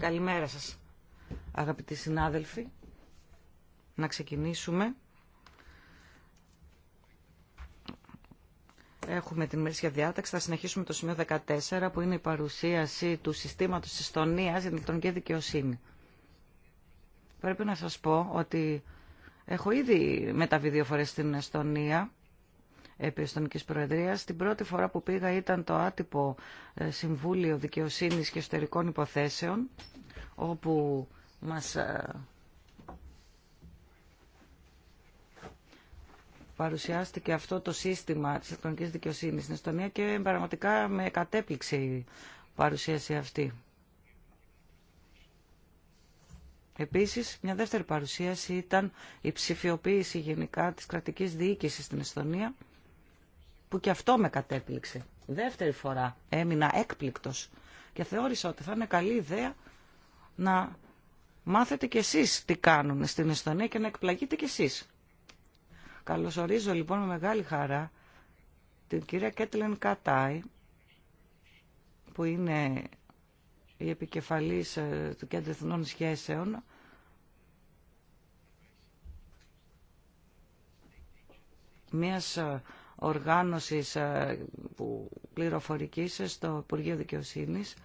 Καλημέρα σας, αγαπητοί συνάδελφοι. Να ξεκινήσουμε. Έχουμε την μερίσια διάταξη. Θα συνεχίσουμε το σημείο 14, που είναι η παρουσίαση του συστήματος της Εστονίας για την ηλεκτρονική δικαιοσύνη. Πρέπει να σας πω ότι Έχω ήδη μεταβεί δύο φορές στην Εστονία επί Εστονικής Προεδρίας. Την πρώτη φορά που πήγα ήταν το άτυπο ε, Συμβούλιο Δικαιοσύνης και Εστερικών Υποθέσεων, όπου μας ε, παρουσιάστηκε αυτό το σύστημα της ηλεκτρονικής δικαιοσύνης στην Εστονία και πραγματικά με κατέπληξε η παρουσίαση αυτή. Επίσης, μια δεύτερη παρουσίαση ήταν η ψηφιοποίηση γενικά της κρατικής διοίκησης στην Εστονία, που και αυτό με κατέπληξε. Δεύτερη φορά έμεινα έκπληκτος και θεώρησα ότι θα είναι καλή ιδέα να μάθετε κι εσείς τι κάνουν στην Εστονία και να εκπλαγείτε κι εσείς. Καλωσορίζω λοιπόν με μεγάλη χαρά την κυρία Κέτλεν Κατάη, που είναι η επικεφαλής ε, του Κέντρου Εθνών Σχέσεων μιας ε, οργάνωσης ε, που πληροφορικής στο Υπουργείο Δικαιοσύνης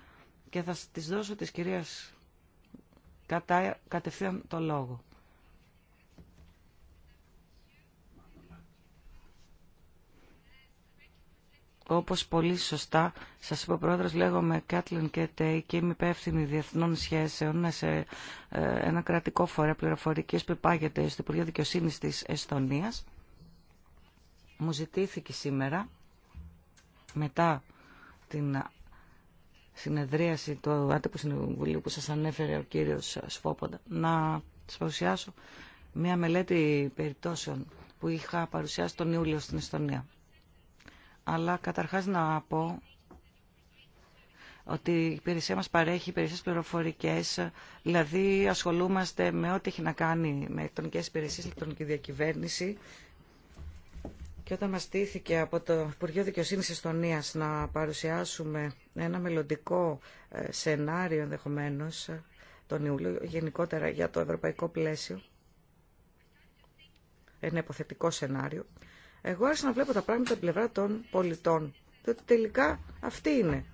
και θα της δώσω της κυρίας κατευθείαν το λόγο. Όπως πολύ σωστά σας είπε ο Πρόεδρος, λέγομαι Κάτλιν Κέτεϊ και είμαι υπεύθυνη διεθνών σχέσεων σε ε, ένα κρατικό φορέα πληροφορικής που υπάγεται στο Υπουργείο Δικαιοσύνης της Εστονίας. Μου ζητήθηκε σήμερα, μετά την συνεδρίαση του άτυπου συμβουλίου που σας ανέφερε ο κύριος Σφόποντα, να σας παρουσιάσω μια μελέτη περιπτώσεων που είχα παρουσιάσει τον Ιούλιο στην Εστονία αλλά καταρχάς να πω ότι η υπηρεσία μας παρέχει υπηρεσίες πληροφορικές, δηλαδή ασχολούμαστε με ό,τι έχει να κάνει με ηλεκτρονικές υπηρεσίες, ηλεκτρονική διακυβέρνηση. Και όταν μας στήθηκε από το Υπουργείο Δικαιοσύνης Εστονίας να παρουσιάσουμε ένα μελλοντικό ε, σενάριο ενδεχομένω ε, τον Ιούλιο, γενικότερα για το ευρωπαϊκό πλαίσιο, ένα υποθετικό σενάριο, εγώ άρχισα να βλέπω τα πράγματα από την πλευρά των πολιτών. Διότι τελικά αυτή είναι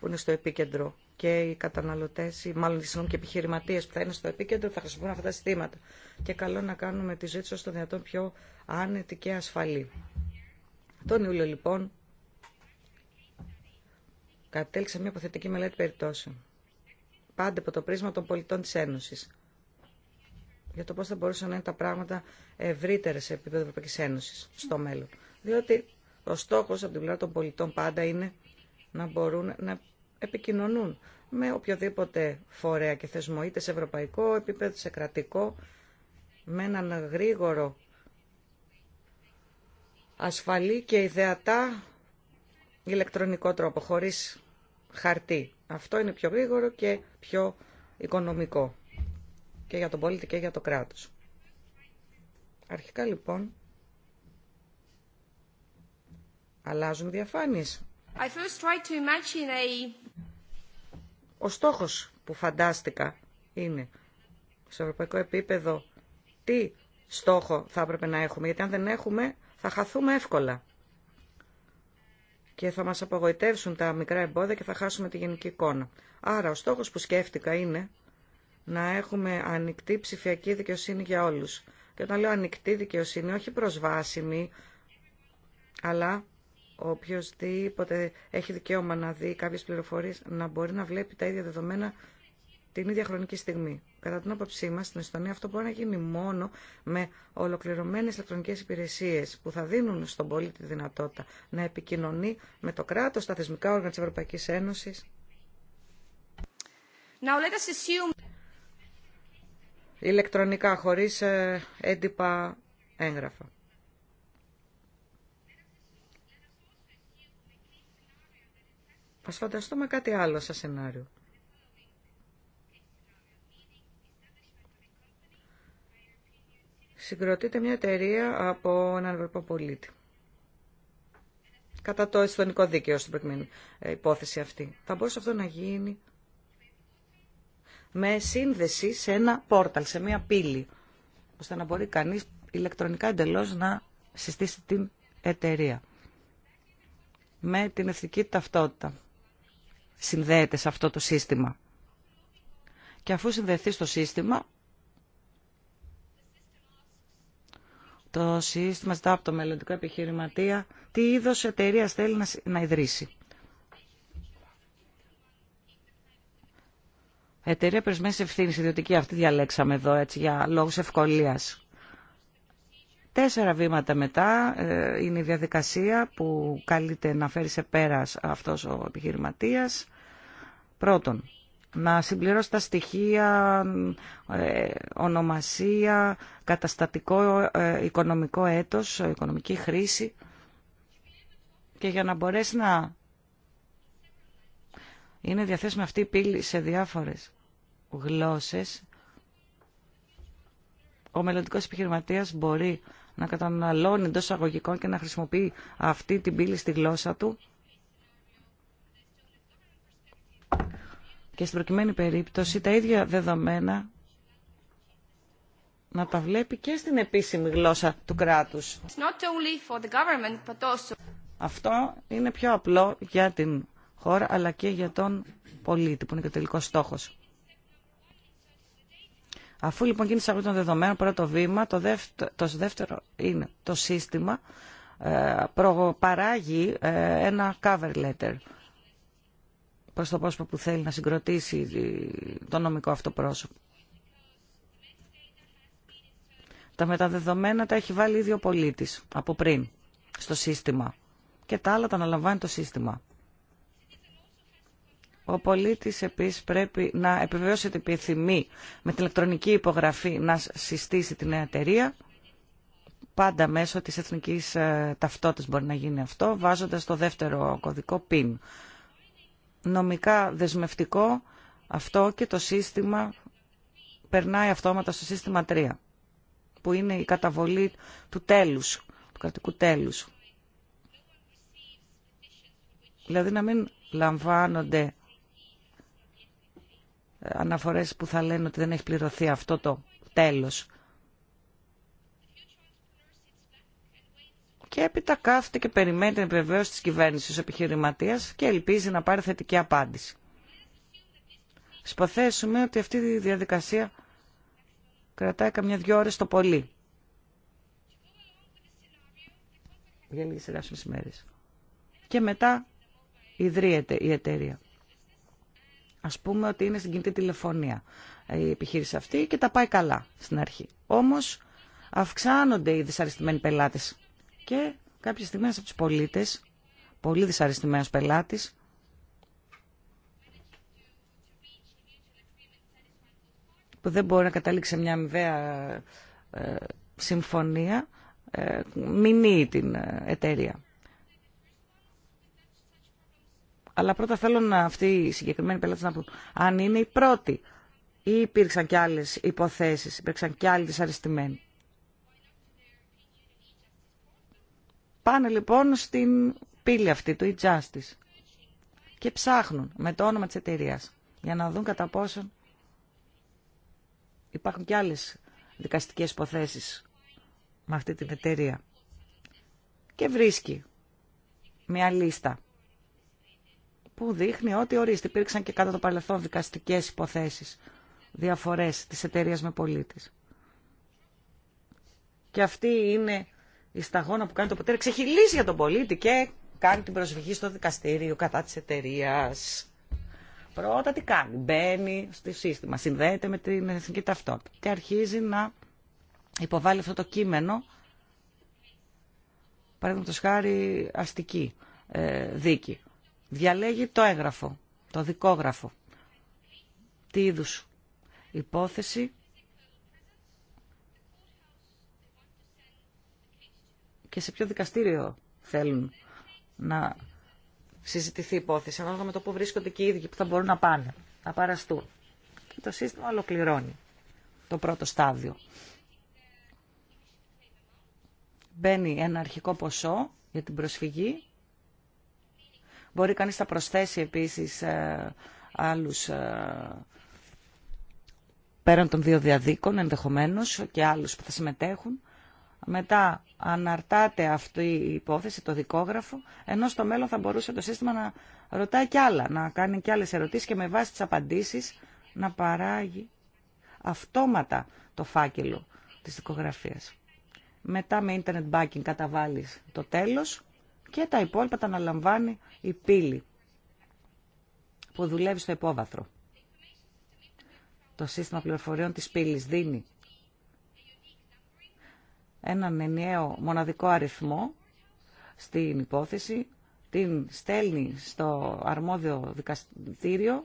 που είναι στο επίκεντρο. Και οι καταναλωτέ, ή μάλλον συγγνώμη, και οι επιχειρηματίε που θα είναι στο επίκεντρο θα χρησιμοποιούν αυτά τα συστήματα. Και καλό να κάνουμε τη ζωή του όσο το δυνατόν πιο άνετη και ασφαλή. Τον Ιούλιο, λοιπόν, κατέληξε μια αποθετική μελέτη περιπτώσεων. Πάντα από το πρίσμα των πολιτών τη Ένωση για το πώς θα μπορούσαν να είναι τα πράγματα ευρύτερα σε επίπεδο Ευρωπαϊκή Ένωση στο μέλλον. Διότι ο στόχος από την πλευρά των πολιτών πάντα είναι να μπορούν να επικοινωνούν με οποιοδήποτε φορέα και θεσμό, είτε σε ευρωπαϊκό επίπεδο, σε κρατικό, με έναν γρήγορο, ασφαλή και ιδεατά ηλεκτρονικό τρόπο, χωρίς χαρτί. Αυτό είναι πιο γρήγορο και πιο οικονομικό και για τον πολίτη και για το κράτος. Αρχικά λοιπόν αλλάζουν διαφάνειες. I first to a... Ο στόχος που φαντάστηκα είναι σε ευρωπαϊκό επίπεδο τι στόχο θα έπρεπε να έχουμε, γιατί αν δεν έχουμε θα χαθούμε εύκολα. Και θα μας απογοητεύσουν τα μικρά εμπόδια και θα χάσουμε τη γενική εικόνα. Άρα ο στόχος που σκέφτηκα είναι να έχουμε ανοιχτή ψηφιακή δικαιοσύνη για όλους. Και όταν λέω ανοιχτή δικαιοσύνη, όχι προσβάσιμη, αλλά οποιοδήποτε έχει δικαίωμα να δει κάποιες πληροφορίες, να μπορεί να βλέπει τα ίδια δεδομένα την ίδια χρονική στιγμή. Κατά την άποψή μα, στην Εστονία αυτό μπορεί να γίνει μόνο με ολοκληρωμένε ηλεκτρονικέ υπηρεσίε που θα δίνουν στον πολίτη τη δυνατότητα να επικοινωνεί με το κράτο, τα θεσμικά όργανα τη Ευρωπαϊκή Ένωση ηλεκτρονικά χωρίς ε, έντυπα έγγραφα. Ας φανταστούμε κάτι άλλο σε σενάριο. Συγκροτείται μια εταιρεία από έναν Ευρωπαϊκό πολίτη. Κατά το αισθονικό δίκαιο στην προηγούμενη υπόθεση αυτή. Θα μπορούσε αυτό να γίνει με σύνδεση σε ένα πόρταλ, σε μία πύλη, ώστε να μπορεί κανείς ηλεκτρονικά εντελώς να συστήσει την εταιρεία με την εθνική ταυτότητα. Συνδέεται σε αυτό το σύστημα. Και αφού συνδεθεί στο σύστημα, το σύστημα ζητά από το μελλοντικό επιχειρηματία τι είδος εταιρεία θέλει να ιδρύσει. Εταιρεία περισμένης ευθύνης, ιδιωτική αυτή διαλέξαμε εδώ έτσι, για λόγους ευκολίας. Τέσσερα βήματα μετά ε, είναι η διαδικασία που καλείται να φέρει σε πέρας αυτός ο επιχειρηματία. Πρώτον, να συμπληρώσει τα στοιχεία, ε, ονομασία, καταστατικό ε, οικονομικό έτος, οικονομική χρήση και για να μπορέσει να είναι διαθέσιμη αυτή η πύλη σε διάφορες γλώσσες. Ο μελλοντικό επιχειρηματίας μπορεί να καταναλώνει εντό αγωγικών και να χρησιμοποιεί αυτή την πύλη στη γλώσσα του. Και στην προκειμένη περίπτωση τα ίδια δεδομένα να τα βλέπει και στην επίσημη γλώσσα του κράτους. Αυτό είναι πιο απλό για την χώρα αλλά και για τον πολίτη που είναι και ο τελικός στόχος. Αφού λοιπόν γίνει αυτό των δεδομένων, πρώτο βήμα, το δεύτερο, δεύτερο είναι το σύστημα ε, παράγει ε, ένα cover letter προς το πρόσωπο που θέλει να συγκροτήσει ε, το νομικό αυτό πρόσωπο. Τα μεταδεδομένα τα έχει βάλει ήδη ο πολίτης από πριν στο σύστημα και τα άλλα τα αναλαμβάνει το σύστημα. Ο πολίτης επίσης πρέπει να επιβεβαιώσει ότι επιθυμεί με την ηλεκτρονική υπογραφή να συστήσει την εταιρεία. Πάντα μέσω τη εθνική ε, ταυτότητα μπορεί να γίνει αυτό, βάζοντα το δεύτερο κωδικό PIN. Νομικά δεσμευτικό αυτό και το σύστημα περνάει αυτόματα στο σύστημα 3, που είναι η καταβολή του τέλους, του κρατικού τέλους. Δηλαδή να μην λαμβάνονται αναφορές που θα λένε ότι δεν έχει πληρωθεί αυτό το τέλος. Και έπειτα κάθεται και περιμένει την επιβεβαίωση της κυβέρνησης επιχειρηματίας και ελπίζει να πάρει θετική απάντηση. Σποθέσουμε ότι αυτή η διαδικασία κρατάει καμιά δυο ώρες το πολύ. Για λίγες ελάχιστες μέρες. Και μετά ιδρύεται η εταιρεία. Ας πούμε ότι είναι στην κινητή τηλεφωνία η επιχείρηση αυτή και τα πάει καλά στην αρχή. Όμως αυξάνονται οι δυσαρεστημένοι πελάτες και κάποια στιγμή από τους πολίτες, πολύ δυσαρεστημένος πελάτη που δεν μπορεί να καταλήξει σε μια αμοιβαία ε, συμφωνία, ε, μηνύει την ε, εταιρεία. Αλλά πρώτα θέλω να αυτοί οι συγκεκριμένοι πελάτες να πούν αν είναι οι πρώτοι ή υπήρξαν και άλλες υποθέσεις, υπήρξαν και άλλοι δυσαρεστημένοι. Πάνε λοιπόν στην πύλη αυτή του e-justice και ψάχνουν με το όνομα της εταιρεία για να δουν κατά πόσον υπάρχουν και άλλες δικαστικές υποθέσεις με αυτή την εταιρεία. Και βρίσκει μια λίστα που δείχνει ότι ορίστε υπήρξαν και κατά το παρελθόν δικαστικές υποθέσεις, διαφορές της εταιρεία με πολίτη Και αυτή είναι η σταγόνα που κάνει το ποτέρι, ξεχυλίζει για τον πολίτη και κάνει την προσφυγή στο δικαστήριο κατά της εταιρεία. Πρώτα τι κάνει, μπαίνει στο σύστημα, συνδέεται με την εθνική ταυτότητα και αρχίζει να υποβάλλει αυτό το κείμενο, παραδείγματος χάρη αστική ε, δίκη διαλέγει το έγγραφο, το δικόγραφο. Τι είδου υπόθεση και σε ποιο δικαστήριο θέλουν να συζητηθεί η υπόθεση, ανάλογα με το που βρίσκονται και οι ίδιοι που θα μπορούν να πάνε, να παραστούν. Και το σύστημα ολοκληρώνει το πρώτο στάδιο. Μπαίνει ένα αρχικό ποσό για την προσφυγή Μπορεί κανείς να προσθέσει επίσης ε, άλλους ε, πέραν των δύο διαδίκων ενδεχομένως και άλλους που θα συμμετέχουν. Μετά αναρτάται αυτή η υπόθεση, το δικόγραφο, ενώ στο μέλλον θα μπορούσε το σύστημα να ρωτάει κι άλλα, να κάνει κι άλλες ερωτήσεις και με βάση τις απαντήσεις να παράγει αυτόματα το φάκελο της δικογραφίας. Μετά με internet banking καταβάλεις το τέλος και τα υπόλοιπα τα αναλαμβάνει η πύλη που δουλεύει στο υπόβαθρο. Το σύστημα πληροφοριών της πύλης δίνει έναν ενιαίο μοναδικό αριθμό στην υπόθεση, την στέλνει στο αρμόδιο δικαστήριο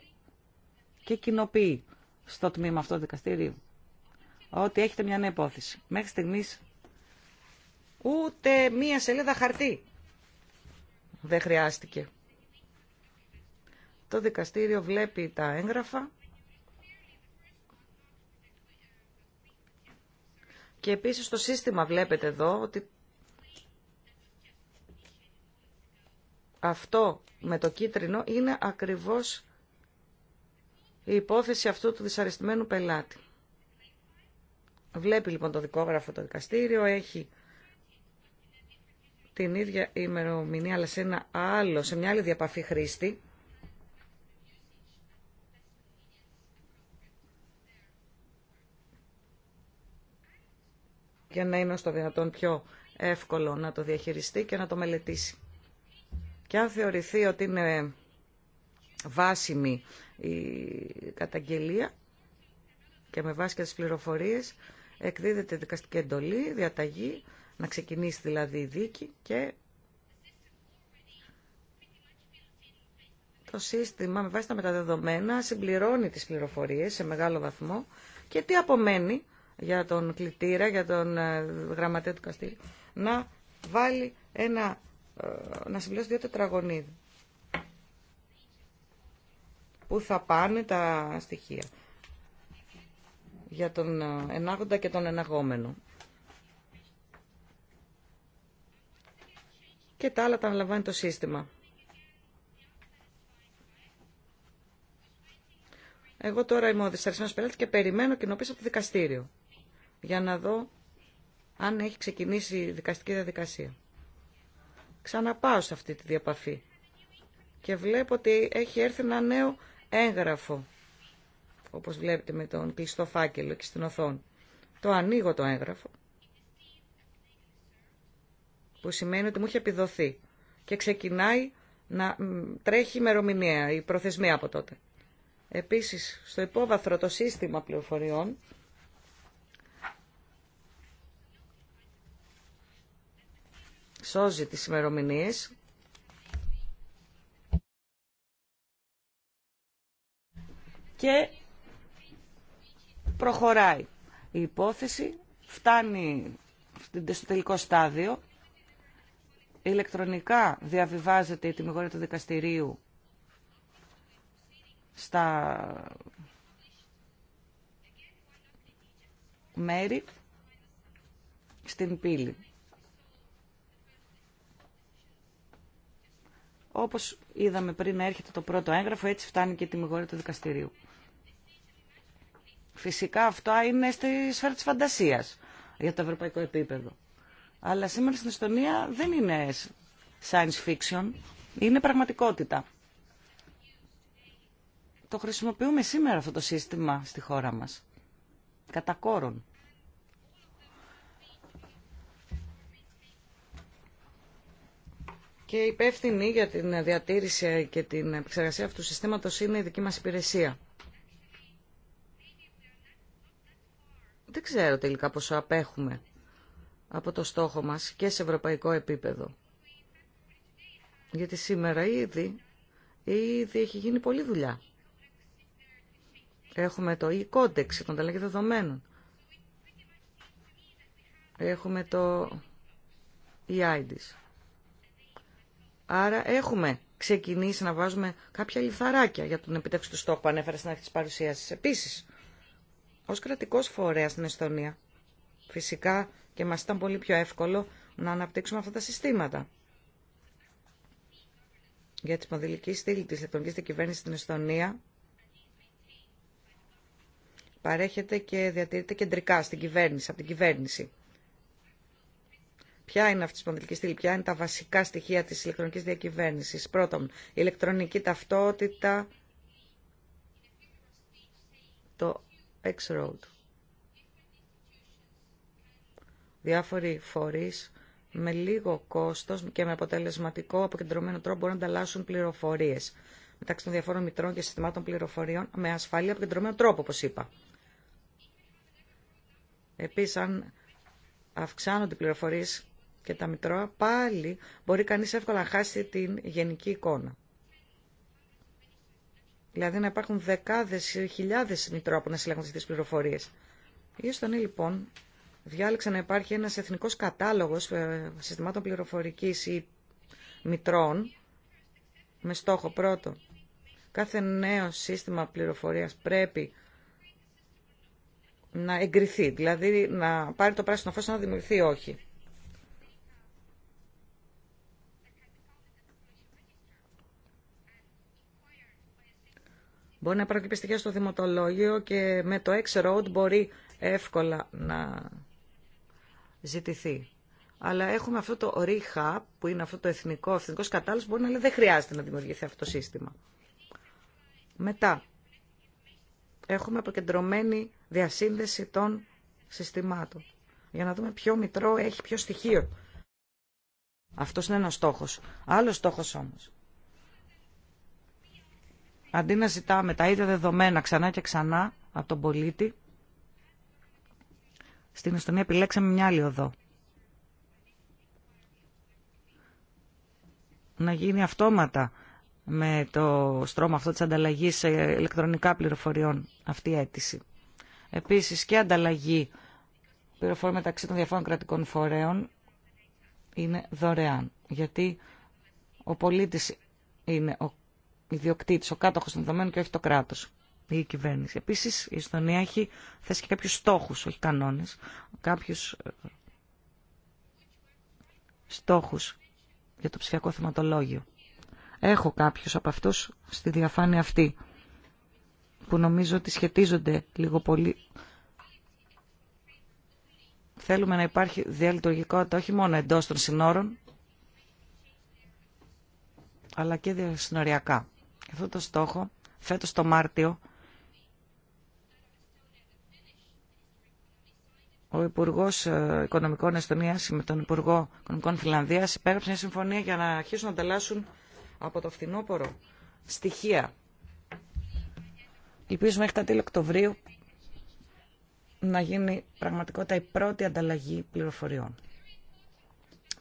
και κοινοποιεί στο τμήμα αυτό του δικαστήριου ότι έχετε μια νέα υπόθεση. Μέχρι στιγμής ούτε μία σελίδα χαρτί δεν χρειάστηκε. Το δικαστήριο βλέπει τα έγγραφα και επίσης το σύστημα βλέπετε εδώ ότι αυτό με το κίτρινο είναι ακριβώς η υπόθεση αυτού του δυσαρεστημένου πελάτη. Βλέπει λοιπόν το δικόγραφο το δικαστήριο, έχει την ίδια ημερομηνία, αλλά σε ένα άλλο, σε μια άλλη διαπαφή χρήστη, για να είναι στο δυνατόν πιο εύκολο να το διαχειριστεί και να το μελετήσει. Και αν θεωρηθεί ότι είναι βάσιμη η καταγγελία και με βάση και τις πληροφορίες εκδίδεται δικαστική εντολή, διαταγή να ξεκινήσει δηλαδή η δίκη και το σύστημα με βάση τα μεταδεδομένα συμπληρώνει τις πληροφορίες σε μεγάλο βαθμό και τι απομένει για τον κλητήρα, για τον ε, γραμματέα του Καστήλ, να βάλει ένα, ε, να συμπληρώσει δύο τετραγωνίδια που θα πάνε τα στοιχεία για τον ε, ενάγοντα και τον εναγόμενο. και τα άλλα τα αναλαμβάνει το σύστημα. Εγώ τώρα είμαι ο δυσαρεσμένος πελάτη και περιμένω κοινοποίηση από το δικαστήριο για να δω αν έχει ξεκινήσει η δικαστική διαδικασία. Ξαναπάω σε αυτή τη διαπαφή και βλέπω ότι έχει έρθει ένα νέο έγγραφο, όπως βλέπετε με τον κλειστό φάκελο και στην οθόνη. Το ανοίγω το έγγραφο που σημαίνει ότι μου είχε επιδοθεί και ξεκινάει να τρέχει ημερομηνία, η προθεσμία από τότε. Επίσης, στο υπόβαθρο το σύστημα πληροφοριών σώζει τις ημερομηνίε. και προχωράει. Η υπόθεση φτάνει στο τελικό στάδιο ηλεκτρονικά διαβιβάζεται η τιμιγόρια του δικαστηρίου στα μέρη στην πύλη. Όπως είδαμε πριν έρχεται το πρώτο έγγραφο, έτσι φτάνει και η τιμιγόρια του δικαστηρίου. Φυσικά αυτά είναι στη σφαίρα της φαντασίας για το ευρωπαϊκό επίπεδο. Αλλά σήμερα στην Εστονία δεν είναι science fiction, είναι πραγματικότητα. Το χρησιμοποιούμε σήμερα αυτό το σύστημα στη χώρα μας. Κατά κόρον. Και υπεύθυνη για την διατήρηση και την επεξεργασία αυτού του συστήματος είναι η δική μας υπηρεσία. Δεν ξέρω τελικά πόσο απέχουμε από το στόχο μας και σε ευρωπαϊκό επίπεδο. Γιατί σήμερα ήδη, ήδη έχει γίνει πολλή δουλειά. Έχουμε το e codex τον ανταλλαγή δεδομένων. Έχουμε το e idis Άρα έχουμε ξεκινήσει να βάζουμε κάποια λιθαράκια για τον επιτεύξη του στόχου που ανέφερα στην αρχή της παρουσίασης. Επίσης, ως κρατικός φορέας στην Εσθονία φυσικά και μας ήταν πολύ πιο εύκολο να αναπτύξουμε αυτά τα συστήματα. Για τη σπονδυλική στήλη της ηλεκτρονικής διακυβέρνησης στην Εστονία παρέχεται και διατηρείται κεντρικά στην κυβέρνηση, από την κυβέρνηση. Ποια είναι αυτή η σπονδυλική στήλη, ποια είναι τα βασικά στοιχεία της ηλεκτρονικής διακυβέρνησης. Πρώτον, η ηλεκτρονική ταυτότητα, το X-Road διάφοροι φορείς με λίγο κόστος και με αποτελεσματικό αποκεντρωμένο τρόπο μπορούν να ανταλλάσσουν πληροφορίες μεταξύ των διαφόρων μητρών και συστημάτων πληροφοριών με ασφαλή αποκεντρωμένο τρόπο, όπως είπα. Επίσης, αν αυξάνονται οι πληροφορίες και τα μητρώα, πάλι μπορεί κανείς εύκολα να χάσει την γενική εικόνα. Δηλαδή να υπάρχουν δεκάδες ή χιλιάδες μητρώα που να συλλέγουν τι πληροφορίες. Η λοιπόν διάλεξε να υπάρχει ένας εθνικός κατάλογος ε, συστημάτων πληροφορικής ή μητρών με στόχο πρώτο. Κάθε νέο σύστημα πληροφορίας πρέπει να εγκριθεί, δηλαδή να πάρει το πράσινο φως να δημιουργηθεί όχι. Μπορεί να προκύπτει στοιχεία στο δημοτολόγιο και με το X-Road μπορεί εύκολα να ζητηθεί. Αλλά έχουμε αυτό το ρίχα, που είναι αυτό το εθνικό, εθνικό κατάλληλο, μπορεί να λέει δεν χρειάζεται να δημιουργηθεί αυτό το σύστημα. Μετά, έχουμε αποκεντρωμένη διασύνδεση των συστημάτων. Για να δούμε ποιο μητρό έχει ποιο στοιχείο. Αυτός είναι ένας στόχος. Άλλος στόχος όμως. Αντί να ζητάμε τα ίδια δεδομένα ξανά και ξανά από τον πολίτη, στην Εστονία επιλέξαμε μια άλλη οδό. Να γίνει αυτόματα με το στρώμα αυτό της ανταλλαγής σε ηλεκτρονικά πληροφοριών αυτή η αίτηση. Επίσης και η ανταλλαγή πληροφοριών μεταξύ των διαφόρων κρατικών φορέων είναι δωρεάν. Γιατί ο πολίτης είναι ο ιδιοκτήτης, ο κάτοχος των δεδομένων και όχι το κράτος η κυβέρνηση. Επίσης η Ιστονία έχει θέσει και κάποιους στόχους, όχι κανόνες, κάποιους ε, στόχους για το ψηφιακό θεματολόγιο. Έχω κάποιους από αυτούς στη διαφάνεια αυτή που νομίζω ότι σχετίζονται λίγο πολύ. Θέλουμε να υπάρχει διαλειτουργικότητα όχι μόνο εντός των συνόρων, αλλά και διασυνοριακά. Αυτό το στόχο φέτος το Μάρτιο ο Υπουργό ε, Οικονομικών Εστονία με τον Υπουργό Οικονομικών Φιλανδία υπέγραψε μια συμφωνία για να αρχίσουν να ανταλλάσσουν από το φθινόπωρο στοιχεία. Ελπίζουμε μέχρι τα τέλη Οκτωβρίου να γίνει πραγματικότητα η πρώτη ανταλλαγή πληροφοριών.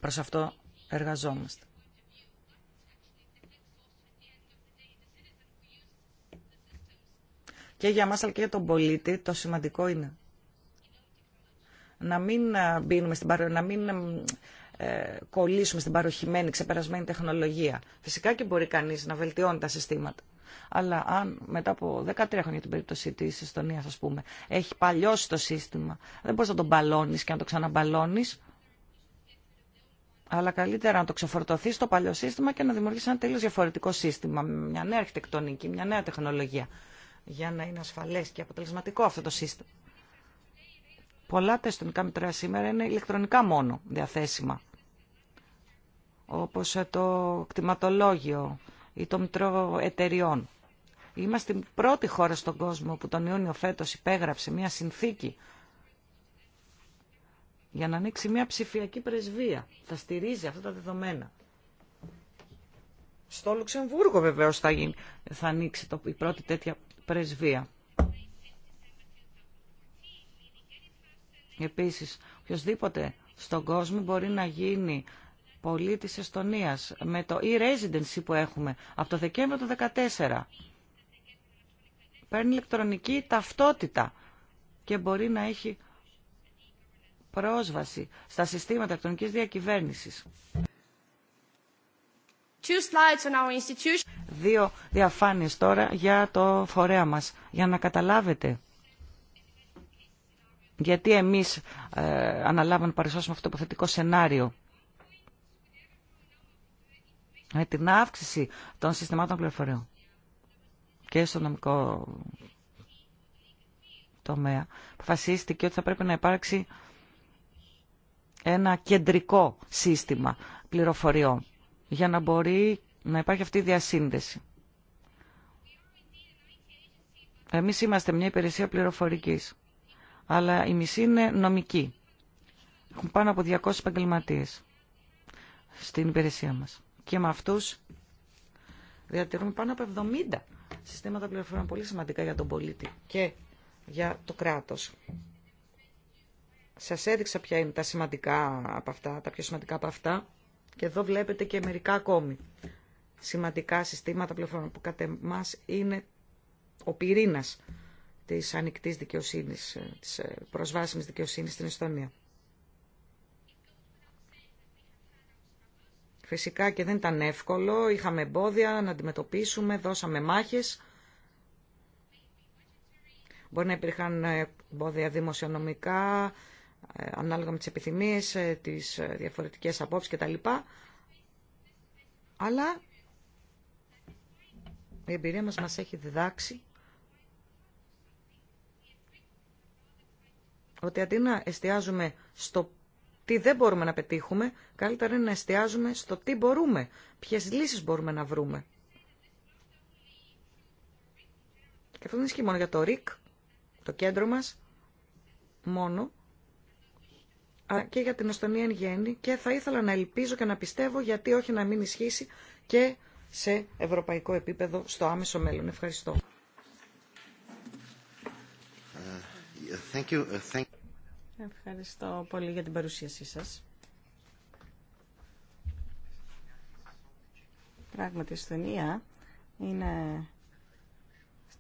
Προς αυτό εργαζόμαστε. Και για μας αλλά και για τον πολίτη το σημαντικό είναι να μην ε, μπίνουμε στην παρο... να μην ε, κολλήσουμε στην παροχημένη, ξεπερασμένη τεχνολογία. Φυσικά και μπορεί κανείς να βελτιώνει τα συστήματα. Αλλά αν μετά από 13 χρόνια την περίπτωση τη Εστονία, α πούμε, έχει παλιώσει το σύστημα, δεν μπορεί να το μπαλώνει και να το ξαναμπαλώνει. Αλλά καλύτερα να το ξεφορτωθεί στο παλιό σύστημα και να δημιουργήσει ένα τελείω διαφορετικό σύστημα, μια νέα αρχιτεκτονική, μια νέα τεχνολογία. Για να είναι ασφαλέ και αποτελεσματικό αυτό το σύστημα. Πολλά τα αστυνομικά σήμερα είναι ηλεκτρονικά μόνο διαθέσιμα. Όπως το κτηματολόγιο ή το μητρό εταιριών. Είμαστε η πρώτη χώρα στον κόσμο που τον Ιούνιο φέτος υπέγραψε μια συνθήκη για να ανοίξει μια ψηφιακή πρεσβεία. Θα στηρίζει αυτά τα δεδομένα. Στο Λουξεμβούργο βεβαίως θα, γίνει, θα ανοίξει το, η πρώτη τέτοια πρεσβεία. Επίσης, οποιοδήποτε στον κόσμο μπορεί να γίνει πολίτης Εστονίας με το e-residency που έχουμε από το Δεκέμβριο του 2014. Παίρνει ηλεκτρονική ταυτότητα και μπορεί να έχει πρόσβαση στα συστήματα ηλεκτρονικής διακυβέρνησης. Two slides on our institution. Δύο διαφάνειες τώρα για το φορέα μας, για να καταλάβετε γιατί εμείς ε, αναλάβαμε παρουσιάσουμε αυτό το υποθετικό σενάριο. Με την αύξηση των συστημάτων πληροφοριών και στο νομικό τομέα, αποφασίστηκε ότι θα πρέπει να υπάρξει ένα κεντρικό σύστημα πληροφοριών για να μπορεί να υπάρχει αυτή η διασύνδεση. Εμείς είμαστε μια υπηρεσία πληροφορικής αλλά η μισή είναι νομική. Έχουν πάνω από 200 επαγγελματίε στην υπηρεσία μας. Και με αυτούς διατηρούμε πάνω από 70 συστήματα πληροφοριών πολύ σημαντικά για τον πολίτη και για το κράτος. Σας έδειξα ποια είναι τα σημαντικά από αυτά, τα πιο σημαντικά από αυτά και εδώ βλέπετε και μερικά ακόμη σημαντικά συστήματα πληροφόρων που κατά είναι ο πυρήνας της ανοιχτής δικαιοσύνης, ε, της ε, προσβάσιμης δικαιοσύνης στην Εστονία. Φυσικά και δεν ήταν εύκολο, είχαμε εμπόδια να αντιμετωπίσουμε, δώσαμε μάχες. Μπορεί να υπήρχαν ε, εμπόδια δημοσιονομικά, ανάλογα με τις επιθυμίες, τις διαφορετικές απόψεις κτλ. Αλλά η εμπειρία μας μας έχει διδάξει ότι αντί να εστιάζουμε στο τι δεν μπορούμε να πετύχουμε, καλύτερα είναι να εστιάζουμε στο τι μπορούμε, ποιες λύσεις μπορούμε να βρούμε. Και αυτό δεν ισχύει μόνο για το ΡΙΚ, το κέντρο μας, μόνο, και για την Εστονία εν γέννη και θα ήθελα να ελπίζω και να πιστεύω γιατί όχι να μην ισχύσει και σε ευρωπαϊκό επίπεδο στο άμεσο μέλλον. Ευχαριστώ. Uh, Ευχαριστώ πολύ για την παρουσίασή σας. Πράγματι, η ασθενεία είναι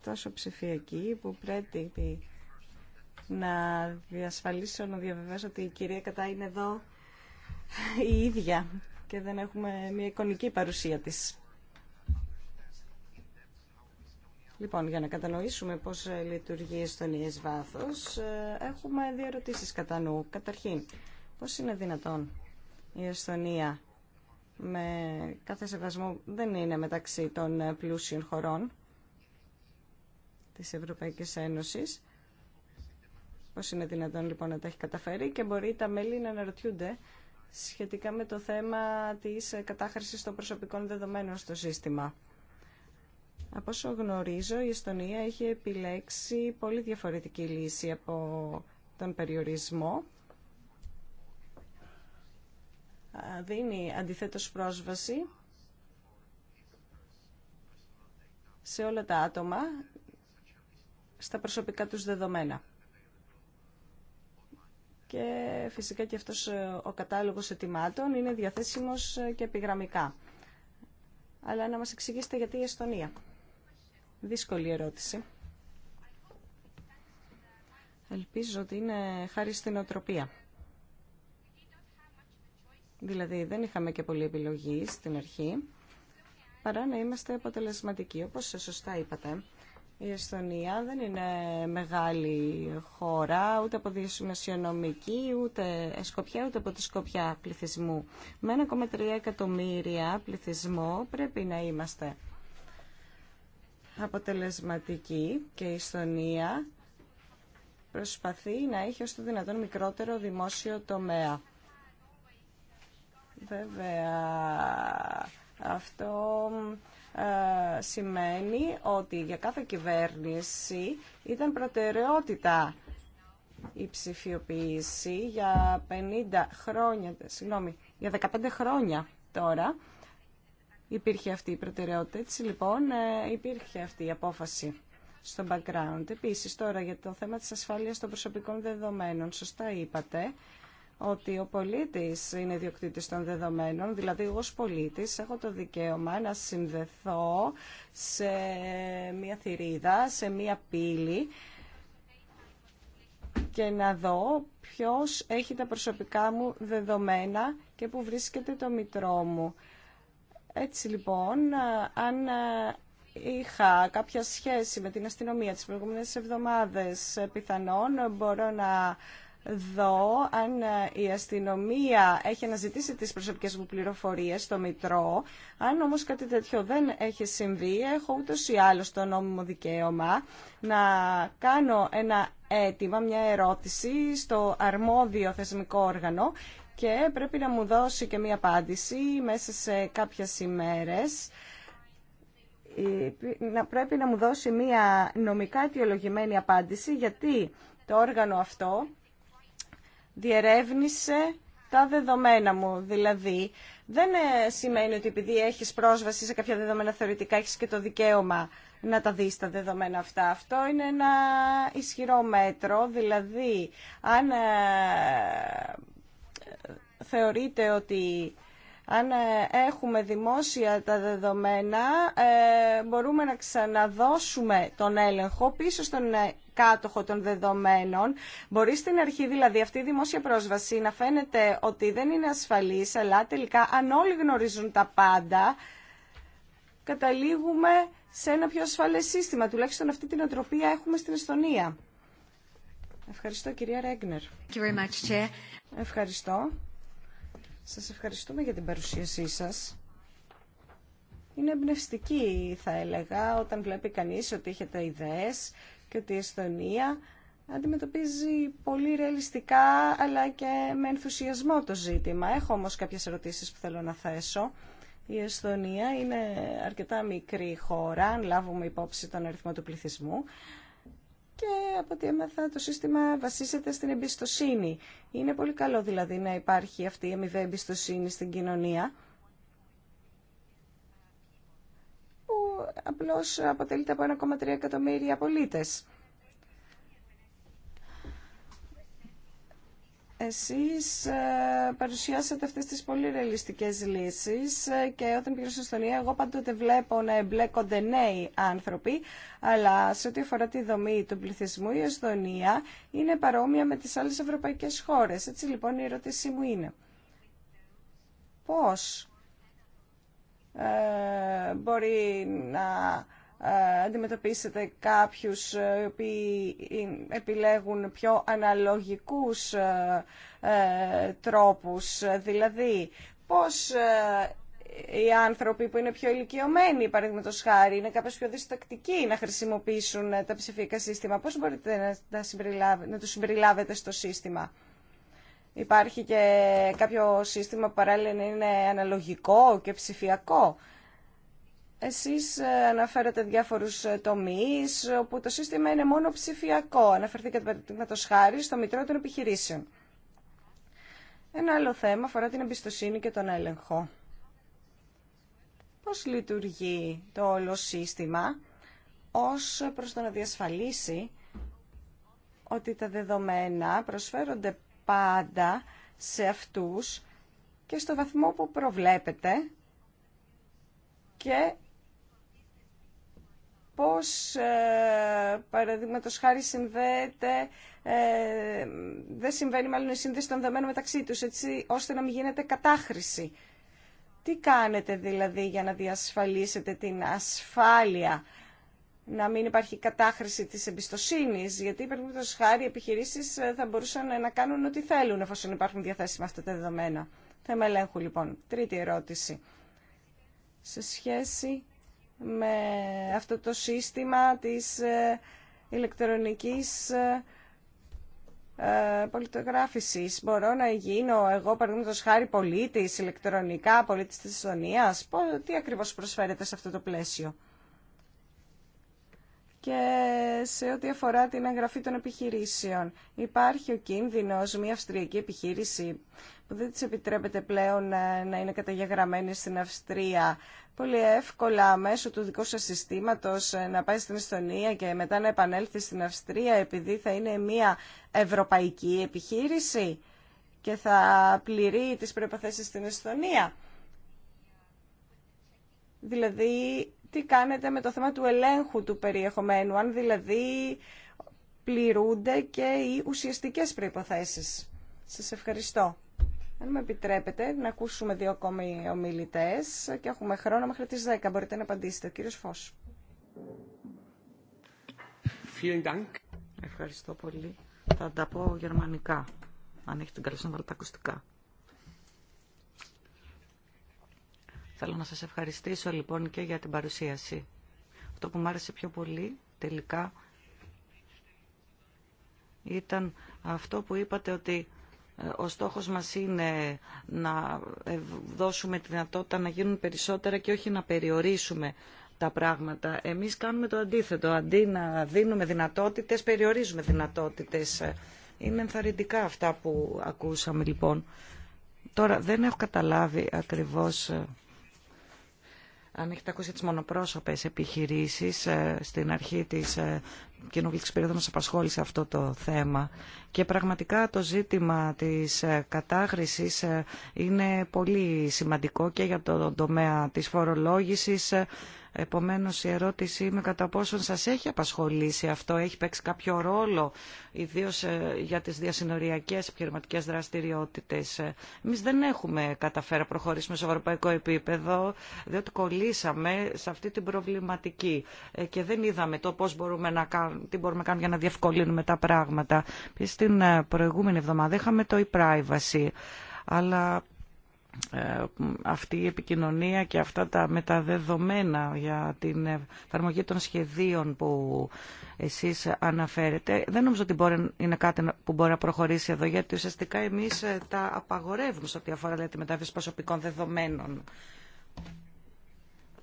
τόσο ψηφιακή που πρέπει να διασφαλίσω, να διαβεβαιώσω ότι η κυρία Κατά είναι εδώ η ίδια και δεν έχουμε μια εικονική παρουσία της. Λοιπόν, για να κατανοήσουμε πώς ε, λειτουργεί η Εστονία βάθος, ε, έχουμε δύο ερωτήσεις κατά νου. Καταρχήν, πώς είναι δυνατόν η Εστονία με κάθε σεβασμό δεν είναι μεταξύ των ε, πλούσιων χωρών της Ευρωπαϊκής Ένωσης. Πώς είναι δυνατόν λοιπόν να τα έχει καταφέρει και μπορεί τα μέλη να αναρωτιούνται σχετικά με το θέμα της κατάχρησης των προσωπικών δεδομένων στο σύστημα. Από όσο γνωρίζω, η Εστονία έχει επιλέξει πολύ διαφορετική λύση από τον περιορισμό. Δίνει αντιθέτως πρόσβαση σε όλα τα άτομα στα προσωπικά τους δεδομένα. Και φυσικά και αυτός ε, ο κατάλογος ετοιμάτων είναι διαθέσιμος ε, και επιγραμμικά. Αλλά να μας εξηγήσετε γιατί η Εστονία. Δύσκολη ερώτηση. Ελπίζω ότι είναι χάρη στην οτροπία. Δηλαδή δεν είχαμε και πολλή επιλογή στην αρχή, παρά να είμαστε αποτελεσματικοί. Όπως σωστά είπατε, η Εστονία δεν είναι μεγάλη χώρα, ούτε από διεσυνοσιονομική, ούτε σκοπιά, ούτε από τη σκοπιά πληθυσμού. Με 1,3 εκατομμύρια πληθυσμό πρέπει να είμαστε αποτελεσματική και η Ιστονία προσπαθεί να έχει ως το δυνατόν μικρότερο δημόσιο τομέα. Βέβαια, αυτό ε, σημαίνει ότι για κάθε κυβέρνηση ήταν προτεραιότητα η ψηφιοποίηση για 50 χρόνια, συγγνώμη, για 15 χρόνια τώρα υπήρχε αυτή η προτεραιότητα. λοιπόν ε, υπήρχε αυτή η απόφαση στο background. Επίσης τώρα για το θέμα της ασφάλειας των προσωπικών δεδομένων. Σωστά είπατε ότι ο πολίτης είναι διοκτήτης των δεδομένων, δηλαδή εγώ ως πολίτης έχω το δικαίωμα να συνδεθώ σε μια θηρίδα, σε μια πύλη και να δω ποιος έχει τα προσωπικά μου δεδομένα και που βρίσκεται το μητρό μου. Έτσι λοιπόν, ε, αν ε, είχα κάποια σχέση με την αστυνομία τις προηγούμενες εβδομάδες, ε, πιθανόν μπορώ να δω αν η αστυνομία έχει αναζητήσει τις προσωπικές μου πληροφορίες στο Μητρό. Αν όμως κάτι τέτοιο δεν έχει συμβεί, έχω ούτως ή άλλως το νόμιμο δικαίωμα να κάνω ένα αίτημα, μια ερώτηση στο αρμόδιο θεσμικό όργανο και πρέπει να μου δώσει και μία απάντηση μέσα σε κάποιες ημέρες. Να πρέπει να μου δώσει μία νομικά αιτιολογημένη απάντηση γιατί το όργανο αυτό διερεύνησε τα δεδομένα μου. Δηλαδή, δεν ε, σημαίνει ότι επειδή έχεις πρόσβαση σε κάποια δεδομένα θεωρητικά έχεις και το δικαίωμα να τα δεις τα δεδομένα αυτά. Αυτό είναι ένα ισχυρό μέτρο, δηλαδή αν ε, θεωρείτε ότι αν ε, έχουμε δημόσια τα δεδομένα, ε, μπορούμε να ξαναδώσουμε τον έλεγχο πίσω στον ε, κάτοχο των δεδομένων. Μπορεί στην αρχή δηλαδή αυτή η δημόσια πρόσβαση να φαίνεται ότι δεν είναι ασφαλής, αλλά τελικά αν όλοι γνωρίζουν τα πάντα, καταλήγουμε σε ένα πιο ασφαλές σύστημα. Τουλάχιστον αυτή την οτροπία έχουμε στην Εστονία. Ευχαριστώ κυρία Ρέγνερ. Ευχαριστώ. Σας ευχαριστούμε για την παρουσίασή σας. Είναι εμπνευστική, θα έλεγα, όταν βλέπει κανείς ότι έχετε ιδέες και ότι η Εσθονία αντιμετωπίζει πολύ ρεαλιστικά αλλά και με ενθουσιασμό το ζήτημα. Έχω όμως κάποιες ερωτήσεις που θέλω να θέσω. Η Εσθονία είναι αρκετά μικρή χώρα, αν λάβουμε υπόψη τον αριθμό του πληθυσμού και από ό,τι έμαθα το σύστημα βασίζεται στην εμπιστοσύνη. Είναι πολύ καλό δηλαδή να υπάρχει αυτή η αμοιβή εμπιστοσύνη στην κοινωνία που απλώς αποτελείται από 1,3 εκατομμύρια πολίτες. Εσείς ε, παρουσιάσατε αυτές τις πολύ ρεαλιστικές λύσεις ε, και όταν πήγα στην Εστονία εγώ πάντοτε βλέπω να εμπλέκονται νέοι άνθρωποι αλλά σε ό,τι αφορά τη δομή του πληθυσμού η Εστονία είναι παρόμοια με τις άλλες ευρωπαϊκές χώρες. Έτσι λοιπόν η ερώτησή μου είναι πώς ε, μπορεί να ε, αντιμετωπίσετε κάποιους ε, οι οποίοι επιλέγουν πιο αναλογικούς ε, τρόπους, δηλαδή πώς οι άνθρωποι που είναι πιο ηλικιωμένοι, παραδείγματο χάρη, είναι κάπως πιο διστακτικοί να χρησιμοποιήσουν τα ψηφιακά σύστημα. Πώς μπορείτε να, να, τους συμπεριλάβετε στο σύστημα. Υπάρχει και κάποιο σύστημα που παράλληλα είναι αναλογικό και ψηφιακό. Εσείς ε, αναφέρατε διάφορους ε, τομείς όπου το σύστημα είναι μόνο ψηφιακό. Αναφερθήκατε το ΣΧΑΡΙ στο Μητρό των Επιχειρήσεων. Ένα άλλο θέμα αφορά την εμπιστοσύνη και τον έλεγχο. Πώς λειτουργεί το όλο σύστημα ως προς το να διασφαλίσει ότι τα δεδομένα προσφέρονται πάντα σε αυτούς και στο βαθμό που προβλέπεται και πώς ε, παραδείγματος χάρη συνδέεται, ε, δεν συμβαίνει μάλλον η σύνδεση των δεμένων μεταξύ τους, έτσι ώστε να μην γίνεται κατάχρηση. Τι κάνετε δηλαδή για να διασφαλίσετε την ασφάλεια, να μην υπάρχει κατάχρηση της εμπιστοσύνης, γιατί παραδείγματος χάρη οι επιχειρήσεις ε, θα μπορούσαν να κάνουν ό,τι θέλουν εφόσον υπάρχουν διαθέσιμα αυτά τα δεδομένα. Θέμα ελέγχου λοιπόν. Τρίτη ερώτηση. Σε σχέση με αυτό το σύστημα της ε, ηλεκτρονικής ε, ε, πολιτογράφησης. Μπορώ να γίνω εγώ, παραδείγματος χάρη, πολίτης ηλεκτρονικά, πολίτης της Εστονίας. Τι ακριβώς προσφέρεται σε αυτό το πλαίσιο. Και σε ό,τι αφορά την εγγραφή των επιχειρήσεων, υπάρχει ο κίνδυνος μια αυστριακή επιχείρηση που δεν της επιτρέπεται πλέον να είναι καταγεγραμμένη στην Αυστρία πολύ εύκολα μέσω του δικού σας συστήματος ε, να πάει στην Εστονία και μετά να επανέλθει στην Αυστρία επειδή θα είναι μια ευρωπαϊκή επιχείρηση και θα πληρεί τις προϋποθέσεις στην Εστονία. Δηλαδή, τι κάνετε με το θέμα του ελέγχου του περιεχομένου, αν δηλαδή πληρούνται και οι ουσιαστικές προϋποθέσεις. Σας ευχαριστώ. Αν με επιτρέπετε να ακούσουμε δύο ακόμη ομιλητέ και έχουμε χρόνο μέχρι τι 10. Μπορείτε να απαντήσετε. Κύριο Φω. Ευχαριστώ πολύ. Θα τα πω γερμανικά, αν έχετε την καλή να βάλω τα ακουστικά. Θέλω να σας ευχαριστήσω λοιπόν και για την παρουσίαση. Αυτό που μου άρεσε πιο πολύ τελικά ήταν αυτό που είπατε ότι ε, ο στόχος μας είναι να ε, δώσουμε τη δυνατότητα να γίνουν περισσότερα και όχι να περιορίσουμε τα πράγματα. Εμείς κάνουμε το αντίθετο. Αντί να δίνουμε δυνατότητες, περιορίζουμε δυνατότητες. Ε, είναι ενθαρρυντικά αυτά που ακούσαμε λοιπόν. Τώρα δεν έχω καταλάβει ακριβώς αν έχετε ακούσει τις μονοπρόσωπες επιχειρήσεις στην αρχή της κοινοβουλευτικής περίοδο μας απασχόλησε αυτό το θέμα και πραγματικά το ζήτημα της ε, κατάχρησης ε, είναι πολύ σημαντικό και για το τομέα της φορολόγησης. Ε, επομένως η ερώτηση είναι κατά πόσον σας έχει απασχολήσει αυτό, έχει παίξει κάποιο ρόλο ιδίως για τις διασυνοριακές επιχειρηματικέ δραστηριότητες. Εμείς δεν έχουμε καταφέρει να προχωρήσουμε σε ευρωπαϊκό επίπεδο διότι κολλήσαμε σε αυτή την προβληματική και δεν είδαμε το πώς μπορούμε να κάνουμε τι μπορούμε να κάνουμε για να διευκολύνουμε τα πράγματα. Επίσης, την ε, προηγούμενη εβδομάδα είχαμε το e-privacy, αλλά ε, αυτή η επικοινωνία και αυτά τα μεταδεδομένα για την εφαρμογή των σχεδίων που εσείς αναφέρετε δεν νομίζω ότι μπορεί, είναι κάτι που μπορεί να προχωρήσει εδώ γιατί ουσιαστικά εμείς ε, τα απαγορεύουμε σε ό,τι αφορά τη προσωπικών δεδομένων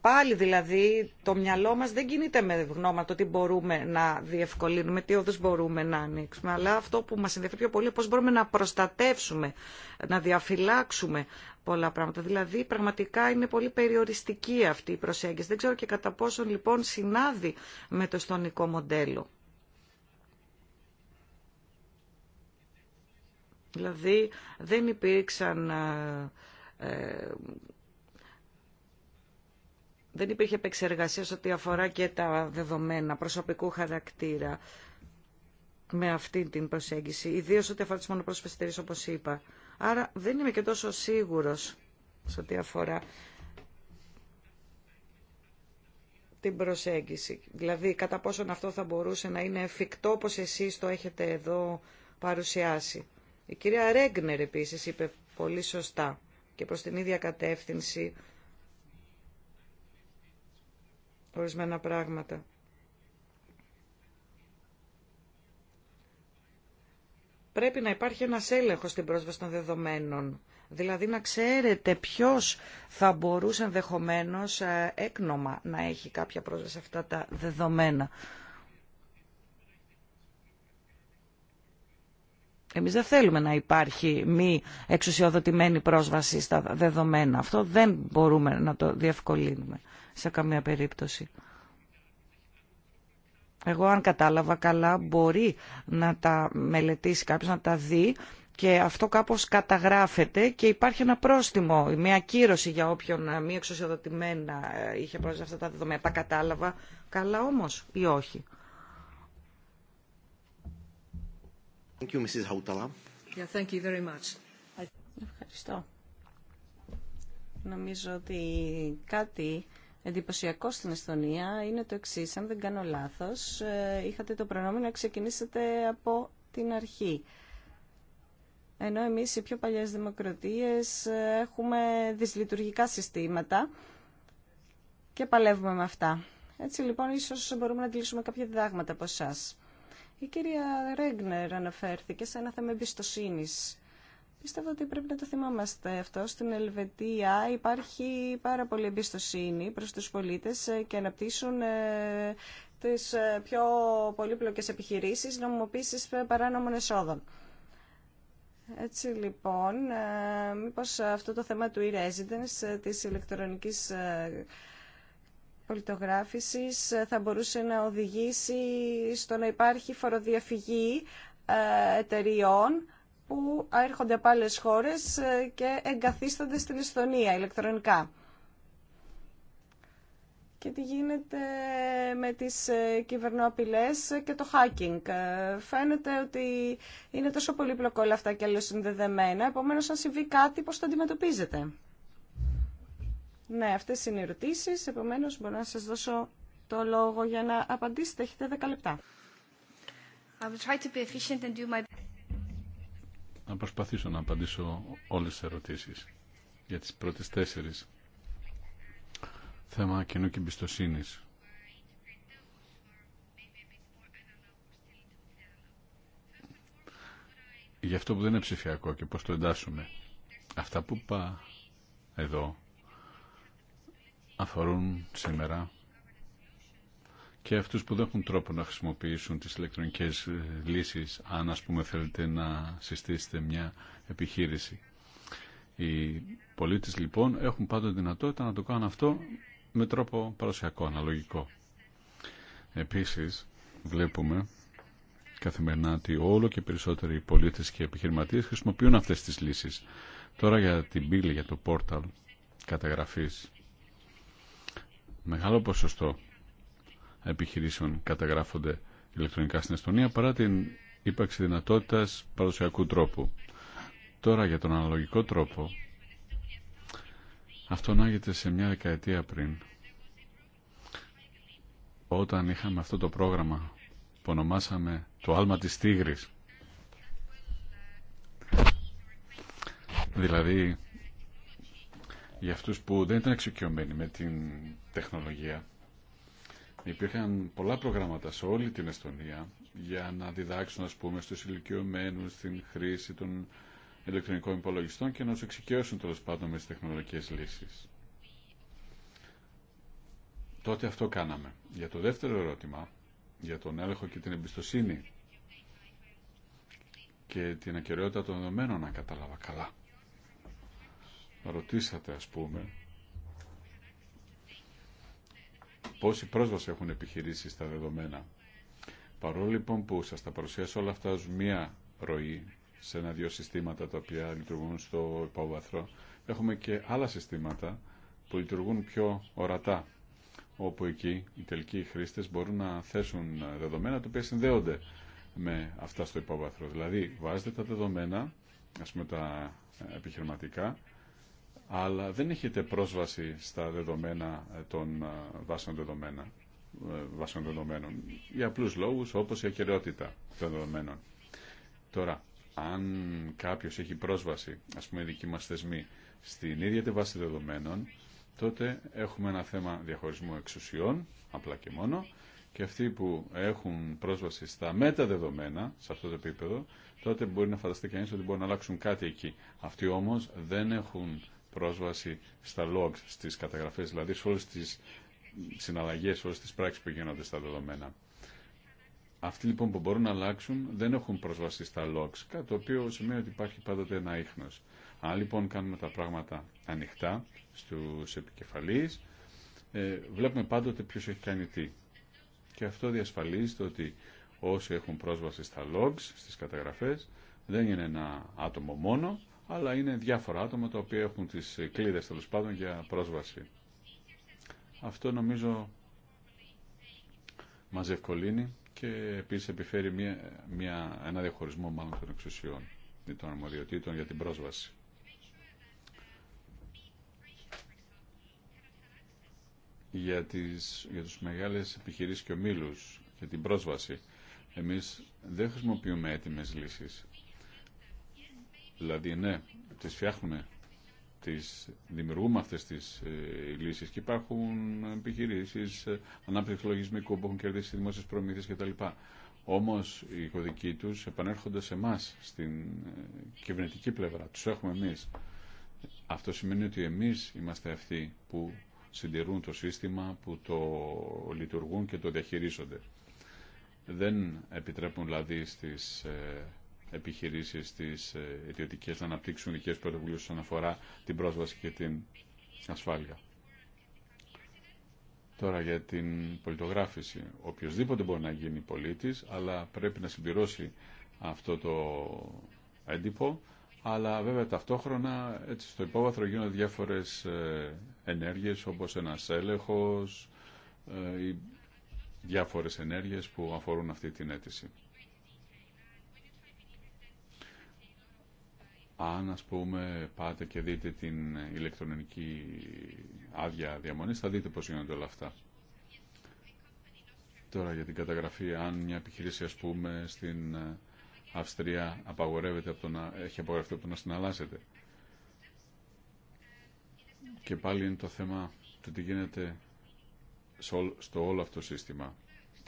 Πάλι δηλαδή το μυαλό μας δεν κινείται με γνώμα το τι μπορούμε να διευκολύνουμε, τι όδους μπορούμε να ανοίξουμε, αλλά αυτό που μας ενδιαφέρει πιο πολύ είναι πώς μπορούμε να προστατεύσουμε, να διαφυλάξουμε πολλά πράγματα. Δηλαδή πραγματικά είναι πολύ περιοριστική αυτή η προσέγγιση. Δεν ξέρω και κατά πόσο λοιπόν συνάδει με το στονικό μοντέλο. Δηλαδή δεν υπήρξαν ε, ε, δεν υπήρχε επεξεργασία σε ό,τι αφορά και τα δεδομένα προσωπικού χαρακτήρα με αυτή την προσέγγιση, ιδίω ό,τι αφορά τι μονοπρόσωπε εταιρείε, όπω είπα. Άρα δεν είμαι και τόσο σίγουρο σε ό,τι αφορά την προσέγγιση. Δηλαδή, κατά πόσον αυτό θα μπορούσε να είναι εφικτό όπω εσεί το έχετε εδώ παρουσιάσει. Η κυρία Ρέγκνερ επίση είπε πολύ σωστά και προς την ίδια κατεύθυνση ορισμένα πράγματα. Πρέπει να υπάρχει ένας έλεγχος στην πρόσβαση των δεδομένων. Δηλαδή να ξέρετε ποιος θα μπορούσε ενδεχομένως ε, έκνομα να έχει κάποια πρόσβαση σε αυτά τα δεδομένα. Εμείς δεν θέλουμε να υπάρχει μη εξουσιοδοτημένη πρόσβαση στα δεδομένα. Αυτό δεν μπορούμε να το διευκολύνουμε σε καμία περίπτωση. Εγώ αν κατάλαβα καλά μπορεί να τα μελετήσει κάποιος, να τα δει και αυτό κάπως καταγράφεται και υπάρχει ένα πρόστιμο, μια κύρωση για όποιον ε, μη εξουσιοδοτημένα ε, είχε πρόσβαση αυτά τα δεδομένα. Τα κατάλαβα καλά όμως ή όχι. Thank you, Mrs. Yeah, thank you very much. Ευχαριστώ. Νομίζω ότι κάτι εντυπωσιακό στην Εστονία είναι το εξή. Αν δεν κάνω λάθο, ε, είχατε το προνόμιο να ξεκινήσετε από την αρχή. Ενώ εμείς οι πιο παλιές δημοκρατίες ε, έχουμε δυσλειτουργικά συστήματα και παλεύουμε με αυτά. Έτσι λοιπόν ίσως μπορούμε να αντιλήσουμε κάποια διδάγματα από εσά. Η κυρία Ρέγνερ αναφέρθηκε σε ένα θέμα εμπιστοσύνη Πιστεύω ότι πρέπει να το θυμάμαστε αυτό. Στην Ελβετία υπάρχει πάρα πολύ εμπιστοσύνη προς τους πολίτες ε, και αναπτύσσουν ε, τις ε, πιο πολύπλοκες επιχειρήσεις νομιμοποίησης παράνομων εσόδων. Έτσι λοιπόν, μήπως αυτό το θέμα του e-residence, της ηλεκτρονικής πολιτογράφησης, θα μπορούσε να οδηγήσει στο να υπάρχει φοροδιαφυγή εταιριών που έρχονται από άλλε χώρε ε, και εγκαθίστανται στην Ιστονία ηλεκτρονικά. Και τι γίνεται με τις ε, κυβερνοαπειλές και το hacking. Ε, φαίνεται ότι είναι τόσο πολύπλοκο όλα αυτά και αλληλοσυνδεδεμένα, επομένως αν συμβεί κάτι πώς το αντιμετωπίζετε. Ναι, αυτές είναι οι ερωτήσεις, επομένως μπορώ να σας δώσω το λόγο για να απαντήσετε. Έχετε 10 λεπτά να προσπαθήσω να απαντήσω όλες τις ερωτήσεις για τις πρώτες τέσσερις. Θέμα κοινού και εμπιστοσύνη. Για αυτό που δεν είναι ψηφιακό και πώς το εντάσσουμε. Αυτά που είπα εδώ αφορούν σήμερα και αυτούς που δεν έχουν τρόπο να χρησιμοποιήσουν τις ηλεκτρονικές ε, λύσεις αν ας πούμε θέλετε να συστήσετε μια επιχείρηση. Οι πολίτες λοιπόν έχουν πάντοτε δυνατότητα να το κάνουν αυτό με τρόπο παρουσιακό, αναλογικό. Επίσης βλέπουμε καθημερινά ότι όλο και περισσότεροι πολίτες και επιχειρηματίες χρησιμοποιούν αυτές τις λύσεις. Τώρα για την πύλη, για το πόρταλ καταγραφής. Μεγάλο ποσοστό επιχειρήσεων καταγράφονται ηλεκτρονικά στην Εστονία παρά την ύπαρξη δυνατότητα παραδοσιακού τρόπου. Τώρα για τον αναλογικό τρόπο αυτό ανάγεται σε μια δεκαετία πριν όταν είχαμε αυτό το πρόγραμμα που ονομάσαμε το άλμα της τίγρης δηλαδή για αυτούς που δεν ήταν εξοικειωμένοι με την τεχνολογία Υπήρχαν πολλά προγράμματα σε όλη την Εστονία για να διδάξουν, ας πούμε, στους ηλικιωμένους την χρήση των ηλεκτρονικών υπολογιστών και να τους εξοικειώσουν τέλο πάντων με τις τεχνολογικές λύσεις. Τότε αυτό κάναμε. Για το δεύτερο ερώτημα, για τον έλεγχο και την εμπιστοσύνη και την ακαιρεότητα των δεδομένων, αν κατάλαβα καλά. Ρωτήσατε, ας πούμε, πόση πρόσβαση έχουν επιχειρήσει στα δεδομένα. Παρόλο λοιπόν που σας τα παρουσιάσω όλα αυτά ως μία ροή σε ένα-δύο συστήματα τα οποία λειτουργούν στο υπόβαθρο, έχουμε και άλλα συστήματα που λειτουργούν πιο ορατά, όπου εκεί οι τελικοί χρήστες μπορούν να θέσουν δεδομένα τα οποία συνδέονται με αυτά στο υπόβαθρο. Δηλαδή βάζετε τα δεδομένα, ας πούμε τα επιχειρηματικά, αλλά δεν έχετε πρόσβαση στα δεδομένα ε, των ε, βάσεων, δεδομένα, ε, βάσεων δεδομένων για απλούς λόγους όπως η ακαιρεότητα των δεδομένων. Τώρα, αν κάποιος έχει πρόσβαση, ας πούμε οι δικοί μας θεσμοί, στην ίδια τη βάση δεδομένων, τότε έχουμε ένα θέμα διαχωρισμού εξουσιών, απλά και μόνο, και αυτοί που έχουν πρόσβαση στα μεταδεδομένα, σε αυτό το επίπεδο, τότε μπορεί να φανταστεί κανείς ότι μπορεί να αλλάξουν κάτι εκεί. Αυτοί όμως δεν έχουν πρόσβαση στα logs, στις καταγραφές, δηλαδή σε όλες τις συναλλαγές, σε όλες τις πράξεις που γίνονται στα δεδομένα. Αυτοί λοιπόν που μπορούν να αλλάξουν δεν έχουν πρόσβαση στα logs, κάτι το οποίο σημαίνει ότι υπάρχει πάντοτε ένα ίχνος. Αν λοιπόν κάνουμε τα πράγματα ανοιχτά στους επικεφαλείς, ε, βλέπουμε πάντοτε ποιο έχει κάνει τι. Και αυτό διασφαλίζει ότι όσοι έχουν πρόσβαση στα logs, στις καταγραφές, δεν είναι ένα άτομο μόνο, αλλά είναι διάφορα άτομα τα οποία έχουν τις κλίδες τέλο πάντων για πρόσβαση. Αυτό νομίζω μας ευκολύνει και επίσης επιφέρει μια, μια, ένα διαχωρισμό μάλλον των εξουσιών ή των αρμοδιοτήτων για την πρόσβαση. Για, τις, για τους μεγάλες επιχειρήσεις και ομίλους για την πρόσβαση εμείς δεν χρησιμοποιούμε έτοιμες λύσεις Δηλαδή, ναι, τις φτιάχνουμε, τις δημιουργούμε αυτές τις ε, λύσεις και υπάρχουν επιχειρήσει ε, ανάπτυξη λογισμικού που έχουν κερδίσει δημόσιε προμήθειε κτλ. Όμω οι κωδικοί τους επανέρχονται σε εμά στην ε, κυβερνητική πλευρά. του έχουμε εμεί. Αυτό σημαίνει ότι εμείς είμαστε αυτοί που συντηρούν το σύστημα, που το λειτουργούν και το διαχειρίζονται. Δεν επιτρέπουν δηλαδή στις ε, Επιχειρήσει τις ε, ιδιωτικέ να αναπτύξουν δικές πρωτοβουλίε όσον αφορά την πρόσβαση και την ασφάλεια. Τώρα για την πολιτογράφηση. Οποιοδήποτε μπορεί να γίνει πολίτης, αλλά πρέπει να συμπληρώσει αυτό το έντυπο, αλλά βέβαια ταυτόχρονα έτσι, στο υπόβαθρο γίνονται διάφορες ε, ενέργειες όπως ένας έλεγχος, ε, διάφορες ενέργειες που αφορούν αυτή την αίτηση. αν ας πούμε πάτε και δείτε την ηλεκτρονική άδεια διαμονής θα δείτε πώς γίνονται όλα αυτά. Τώρα για την καταγραφή, αν μια επιχειρήση ας πούμε στην Αυστρία απαγορεύεται από να, έχει απαγορευτεί από να συναλλάσσεται. Και πάλι είναι το θέμα του τι γίνεται στο όλο αυτό το σύστημα.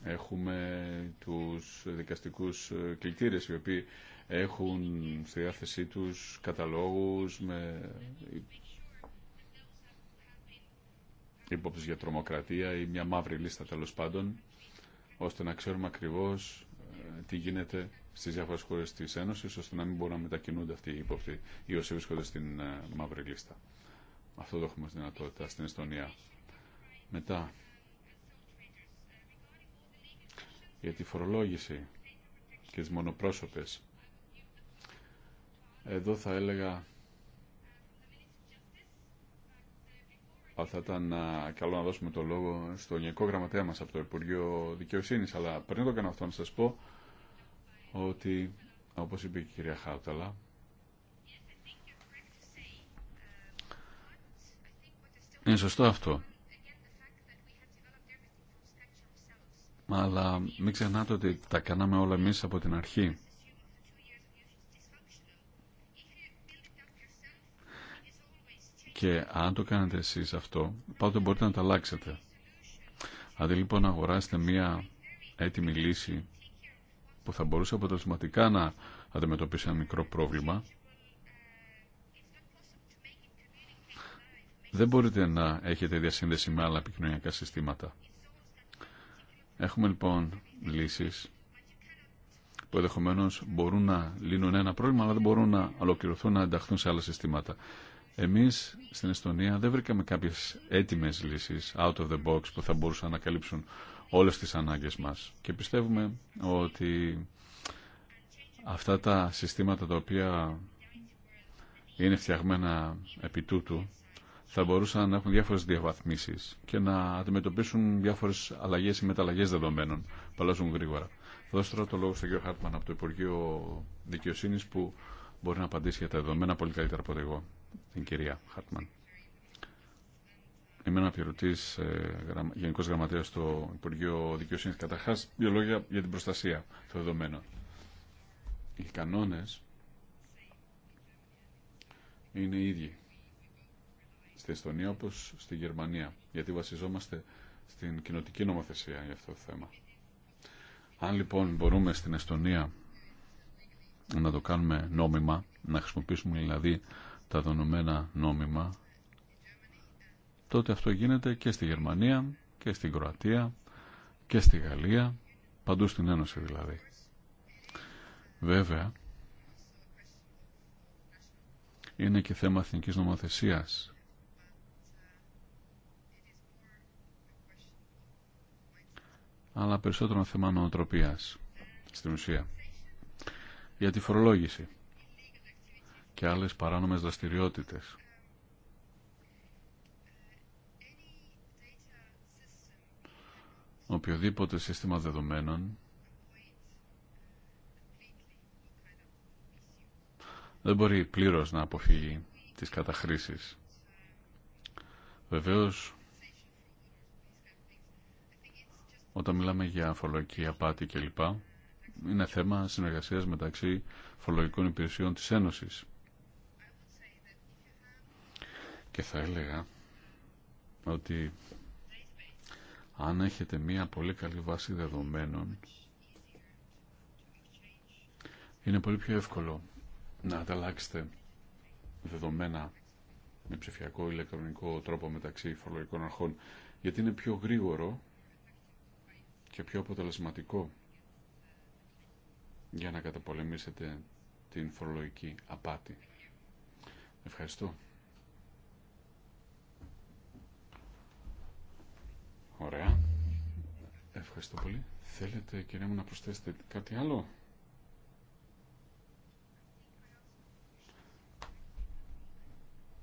Έχουμε τους δικαστικούς κλητήρες οι οποίοι έχουν στη διάθεσή τους καταλόγους με υπόψη για τρομοκρατία ή μια μαύρη λίστα τέλος πάντων, ώστε να ξέρουμε ακριβώς ε, τι γίνεται στις διάφορες χώρες της Ένωσης, ώστε να μην μπορούν να μετακινούνται αυτοί οι ύποπτοι ή όσοι βρίσκονται στην ε, μαύρη λίστα. Αυτό το έχουμε ως δυνατότητα στην Εστονία. Μετά, για τη φορολόγηση και τις μονοπρόσωπες εδώ θα έλεγα θα ήταν καλό να δώσουμε το λόγο στον Γενικό Γραμματέα μας από το Υπουργείο Δικαιοσύνης, αλλά πριν το κάνω αυτό να σας πω ότι, όπως είπε η κυρία Χάουταλα, είναι σωστό αυτό. Αλλά μην ξεχνάτε ότι τα κάναμε όλα εμείς από την αρχή. Και αν το κάνετε εσείς αυτό, πάντοτε μπορείτε να τα αλλάξετε. Αντί λοιπόν να αγοράσετε μία έτοιμη λύση που θα μπορούσε αποτελεσματικά να αντιμετωπίσει ένα μικρό πρόβλημα, δεν μπορείτε να έχετε διασύνδεση με άλλα επικοινωνιακά συστήματα. Έχουμε λοιπόν λύσεις που ενδεχομένω μπορούν να λύνουν ένα πρόβλημα, αλλά δεν μπορούν να ολοκληρωθούν, να ενταχθούν σε άλλα συστήματα. Εμείς στην Εστονία δεν βρήκαμε κάποιες έτοιμες λύσεις out of the box που θα μπορούσαν να καλύψουν όλες τις ανάγκες μας. Και πιστεύουμε ότι αυτά τα συστήματα τα οποία είναι φτιαγμένα επί τούτου θα μπορούσαν να έχουν διάφορες διαβαθμίσεις και να αντιμετωπίσουν διάφορες αλλαγές ή μεταλλαγές δεδομένων που αλλάζουν γρήγορα. τώρα το λόγο στον κύριο Χάρτμαν από το Υπουργείο Δικαιοσύνης που μπορεί να απαντήσει για τα δεδομένα πολύ καλύτερα από εγώ την κυρία Χάρτμαν. Είμαι αναπληρωτή ε, Γενικό Γραμματέα στο Υπουργείο Δικαιοσύνη. Καταρχά, δύο λόγια για την προστασία του δεδομένων. Οι κανόνε είναι οι ίδιοι στην Εστονία όπω στη Γερμανία, γιατί βασιζόμαστε στην κοινοτική νομοθεσία για αυτό το θέμα. Αν λοιπόν μπορούμε στην Εστονία να το κάνουμε νόμιμα, να χρησιμοποιήσουμε δηλαδή τα δονομένα νόμιμα, τότε αυτό γίνεται και στη Γερμανία και στην Κροατία και στη Γαλλία, παντού στην Ένωση δηλαδή. Βέβαια, είναι και θέμα εθνικής νομοθεσίας. Αλλά περισσότερο θέμα νοοτροπίας, στην ουσία. Για τη φορολόγηση και άλλες παράνομες δραστηριότητες. Οποιοδήποτε σύστημα δεδομένων δεν μπορεί πλήρως να αποφύγει τις καταχρήσεις. Βεβαίως, όταν μιλάμε για φορολογική απάτη κλπ, είναι θέμα συνεργασίας μεταξύ φορολογικών υπηρεσιών της Ένωσης και θα έλεγα ότι αν έχετε μία πολύ καλή βάση δεδομένων είναι πολύ πιο εύκολο να ανταλλάξετε δεδομένα με ψηφιακό ηλεκτρονικό τρόπο μεταξύ φορολογικών αρχών γιατί είναι πιο γρήγορο και πιο αποτελεσματικό για να καταπολεμήσετε την φορολογική απάτη. Ευχαριστώ. Ωραία. Ευχαριστώ πολύ. Θέλετε, κυρία μου, να προσθέσετε κάτι άλλο.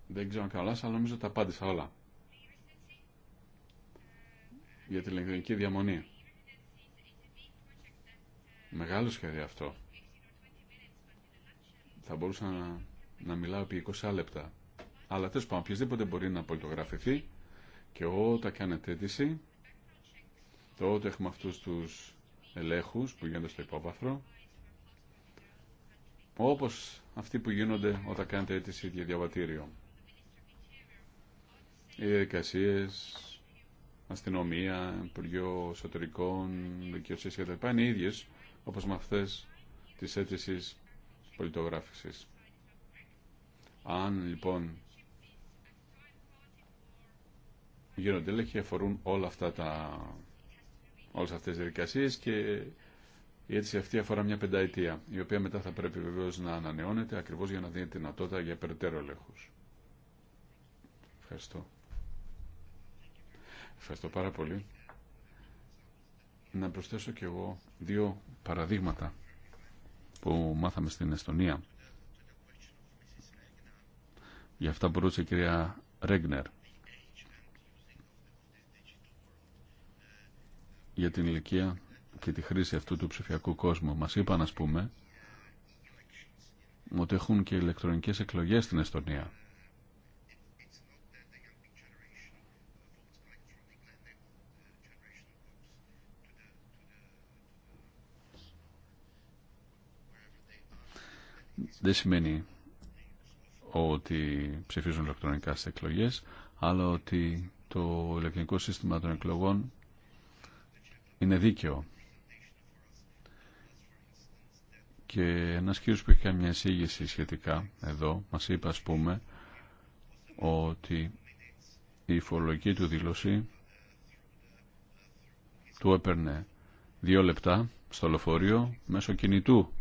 Δεν ξέρω αν καλά, αλλά νομίζω τα απάντησα όλα. Για τη ηλεκτρονική διαμονή. Μεγάλο σχέδιο αυτό. Θα μπορούσα να, μιλάω επί 20 λεπτά. Αλλά τέλο πάντων, οποιοδήποτε μπορεί να πολιτογραφηθεί και όταν κάνετε αίτηση, τότε έχουμε αυτούς τους ελέγχους που γίνονται στο υπόβαθρο, όπως αυτοί που γίνονται όταν κάνετε αίτηση για διαβατήριο. Οι διαδικασίε, αστυνομία, Υπουργείο Εσωτερικών, Δικαιοσύνη τα είναι οι ίδιε όπω με αυτέ τη αίτηση πολιτογράφηση. Αν λοιπόν γίνονται έλεγχοι αφορούν όλα αυτά τα, όλες αυτές τις διαδικασίες και η αίτηση αυτή αφορά μια πενταετία, η οποία μετά θα πρέπει βεβαίω να ανανεώνεται ακριβώς για να δίνει τη δυνατότητα για περαιτέρω ελέγχους. Ευχαριστώ. Ευχαριστώ πάρα πολύ. Να προσθέσω κι εγώ δύο παραδείγματα που μάθαμε στην Εστονία. Γι' αυτά μπορούσε η κυρία Ρέγνερ. για την ηλικία και τη χρήση αυτού του ψηφιακού κόσμου. Μας είπαν, ας πούμε, ότι έχουν και ηλεκτρονικές εκλογές στην Εστονία. Δεν σημαίνει ότι ψηφίζουν ηλεκτρονικά στις εκλογές, αλλά ότι το ηλεκτρονικό σύστημα των εκλογών είναι δίκαιο. Και ένα κύριος που έχει κάνει μια εισήγηση σχετικά εδώ, μας είπε πούμε ότι η φορολογική του δήλωση του έπαιρνε δύο λεπτά στο λεωφορείο μέσω κινητού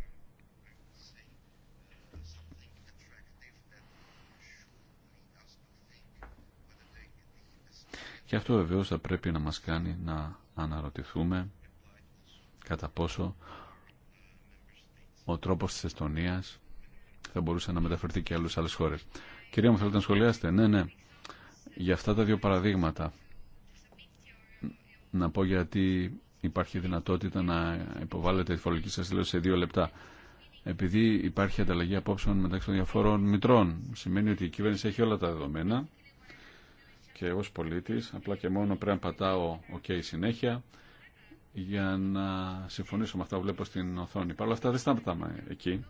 Και αυτό βεβαίως θα πρέπει να μας κάνει να αναρωτηθούμε κατά πόσο ο τρόπος της Εστονίας θα μπορούσε να μεταφερθεί και άλλους άλλες χώρες. Κυρία μου, θέλετε να σχολιάσετε. Ναι, ναι. Για αυτά τα δύο παραδείγματα να πω γιατί υπάρχει δυνατότητα να υποβάλλετε τη φορολογική σας δήλωση σε δύο λεπτά. Επειδή υπάρχει ανταλλαγή απόψεων μεταξύ των διαφόρων μητρών, σημαίνει ότι η κυβέρνηση έχει όλα τα δεδομένα και ως πολίτης απλά και μόνο πρέπει να πατάω ok συνέχεια για να συμφωνήσω με αυτά που βλέπω στην οθόνη. Παρ' όλα αυτά δεν σταματάμε εκεί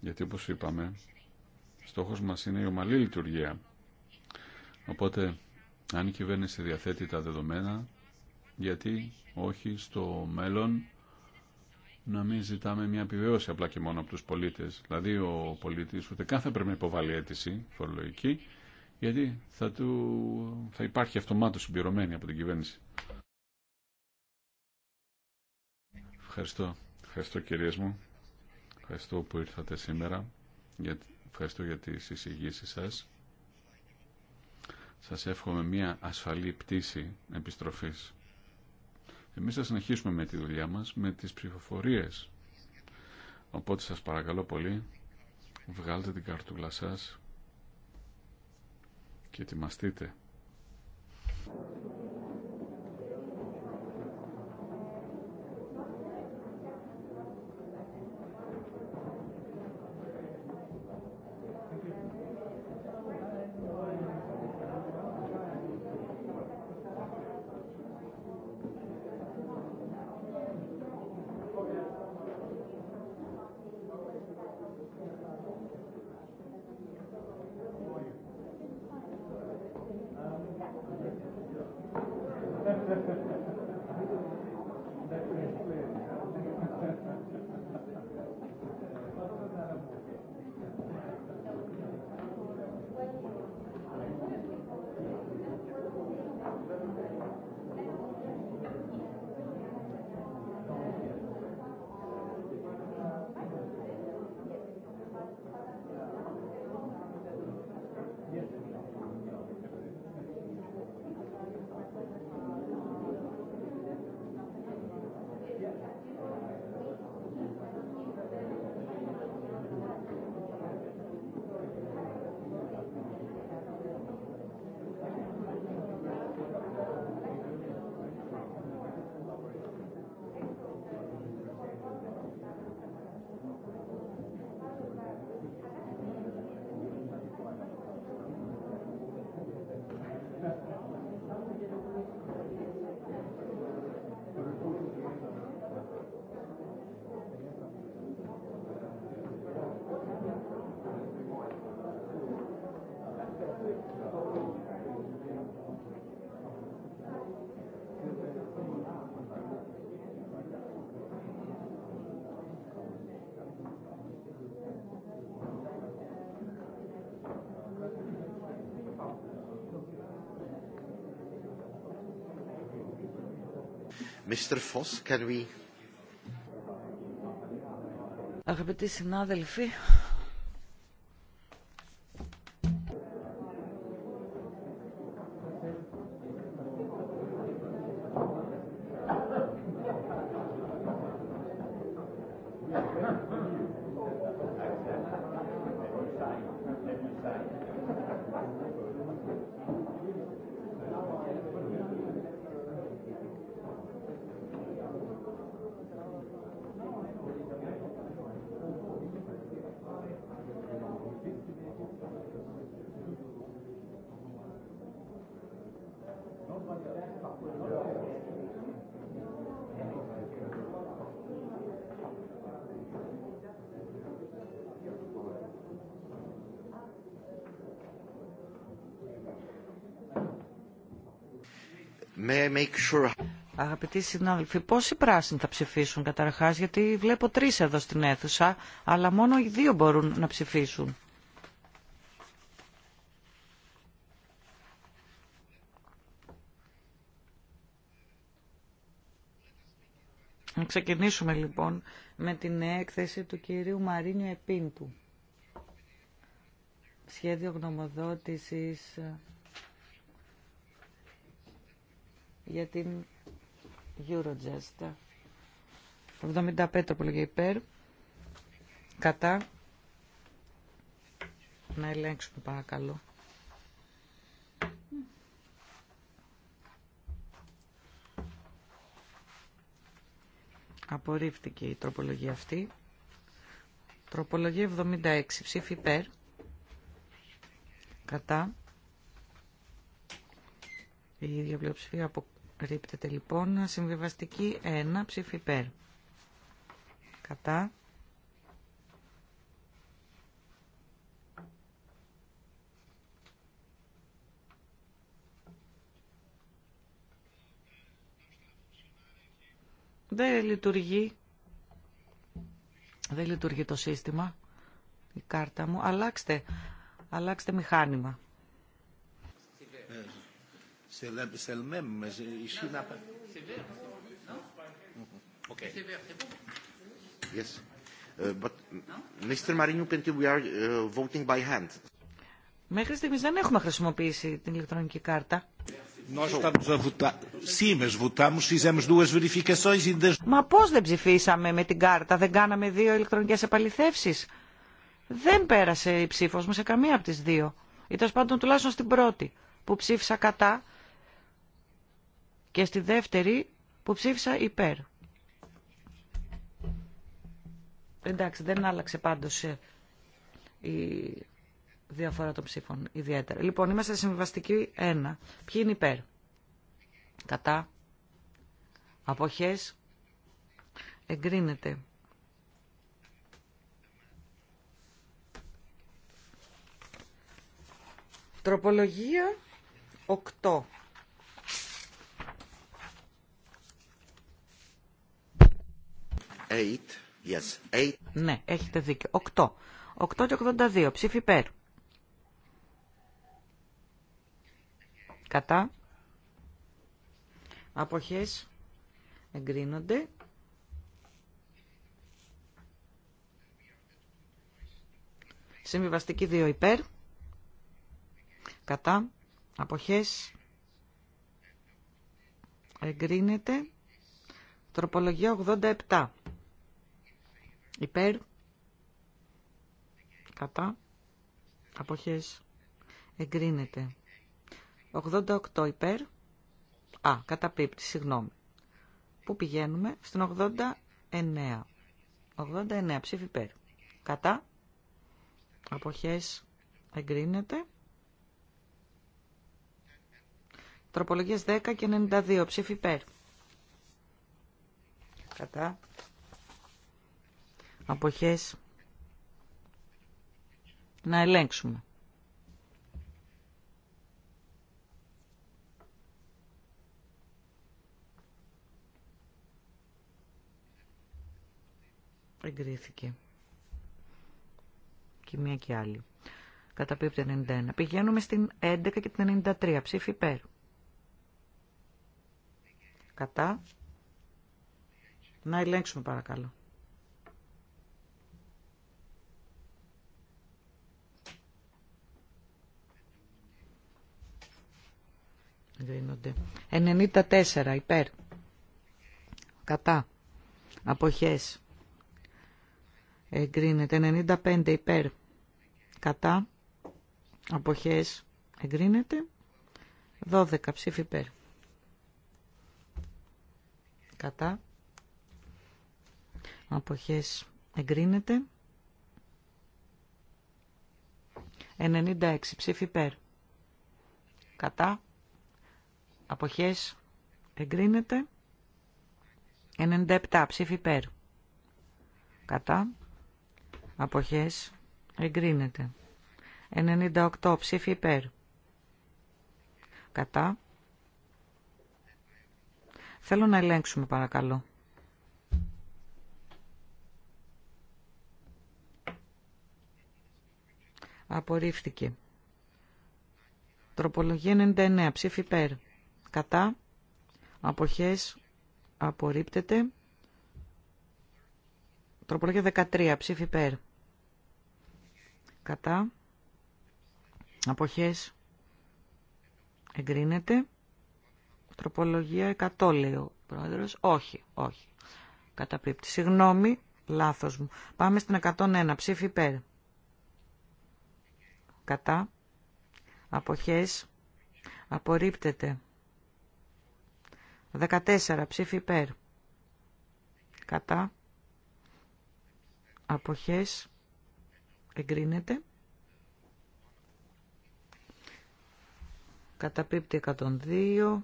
γιατί όπως είπαμε στόχος μας είναι η ομαλή λειτουργία. Οπότε αν η κυβέρνηση διαθέτει τα δεδομένα γιατί όχι στο μέλλον να μην ζητάμε μια επιβεβαίωση απλά και μόνο από τους πολίτες. Δηλαδή ο πολίτης ούτε καν θα πρέπει να υποβάλει αίτηση φορολογική γιατί θα, του, θα υπάρχει αυτομάτως συμπληρωμένη από την κυβέρνηση. Ευχαριστώ. Ευχαριστώ κυρίες μου. Ευχαριστώ που ήρθατε σήμερα. Για, ευχαριστώ για τις εισηγήσεις σας. Σας εύχομαι μια ασφαλή πτήση επιστροφής. Εμείς θα συνεχίσουμε με τη δουλειά μας, με τις ψηφοφορίες. Οπότε σας παρακαλώ πολύ, βγάλτε την καρτούλα σας, και ετοιμαστείτε. Mr. Foss, can we... Αγαπητοί συνάδελφοι, Αγαπητοί συνάδελφοι, πόσοι πράσινοι θα ψηφίσουν καταρχάς, γιατί βλέπω τρεις εδώ στην αίθουσα, αλλά μόνο οι δύο μπορούν να ψηφίσουν. Να ξεκινήσουμε λοιπόν με την έκθεση του κυρίου Μαρίνιου Επίντου. Σχέδιο γνωμοδότησης για την Eurojust. 75 τροπολογία υπέρ. Κατά. Να ελέγξουμε παρακαλώ. Απορρίφθηκε η τροπολογία αυτή. Τροπολογία 76. Ψήφι υπέρ. Κατά. Η ίδια πλειοψηφία Ρίπτεται λοιπόν συμβιβαστική 1 ψήφι υπέρ. Κατά. Δεν λειτουργεί. Δεν λειτουργεί το σύστημα. Η κάρτα μου. Αλλάξτε. Αλλάξτε μηχάνημα. C'est le même, mais C'est vert, non Ok. Μέχρι στιγμή δεν έχουμε χρησιμοποιήσει την ηλεκτρονική κάρτα. E Μα πώ δεν ψηφίσαμε με την κάρτα, δεν κάναμε δύο ηλεκτρονικέ επαληθεύσει. Δεν πέρασε η ψήφο μου σε καμία από τι δύο. Ήταν πάντων τουλάχιστον στην πρώτη που ψήφισα κατά και στη δεύτερη που ψήφισα υπέρ. Εντάξει, δεν άλλαξε πάντως ε, η διαφορά των ψήφων ιδιαίτερα. Λοιπόν, είμαστε συμβαστικοί 1. Ποιοι είναι υπέρ. Κατά. Αποχές. Εγκρίνεται. Τροπολογία 8. Yes. Ναι, έχετε δίκιο. 8. 8 και 82. Ψήφι υπέρ. Κατά. Αποχές εγκρίνονται. Συμβιβαστική 2 υπέρ. Κατά. Αποχές εγκρίνεται. Τροπολογία 87. Υπέρ. Κατά. Αποχές. Εγκρίνεται. 88 υπέρ. Α, καταπίπτει, συγγνώμη. Πού πηγαίνουμε, στην 89. 89 ψήφι υπέρ. Κατά. Αποχές εγκρίνεται. Τροπολογίες 10 και 92 ψήφι υπέρ. Κατά αποχές να ελέγξουμε. Εγκρίθηκε. Και μία και άλλη. Καταπίπτει 91. Πηγαίνουμε στην 11 και την 93. Ψήφι υπέρ. Κατά. Να ελέγξουμε παρακαλώ. 94 υπέρ. Κατά. Αποχές. Εγκρίνεται. 95 υπέρ. Κατά. Αποχές. Εγκρίνεται. 12 ψήφι υπέρ. Κατά. Αποχές. Εγκρίνεται. 96 ψήφι υπέρ. Κατά. Αποχές εγκρίνεται. 97 ψήφι υπέρ. Κατά. Αποχές εγκρίνεται. 98 ψήφι υπέρ. Κατά. Θέλω να ελέγξουμε παρακαλώ. Απορρίφθηκε. Τροπολογία 99 ψήφι υπέρ κατά αποχές απορρίπτεται τροπολογία 13 ψήφι ΠΕΡ. κατά αποχές εγκρίνεται τροπολογία 100 λέει ο πρόεδρος όχι όχι καταπίπτει συγγνώμη λάθος μου πάμε στην 101 ψήφι ΠΕΡ. κατά αποχές απορρίπτεται 14 ψήφι υπέρ. Κατά. Αποχές. Εγκρίνεται. Καταπίπτει 102.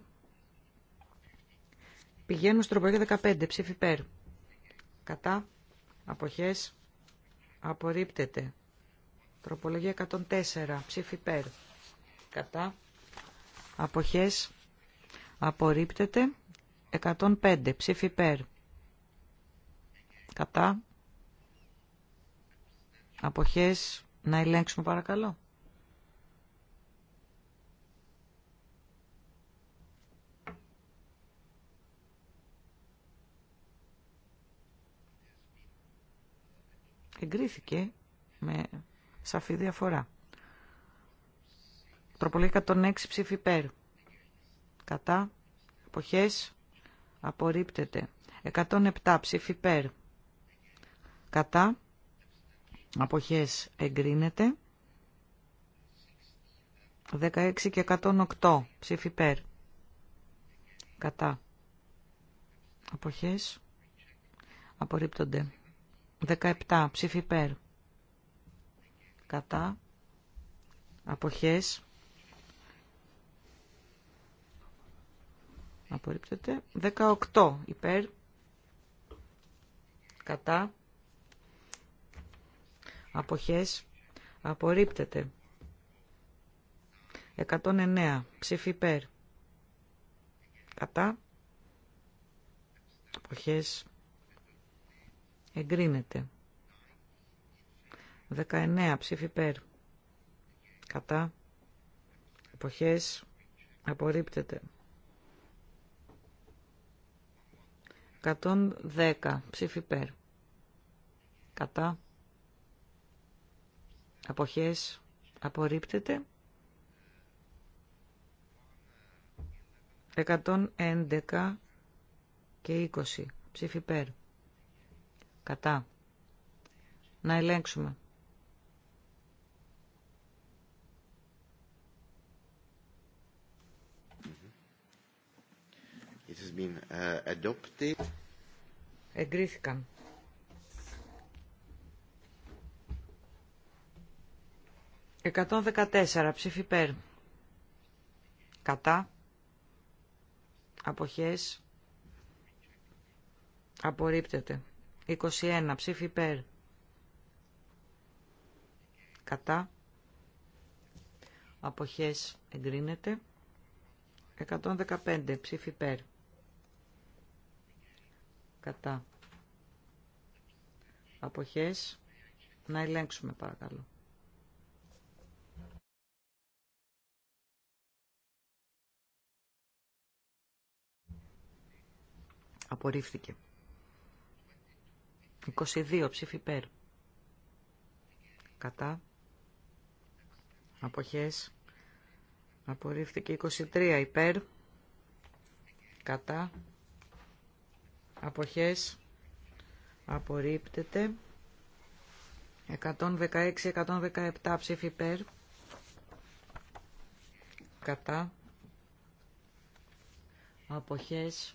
Πηγαίνουμε στο τροπολογία 15 ψήφι υπέρ. Κατά. Αποχές. Απορρίπτεται. Τροπολογία 104 ψήφι υπέρ. Κατά. Αποχές Απορρίπτεται. 105. Ψήφι Κατά. Αποχές. Να ελέγξουμε παρακαλώ. Εγκρίθηκε με σαφή διαφορά. Προπολογή 106 ψήφι υπέρ κατά, εποχές, απορρίπτεται. 107 ψήφι περ, κατά, αποχές, εγκρίνεται. 16 και 108 ψήφι περ, κατά, αποχές, απορρίπτονται. 17 ψήφι περ, κατά, αποχές, απορρίπτεται. 18 υπέρ, κατά, αποχές, απορρίπτεται. 109 ψήφι υπέρ, κατά, αποχές, εγκρίνεται. 19 ψήφι υπέρ, κατά, αποχές, απορρίπτεται. 110 ψήφι περ. Κατά. Αποχές απορρίπτεται. 111 και 20 ψήφι περ. Κατά. Να ελέγξουμε. has been uh, Εγκρίθηκαν. 114 ψήφι Κατά. Αποχές. Απορρίπτεται. 21 ψήφι περ Κατά. Αποχές εγκρίνεται. 115 ψήφι περ κατά αποχές να ελέγξουμε παρακαλώ. Απορρίφθηκε. 22 ψήφι υπέρ. Κατά. Αποχές. Απορρίφθηκε 23 υπέρ. Κατά αποχές απορρίπτεται 116-117 ψήφι υπέρ κατά αποχές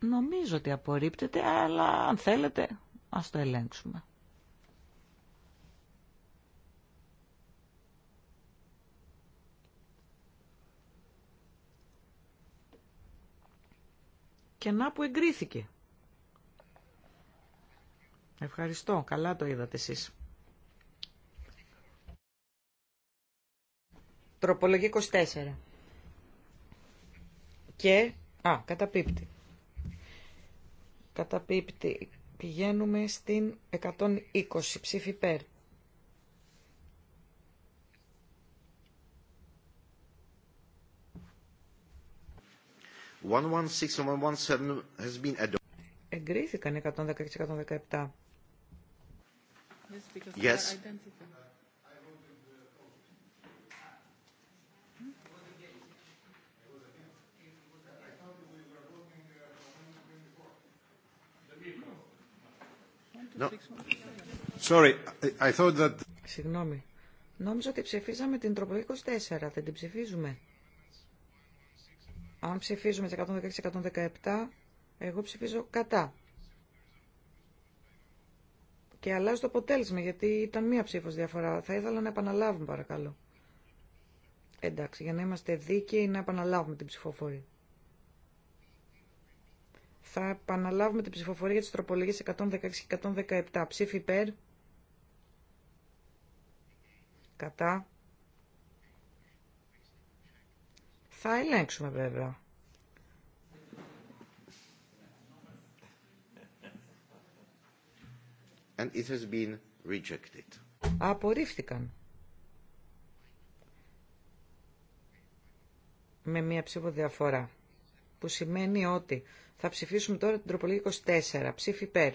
νομίζω ότι απορρίπτεται αλλά αν θέλετε ας το ελέγξουμε να που εγκρίθηκε. Ευχαριστώ. Καλά το είδατε εσείς. Τροπολογή 24. Και... Α, καταπίπτει. Καταπίπτει. Πηγαίνουμε στην 120 ψήφι Εγκρίθηκαν 116 και 117. Yes. Συγγνώμη. Νόμιζα ότι ψηφίζαμε την τρόπο 24. Δεν την ψηφίζουμε. Αν ψηφίζουμε 116-117, εγώ ψηφίζω κατά. Και αλλάζω το αποτέλεσμα, γιατί ήταν μία ψήφος διαφορά. Θα ήθελα να επαναλάβουμε, παρακαλώ. Εντάξει, για να είμαστε δίκαιοι, να επαναλάβουμε την ψηφοφορία. Θα επαναλάβουμε την ψηφοφορία για τις τροπολογίες 116 117. Ψήφι υπέρ. Κατά. Θα ελέγξουμε βέβαια. And it has been rejected. Απορρίφθηκαν. Με μία ψήφο διαφορά. Που σημαίνει ότι θα ψηφίσουμε τώρα την τροπολογία 24. Ψήφι υπέρ.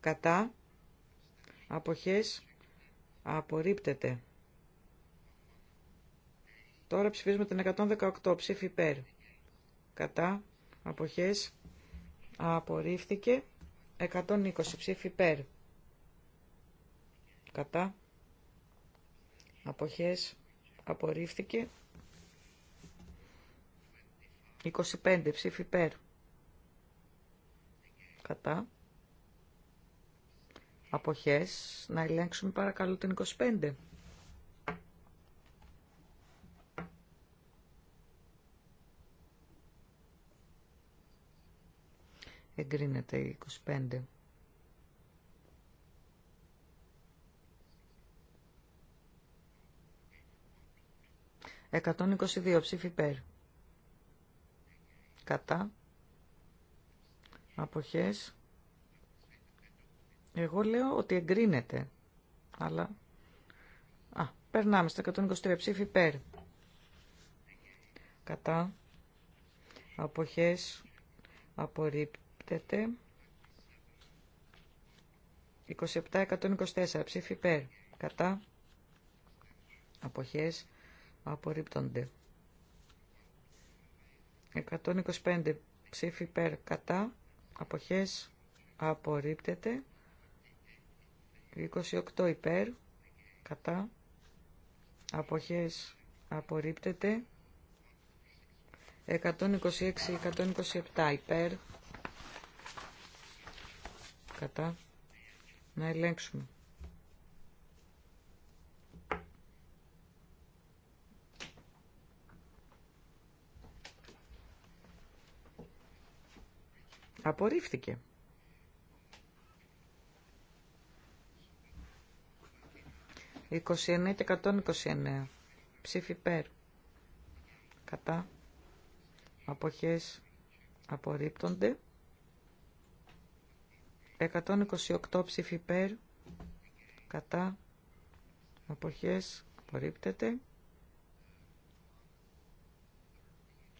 Κατά. Αποχές. Απορρίπτεται. Τώρα ψηφίζουμε την 118 ψήφι υπέρ. Κατά αποχές απορρίφθηκε 120 ψήφι υπέρ. Κατά αποχές απορρίφθηκε 25 ψήφι υπέρ. Κατά αποχές να ελέγξουμε παρακαλώ την 25. Εγκρίνεται η 25. 122 ψήφι υπέρ. Κατά. Αποχές. Εγώ λέω ότι εγκρίνεται. Αλλά... Α, περνάμε στα 123 ψήφι υπέρ. Κατά. Αποχές. Απορρίπτει 27 27-124 ψήφι υπέρ. Κατά. Αποχές. Απορρίπτονται. 125 ψήφι υπέρ. Κατά. Αποχές. Απορρίπτεται. 28 υπέρ. Κατά. Αποχές. Απορρίπτεται. 126-127 υπέρ κατά. Να ελέγξουμε. Απορρίφθηκε. «29 και 129. Ψήφι ΠΕΡ. Κατά. Αποχές απορρίπτονται. 128 ψήφι υπέρ, κατά, αποχές, απορρίπτεται.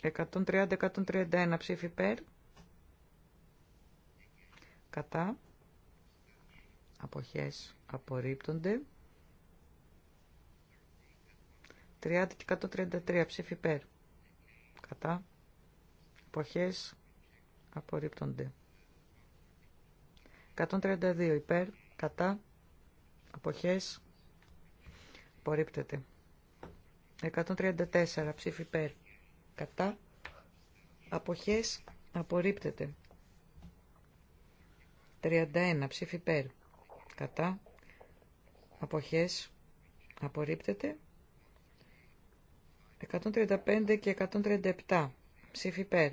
130-131 ψήφι υπέρ, κατά, αποχές, απορρίπτονται. 30 133 ψήφι υπέρ, κατά, αποχές, απορρίπτονται. 132 υπέρ, κατά, αποχές, απορρίπτεται. 134 ψήφι υπέρ, κατά, αποχές, απορρίπτεται. 31 ψήφι υπέρ, κατά, αποχές, απορρίπτεται. 135 και 137 ψήφι υπέρ,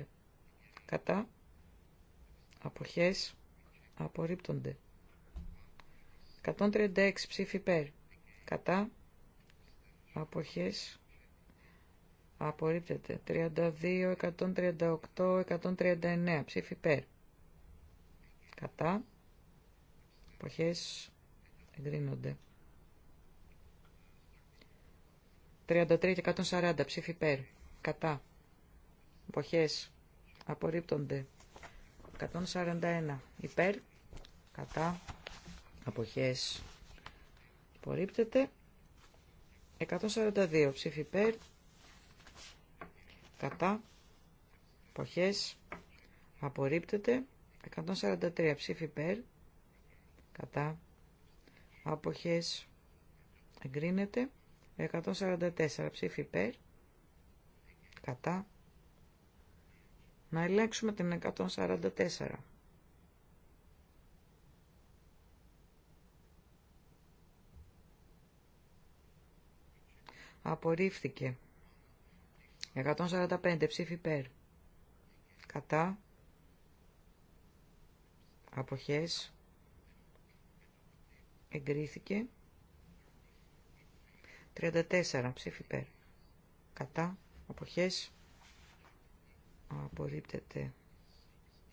κατά, αποχές, απορρίπτονται. 136 ψήφι υπέρ, κατά, αποχές, απορρίπτεται. 32, 138, 139 ψήφι υπέρ, κατά, αποχές, εγκρίνονται. 33 και 140 ψήφι υπέρ, κατά, αποχές, απορρίπτονται. 141 υπέρ, κατά αποχές απορρίπτεται 142 ψήφι υπέρ κατά αποχές απορρίπτεται 143 ψήφι υπέρ κατά αποχές εγκρίνεται 144 ψήφι υπέρ κατά να ελέγξουμε την 144 απορρίφθηκε. 145 ψήφι υπέρ. Κατά. Αποχές. Εγκρίθηκε. 34 ψήφι υπέρ. Κατά. Αποχές. Απορρίπτεται.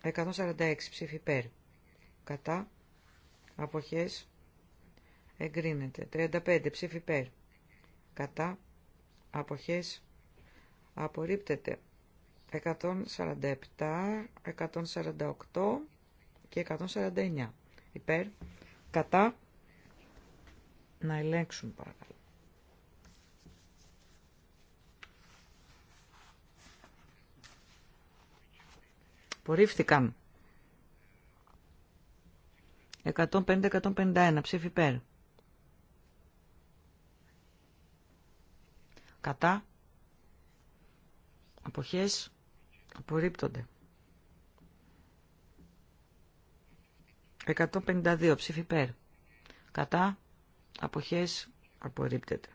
146 ψήφι υπέρ. Κατά. Αποχές. Εγκρίνεται. 35 ψήφι υπέρ κατά αποχές απορρίπτεται 147, 148 και 149 υπέρ κατά να ελέγξουν παρακαλώ. Απορρίφθηκαν 150-151 ψήφι υπέρ Κατά. Αποχές. Απορρίπτονται. 152 ψήφι Κατά. Αποχές. Απορρίπτεται.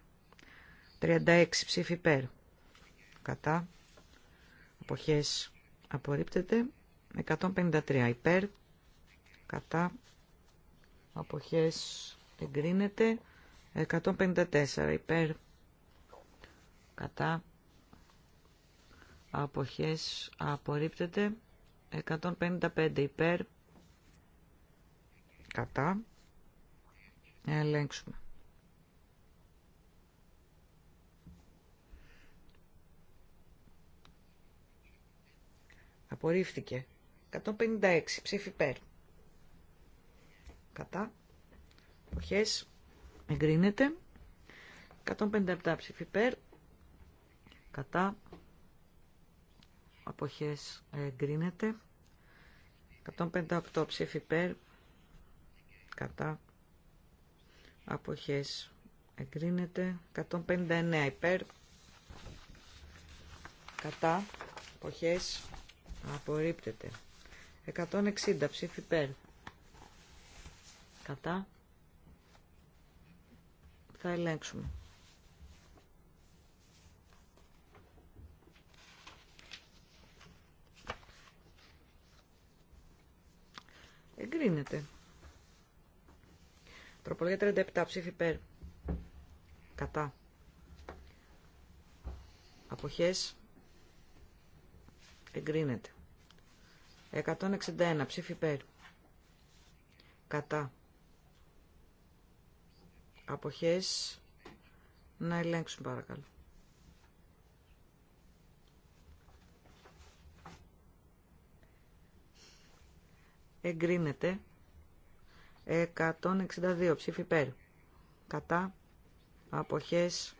36 ψήφι Κατά. Αποχές. Απορρίπτεται. 153 υπέρ. Κατά. Αποχές. Εγκρίνεται. 154 υπέρ κατά αποχές απορρίπτεται 155 υπέρ κατά ελέγξουμε απορρίφθηκε 156 ψήφι υπέρ κατά αποχές εγκρίνεται 157 ψήφι υπέρ κατά αποχές εγκρίνεται 158 ψήφι υπέρ κατά αποχές εγκρίνεται 159 υπέρ κατά αποχές απορρίπτεται 160 ψήφι υπέρ κατά θα ελέγξουμε Εγκρίνεται. Τροπολογία 37 ψήφι υπέρ. Κατά. Αποχές. Εγκρίνεται. 161 ψήφι υπέρ. Κατά. Αποχές. Να ελέγξουν παρακαλώ. εγκρίνεται 162 ψήφι υπέρ κατά αποχές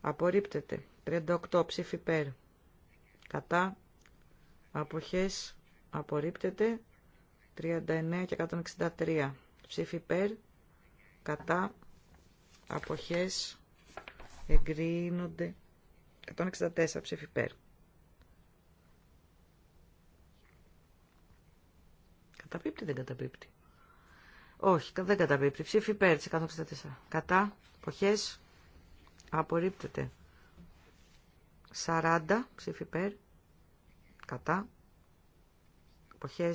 απορρίπτεται 38 ψήφι υπέρ κατά αποχές απορρίπτεται 39 και 163 ψήφι υπέρ κατά αποχές εγκρίνονται 164 ψήφι υπέρ Καταπίπτει δεν καταπίπτει. Όχι, δεν καταπίπτει. Ψήφι υπέρ τη 164. Κατά, ποχέ. απορρίπτεται. 40, ψήφι υπέρ. Κατά, Ποχέ.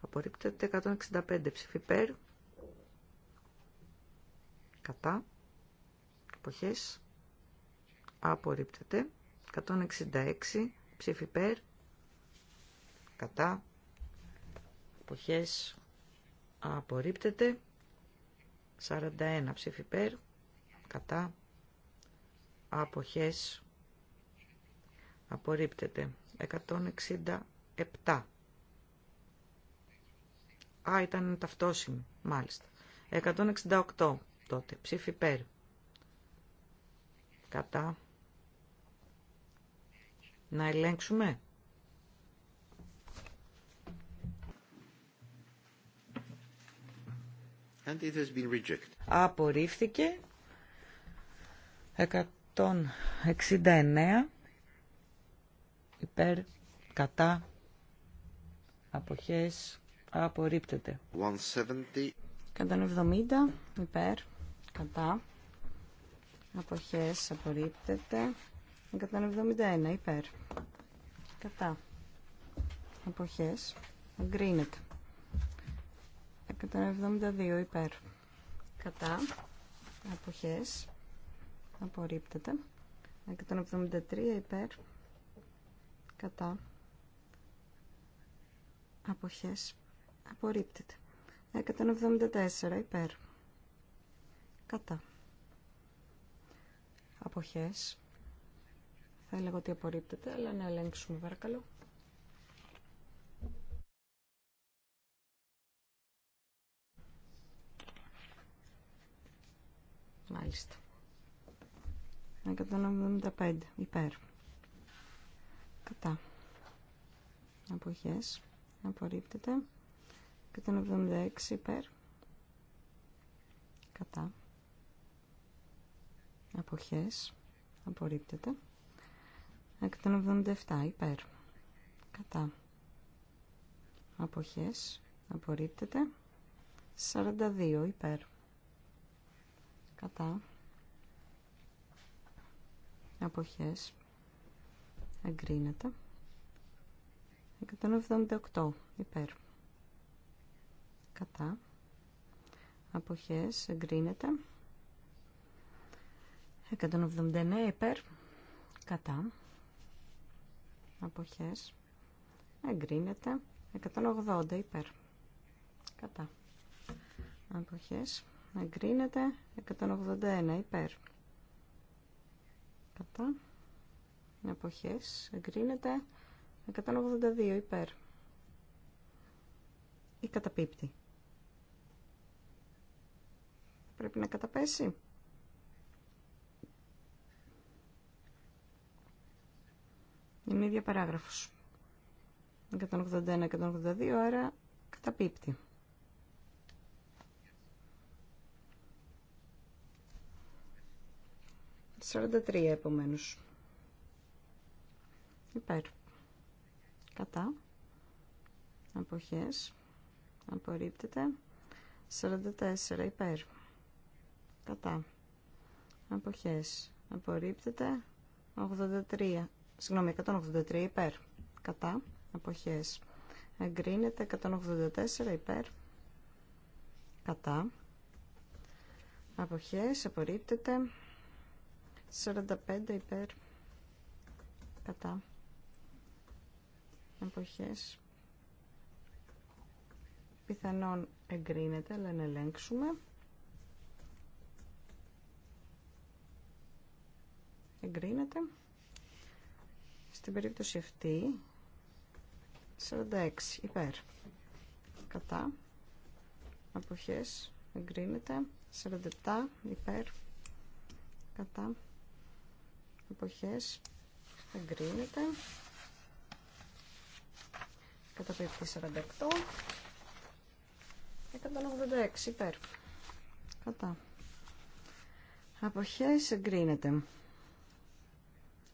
απορρίπτεται. 165, ψήφι υπέρ. Κατά, ποχέ. απορρίπτεται. 166, ψήφι υπέρ. Κατά, Αποχές απορρίπτεται. 41 ψήφι υπέρ. Κατά. Αποχές απορρίπτεται. 167. Α, ήταν ταυτόσιμη, μάλιστα. 168 τότε, ψήφι υπέρ. Κατά. Να ελέγξουμε. And Απορρίφθηκε 169 υπέρ κατά αποχές απορρίπτεται. 170. 170 υπέρ κατά αποχές απορρίπτεται. 171 υπέρ κατά αποχές εγκρίνεται. 172 υπέρ. Κατά. Αποχές. Απορρίπτεται. 173 υπέρ. Κατά. Αποχές. Απορρίπτεται. 174 υπέρ. Κατά. Αποχές. Θα έλεγα ότι απορρίπτεται, αλλά να ελέγξουμε παρακαλώ. Μάλιστα. 175 υπέρ. Κατά. Αποχές. Απορρίπτεται. 176 υπέρ. Κατά. Αποχές. Απορρίπτεται. 177 υπέρ. Κατά. Αποχές. Απορρίπτεται. 42 υπέρ κατά αποχές εγκρίνεται 178 υπέρ κατά αποχές εγκρίνεται 179 υπέρ κατά αποχές εγκρίνεται 180 υπέρ κατά αποχές εγκρίνεται 181 υπέρ κατά εποχές εγκρίνεται 182 υπέρ ή καταπίπτει πρέπει να καταπέσει είναι η ίδια παράγραφος 181-182 άρα καταπίπτει 43 επομένω Υπέρ. Κατά. Αποχές. Απορρίπτεται. 44 υπέρ. Κατά. Αποχές. Απορρίπτεται. 83. Συγγνώμη, 183 υπέρ. Κατά. Αποχές. Εγκρίνεται. 184 υπέρ. Κατά. Αποχές. Απορρίπτεται. 45 υπέρ κατά εποχές πιθανόν εγκρίνεται αλλά να ελέγξουμε εγκρίνεται στην περίπτωση αυτή 46 υπέρ κατά εποχές εγκρίνεται 47 υπέρ κατά εποχές εγκρίνεται καταπίπτει 48 186 υπέρ κατά αποχές εγκρίνεται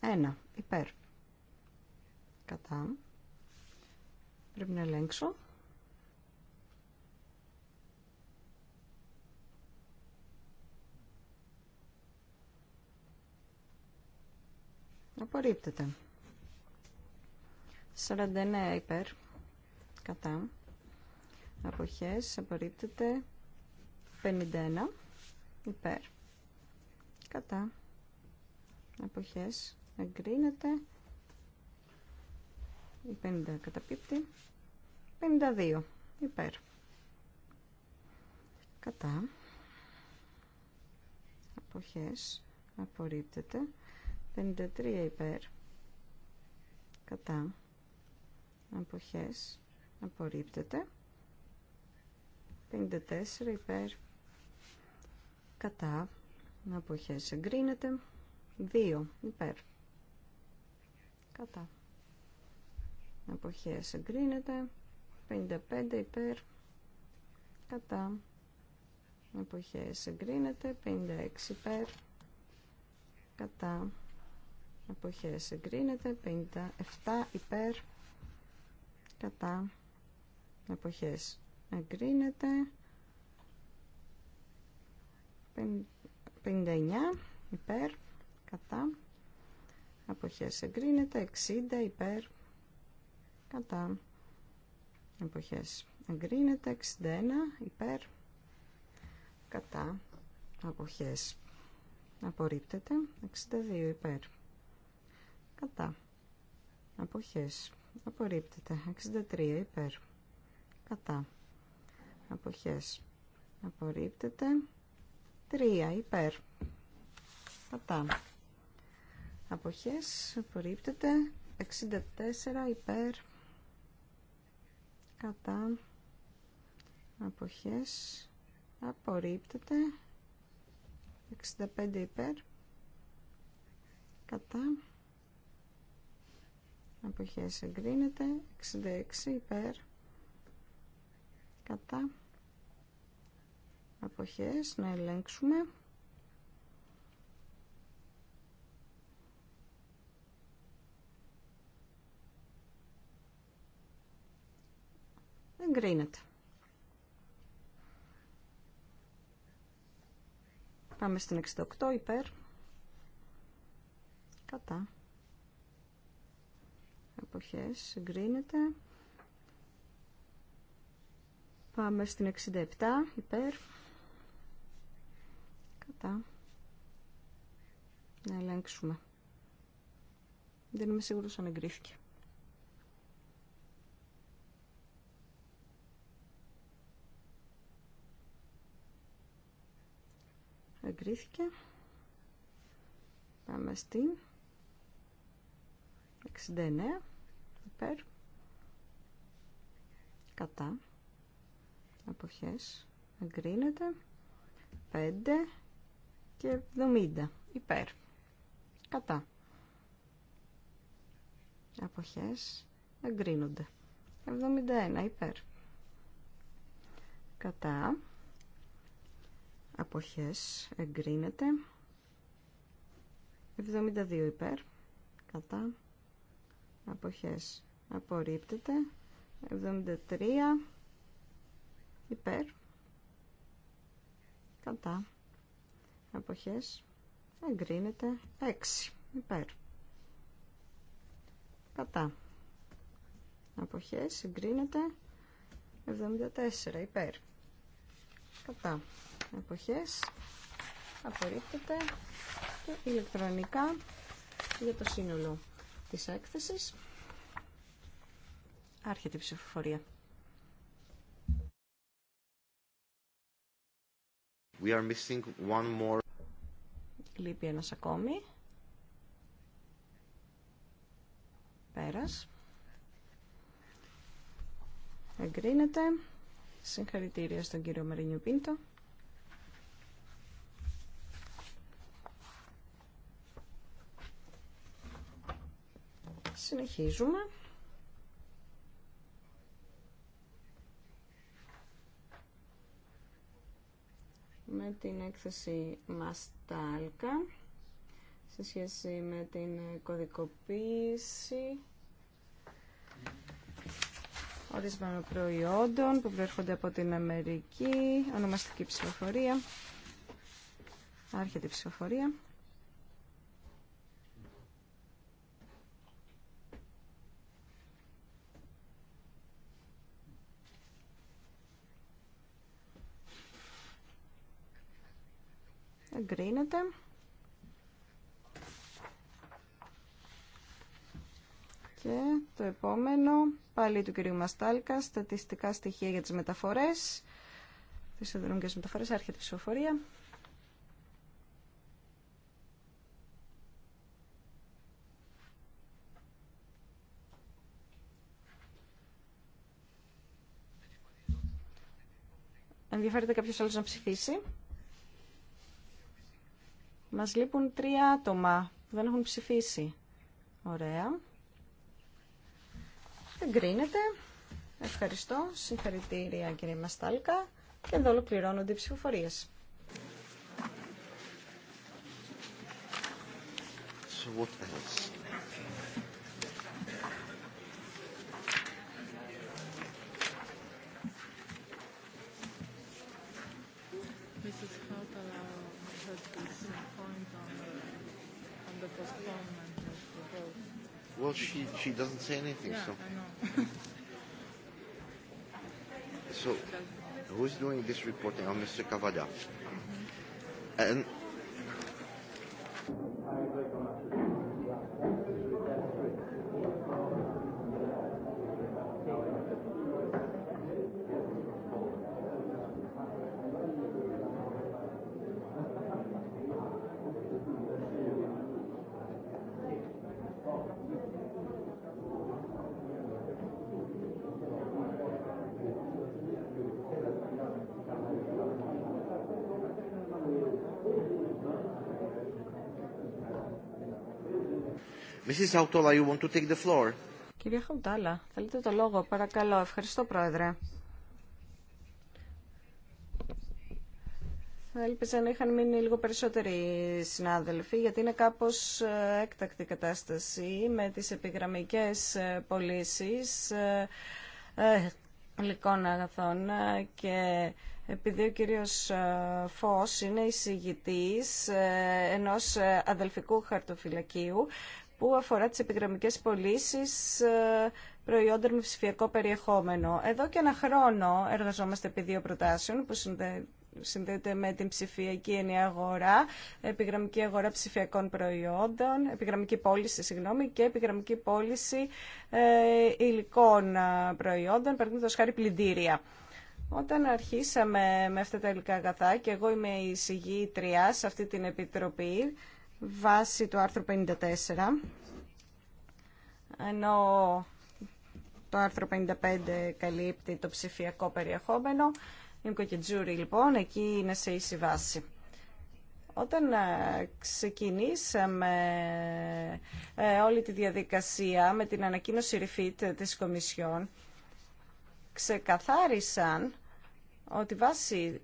1 υπέρ κατά πρέπει να ελέγξω Απορρίπτεται. 49 υπέρ. Κατά. Αποχές. Απορρίπτεται. 51 υπέρ. Κατά. Αποχές. Εγκρίνεται. 50 καταπίπτει. 52 υπέρ. Κατά. Αποχές. Απορρίπτεται. 53 υπέρ κατά αποχές απορρίπτεται 54 υπέρ κατά αποχές εγκρίνεται 2 υπέρ κατά αποχές εγκρίνεται 55 υπέρ κατά αποχές εγκρίνεται 56 υπέρ κατά αποχές εγκρίνεται 57 υπέρ κατά αποχές εγκρίνεται 59 υπέρ κατά αποχές εγκρίνεται 60 υπέρ κατά αποχές εγκρίνεται 61 υπέρ κατά αποχές απορρίπτεται 62 υπέρ κατά αποχές απορρίπτεται 63 υπέρ κατά αποχές απορρίπτεται 3 υπέρ κατά αποχές απορρίπτεται 64 υπέρ κατά αποχές απορρίπτεται 65 υπέρ κατά αποχές εγκρίνεται 66 υπέρ κατά αποχές να ελέγξουμε εγκρίνεται Πάμε στην 68 υπέρ κατά Ποχές, Συγκρίνεται. Πάμε στην 67 υπέρ. Κατά. Να ελέγξουμε. Δεν είμαι σίγουρος αν εγκρίθηκε. Εγκρίθηκε. Πάμε στην 69 υπέρ κατά αποχές εγκρίνεται 5 και 70 υπέρ κατά αποχές εγκρίνονται 71 υπέρ κατά αποχές εγκρίνεται 72 υπέρ κατά αποχές απορρίπτεται 73 υπέρ κατά αποχές εγκρίνεται 6 υπέρ κατά αποχές εγκρίνεται 74 υπέρ κατά αποχές απορρίπτεται και ηλεκτρονικά για το σύνολο της έκθεσης Άρχεται η ψηφοφορία. We are missing one more. Λείπει ένας ακόμη. Πέρας. Εγκρίνεται. Συγχαρητήρια στον κύριο Μαρίνιο Πίντο. Συνεχίζουμε. με την έκθεση Μαστάλκα σε σχέση με την κωδικοποίηση ορισμένων προϊόντων που προέρχονται από την Αμερική, ονομαστική ψηφοφορία, άρχεται η ψηφοφορία. Εγκρίνεται. Και το επόμενο, πάλι του κυρίου Μαστάλκα, στατιστικά στοιχεία για τις μεταφορές. Τις και μεταφορές, άρχεται η ψηφοφορία. Ενδιαφέρεται κάποιος άλλος να ψηφίσει. Μας λείπουν τρία άτομα που δεν έχουν ψηφίσει. Ωραία. Εγκρίνεται. Ευχαριστώ. Συγχαρητήρια κύριε Μαστάλκα. Και εδώ ολοκληρώνονται οι ψηφοφορίες. She doesn't say anything. so. so, who's doing this reporting? Oh, Mr. Cavada. And Κυρία Χαουτάλα, θέλετε το λόγο, παρακαλώ. Ευχαριστώ, Πρόεδρε. Ελπίζω να είχαν μείνει λίγο περισσότεροι συνάδελφοι, γιατί είναι κάπως ε, έκτακτη κατάσταση με τις επιγραμμικές ε, πωλήσει ε, υλικών αγαθών και επειδή ο κύριος Φως είναι εισηγητής ενός αδελφικού χαρτοφυλακίου που αφορά τις επιγραμμικές πωλήσει ε, προϊόντων με ψηφιακό περιεχόμενο. Εδώ και ένα χρόνο εργαζόμαστε επί δύο προτάσεων που συνδέεται με την ψηφιακή ενιαία αγορά, επιγραμμική αγορά ψηφιακών προϊόντων, επιγραμμική πώληση συγγνώμη, και επιγραμμική πώληση ε, υλικών ε, προϊόντων, παραδείγματος χάρη πλυντήρια. Όταν αρχίσαμε με αυτά τα υλικά αγαθά και εγώ είμαι η συγγήτρια σε αυτή την επιτροπή Βάση του άρθρου 54, ενώ το άρθρο 55 καλύπτει το ψηφιακό περιεχόμενο, Νίκο και Τζούρι λοιπόν, εκεί είναι σε ίση βάση. Όταν ε, ξεκινήσαμε ε, όλη τη διαδικασία με την ανακοίνωση refit της Κομισιόν, ξεκαθάρισαν ότι βάσει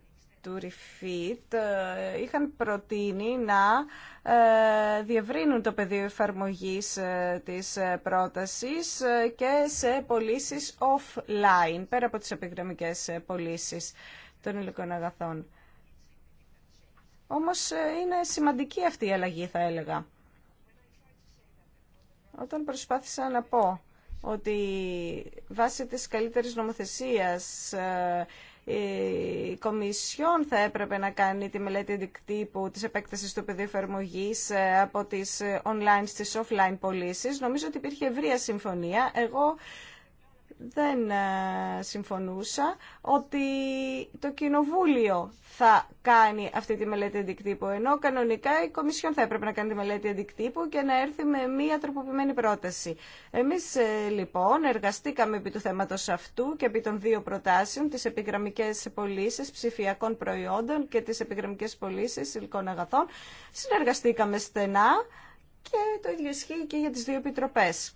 του Refit ε, είχαν προτείνει να ε, διευρύνουν το πεδίο εφαρμογής ε, της πρότασης και σε πωλήσει offline, πέρα από τις επιγραμμικές πωλήσει των υλικών αγαθών. Όμως είναι σημαντική αυτή η αλλαγή, θα έλεγα. Όταν προσπάθησα να πω ότι βάσει της καλύτερης νομοθεσίας η Κομισιόν θα έπρεπε να κάνει τη μελέτη αντικτύπου της επέκτασης του πεδίου εφαρμογή ε, από τις online στις offline πωλήσει. Νομίζω ότι υπήρχε ευρεία συμφωνία. Εγώ δεν ε, συμφωνούσα ότι το Κοινοβούλιο θα κάνει αυτή τη μελέτη αντικτύπου, ενώ κανονικά η Κομισιόν θα έπρεπε να κάνει τη μελέτη αντικτύπου και να έρθει με μία τροποποιημένη πρόταση. Εμείς ε, λοιπόν εργαστήκαμε επί του θέματος αυτού και επί των δύο προτάσεων, τις επιγραμμικές πωλήσει ψηφιακών προϊόντων και τις επιγραμμικές πωλήσει υλικών αγαθών. Συνεργαστήκαμε στενά και το ίδιο ισχύει και για τις δύο επιτροπές.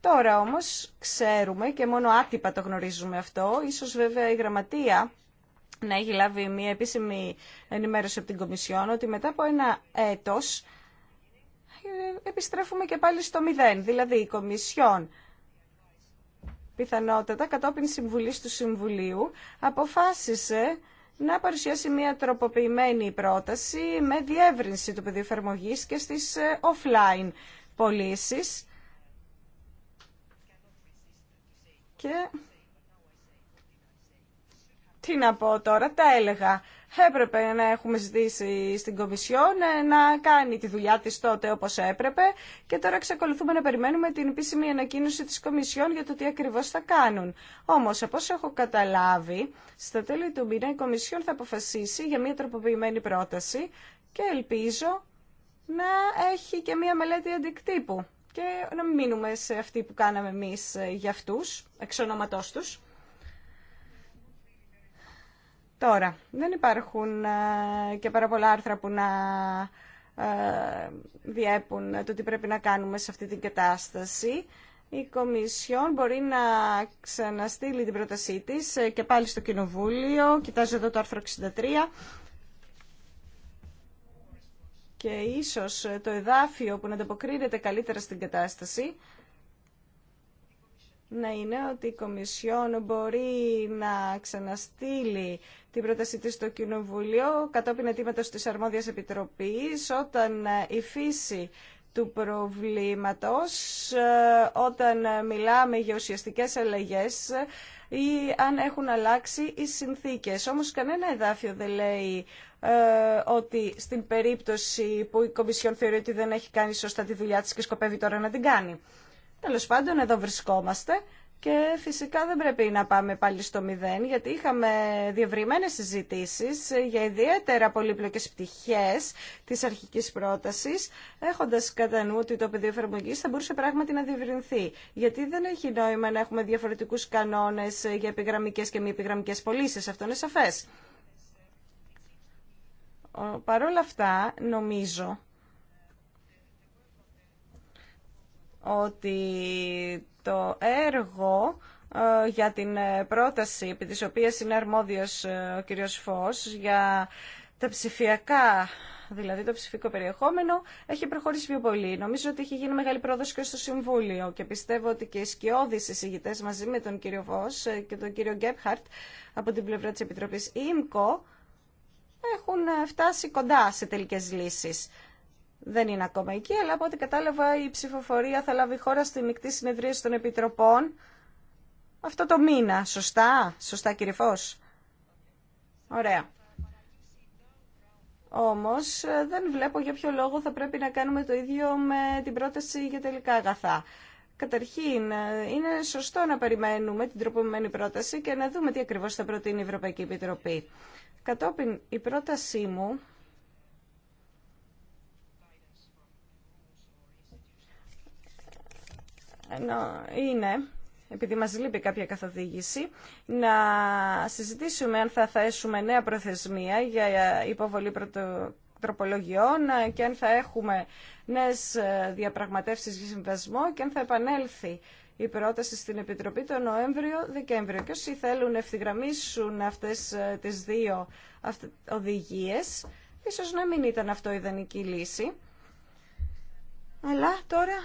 Τώρα όμως ξέρουμε και μόνο άτυπα το γνωρίζουμε αυτό, ίσως βέβαια η γραμματεία να έχει λάβει μια επίσημη ενημέρωση από την Κομισιόν ότι μετά από ένα έτος ε, επιστρέφουμε και πάλι στο μηδέν. Δηλαδή η Κομισιόν πιθανότατα κατόπιν συμβουλής του Συμβουλίου αποφάσισε να παρουσιάσει μια τροποποιημένη πρόταση με διεύρυνση του πεδίου και στις ε, offline πωλήσει Και τι να πω τώρα, τα έλεγα. Έπρεπε να έχουμε ζητήσει στην Κομισιόν ε, να κάνει τη δουλειά της τότε όπως έπρεπε και τώρα εξακολουθούμε να περιμένουμε την επίσημη ανακοίνωση της Κομισιόν για το τι ακριβώς θα κάνουν. Όμως, από έχω καταλάβει, στα τέλη του μήνα η Κομισιόν θα αποφασίσει για μια τροποποιημένη πρόταση και ελπίζω να έχει και μια μελέτη αντικτύπου και να μην μείνουμε σε αυτή που κάναμε εμείς ε, για αυτούς, εξ ονόματός τους. Τώρα, δεν υπάρχουν ε, και πάρα πολλά άρθρα που να ε, διέπουν το τι πρέπει να κάνουμε σε αυτή την κατάσταση. Η Κομισιόν μπορεί να ξαναστείλει την πρότασή της και πάλι στο Κοινοβούλιο. Κοιτάζω εδώ το άρθρο 63 και ίσως το εδάφιο που να ανταποκρίνεται καλύτερα στην κατάσταση να είναι ότι η Κομισιόν μπορεί να ξαναστείλει την πρότασή της στο Κοινοβουλίο κατόπιν αιτήματος της Αρμόδιας Επιτροπής όταν η φύση του προβλήματος, ε, όταν μιλάμε για ουσιαστικές αλλαγές, ή αν έχουν αλλάξει οι συνθήκες. Όμως κανένα εδάφιο δεν λέει ε, ότι στην περίπτωση που η Κομισιόν θεωρεί ότι δεν έχει κάνει σωστά τη δουλειά της και σκοπεύει τώρα να την κάνει. Τέλος πάντων, εδώ βρισκόμαστε και φυσικά δεν πρέπει να πάμε πάλι στο μηδέν, γιατί είχαμε διευρυμένες συζητήσεις για ιδιαίτερα πολύπλοκες πτυχές της αρχικής πρότασης, έχοντας κατά νου ότι το πεδίο εφαρμογή θα μπορούσε πράγματι να διευρυνθεί. Γιατί δεν έχει νόημα να έχουμε διαφορετικούς κανόνες για επιγραμμικές και μη επιγραμμικές πωλήσει. Αυτό είναι σαφές. Παρ' όλα αυτά, νομίζω ότι το έργο ε, για την ε, πρόταση επί της οποίας είναι αρμόδιος ε, ο κύριος Φως για τα ψηφιακά, δηλαδή το ψηφικό περιεχόμενο, έχει προχωρήσει πιο πολύ. Νομίζω ότι έχει γίνει μεγάλη πρόοδος και στο Συμβούλιο και πιστεύω ότι και οι σκιώδεις εισηγητές μαζί με τον κύριο Φως και τον κύριο Γκέπχαρτ από την πλευρά της Επιτροπής ΙΜΚΟ έχουν φτάσει κοντά σε τελικές λύσεις δεν είναι ακόμα εκεί, αλλά από ό,τι κατάλαβα η ψηφοφορία θα λάβει χώρα στη μεικτή συνεδρίαση των Επιτροπών αυτό το μήνα. Σωστά, σωστά κύριε Φως. Ωραία. Όμως ε, δεν βλέπω για ποιο λόγο θα πρέπει να κάνουμε το ίδιο με την πρόταση για τελικά αγαθά. Καταρχήν, ε, είναι σωστό να περιμένουμε την τροποποιημένη πρόταση και να δούμε τι ακριβώς θα προτείνει η Ευρωπαϊκή Επιτροπή. Κατόπιν, η πρότασή μου είναι επειδή μας λείπει κάποια καθοδήγηση, να συζητήσουμε αν θα θέσουμε νέα προθεσμία για υποβολή τροπολογιών και αν θα έχουμε νέες ε, διαπραγματεύσεις για συμβασμό και αν θα επανέλθει η πρόταση στην Επιτροπή το Νοέμβριο-Δεκέμβριο. Και όσοι θέλουν να ευθυγραμμίσουν αυτές ε, τις δύο οδηγίες, ίσως να μην ήταν αυτό η ιδανική λύση. Αλλά τώρα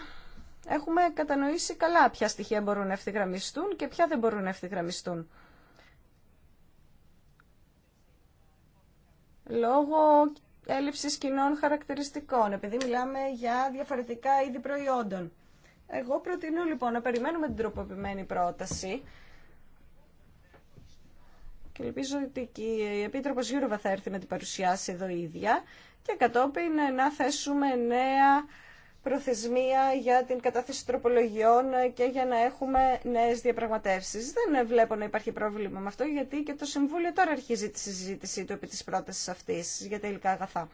έχουμε κατανοήσει καλά ποια στοιχεία μπορούν να ευθυγραμμιστούν και ποια δεν μπορούν να ευθυγραμμιστούν. Λόγω έλλειψης κοινών χαρακτηριστικών, επειδή μιλάμε για διαφορετικά είδη προϊόντων. Εγώ προτείνω λοιπόν να περιμένουμε την τροποποιημένη πρόταση και ελπίζω ότι και η Επίτροπος Γιούροβα θα έρθει να την παρουσιάσει εδώ ίδια και κατόπιν να θέσουμε νέα προθεσμία για την κατάθεση τροπολογιών και για να έχουμε νέες διαπραγματεύσεις. Δεν βλέπω να υπάρχει πρόβλημα με αυτό, γιατί και το Συμβούλιο τώρα αρχίζει τη συζήτησή του επί της πρότασης αυτής για τελικά υλικά αγαθά.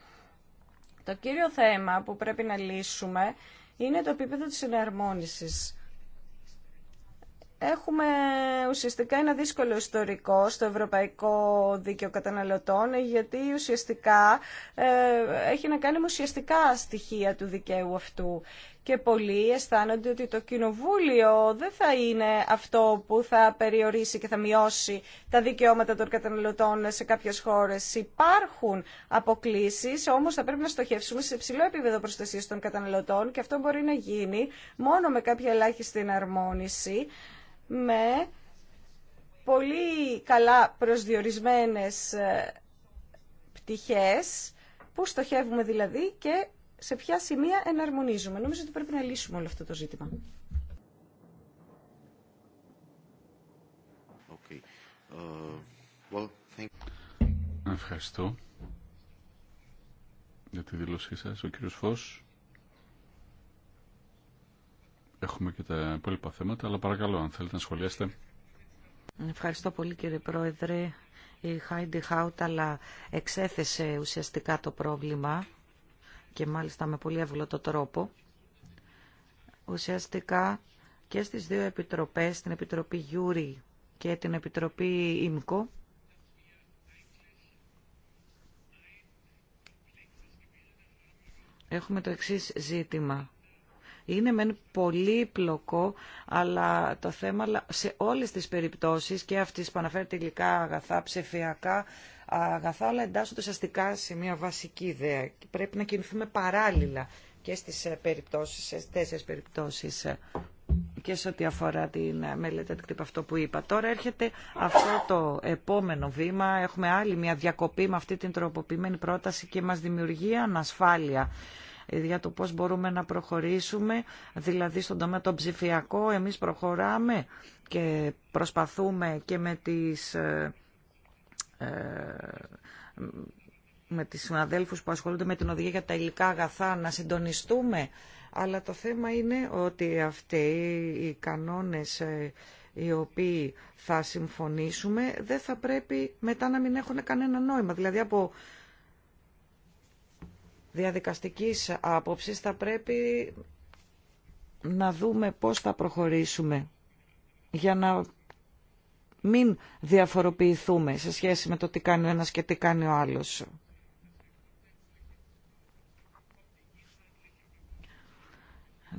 Το κύριο θέμα που πρέπει να λύσουμε είναι το επίπεδο της εναρμόνισης. Έχουμε ουσιαστικά ένα δύσκολο ιστορικό στο ευρωπαϊκό δίκαιο καταναλωτών γιατί ουσιαστικά ε, έχει να κάνει με ουσιαστικά στοιχεία του δικαίου αυτού και πολλοί αισθάνονται ότι το κοινοβούλιο δεν θα είναι αυτό που θα περιορίσει και θα μειώσει τα δικαιώματα των καταναλωτών σε κάποιες χώρες. Υπάρχουν αποκλήσεις, όμως θα πρέπει να στοχεύσουμε σε ψηλό επίπεδο προστασίας των καταναλωτών και αυτό μπορεί να γίνει μόνο με κάποια ελάχιστη εναρμόνιση με πολύ καλά προσδιορισμένες ε, πτυχές, πού στοχεύουμε δηλαδή και σε ποια σημεία εναρμονίζουμε. Νομίζω ότι πρέπει να λύσουμε όλο αυτό το ζήτημα. Okay. Uh, well, thank Ευχαριστώ για τη δήλωσή σας. Ο κύριος Φως έχουμε και τα υπόλοιπα θέματα, αλλά παρακαλώ αν θέλετε να σχολιάσετε. Ευχαριστώ πολύ κύριε Πρόεδρε. Η Χάιντι Χάουταλα εξέθεσε ουσιαστικά το πρόβλημα και μάλιστα με πολύ εύγλωτο τρόπο. Ουσιαστικά και στις δύο επιτροπές, την Επιτροπή Γιούρι και την Επιτροπή Ίμκο, έχουμε το εξής ζήτημα. Είναι μεν πολύπλοκο, αλλά το θέμα σε όλες τις περιπτώσεις και αυτές που αναφέρεται υλικά αγαθά, ψηφιακά, αγαθά αλλά εντάσσονται ουσιαστικά σε μια βασική ιδέα. πρέπει να κινηθούμε παράλληλα και στις ε, περιπτώσεις, σε τέσσερις περιπτώσεις ε, και σε ό,τι αφορά την ε, μελέτη αντικτύπου αυτό που είπα. Τώρα έρχεται αυτό το επόμενο βήμα. Έχουμε άλλη μια διακοπή με αυτή την τροποποιημένη πρόταση και μας δημιουργεί ανασφάλεια για το πώς μπορούμε να προχωρήσουμε, δηλαδή στον τομέα το ψηφιακό εμείς προχωράμε και προσπαθούμε και με τις... Ε, ε, με τις συναδέλφους που ασχολούνται με την οδηγία για τα υλικά αγαθά να συντονιστούμε. Αλλά το θέμα είναι ότι αυτοί οι κανόνες ε, οι οποίοι θα συμφωνήσουμε δεν θα πρέπει μετά να μην έχουν κανένα νόημα. Δηλαδή από διαδικαστικής άποψης θα πρέπει να δούμε πώς θα προχωρήσουμε για να μην διαφοροποιηθούμε σε σχέση με το τι κάνει ο ένας και τι κάνει ο άλλος.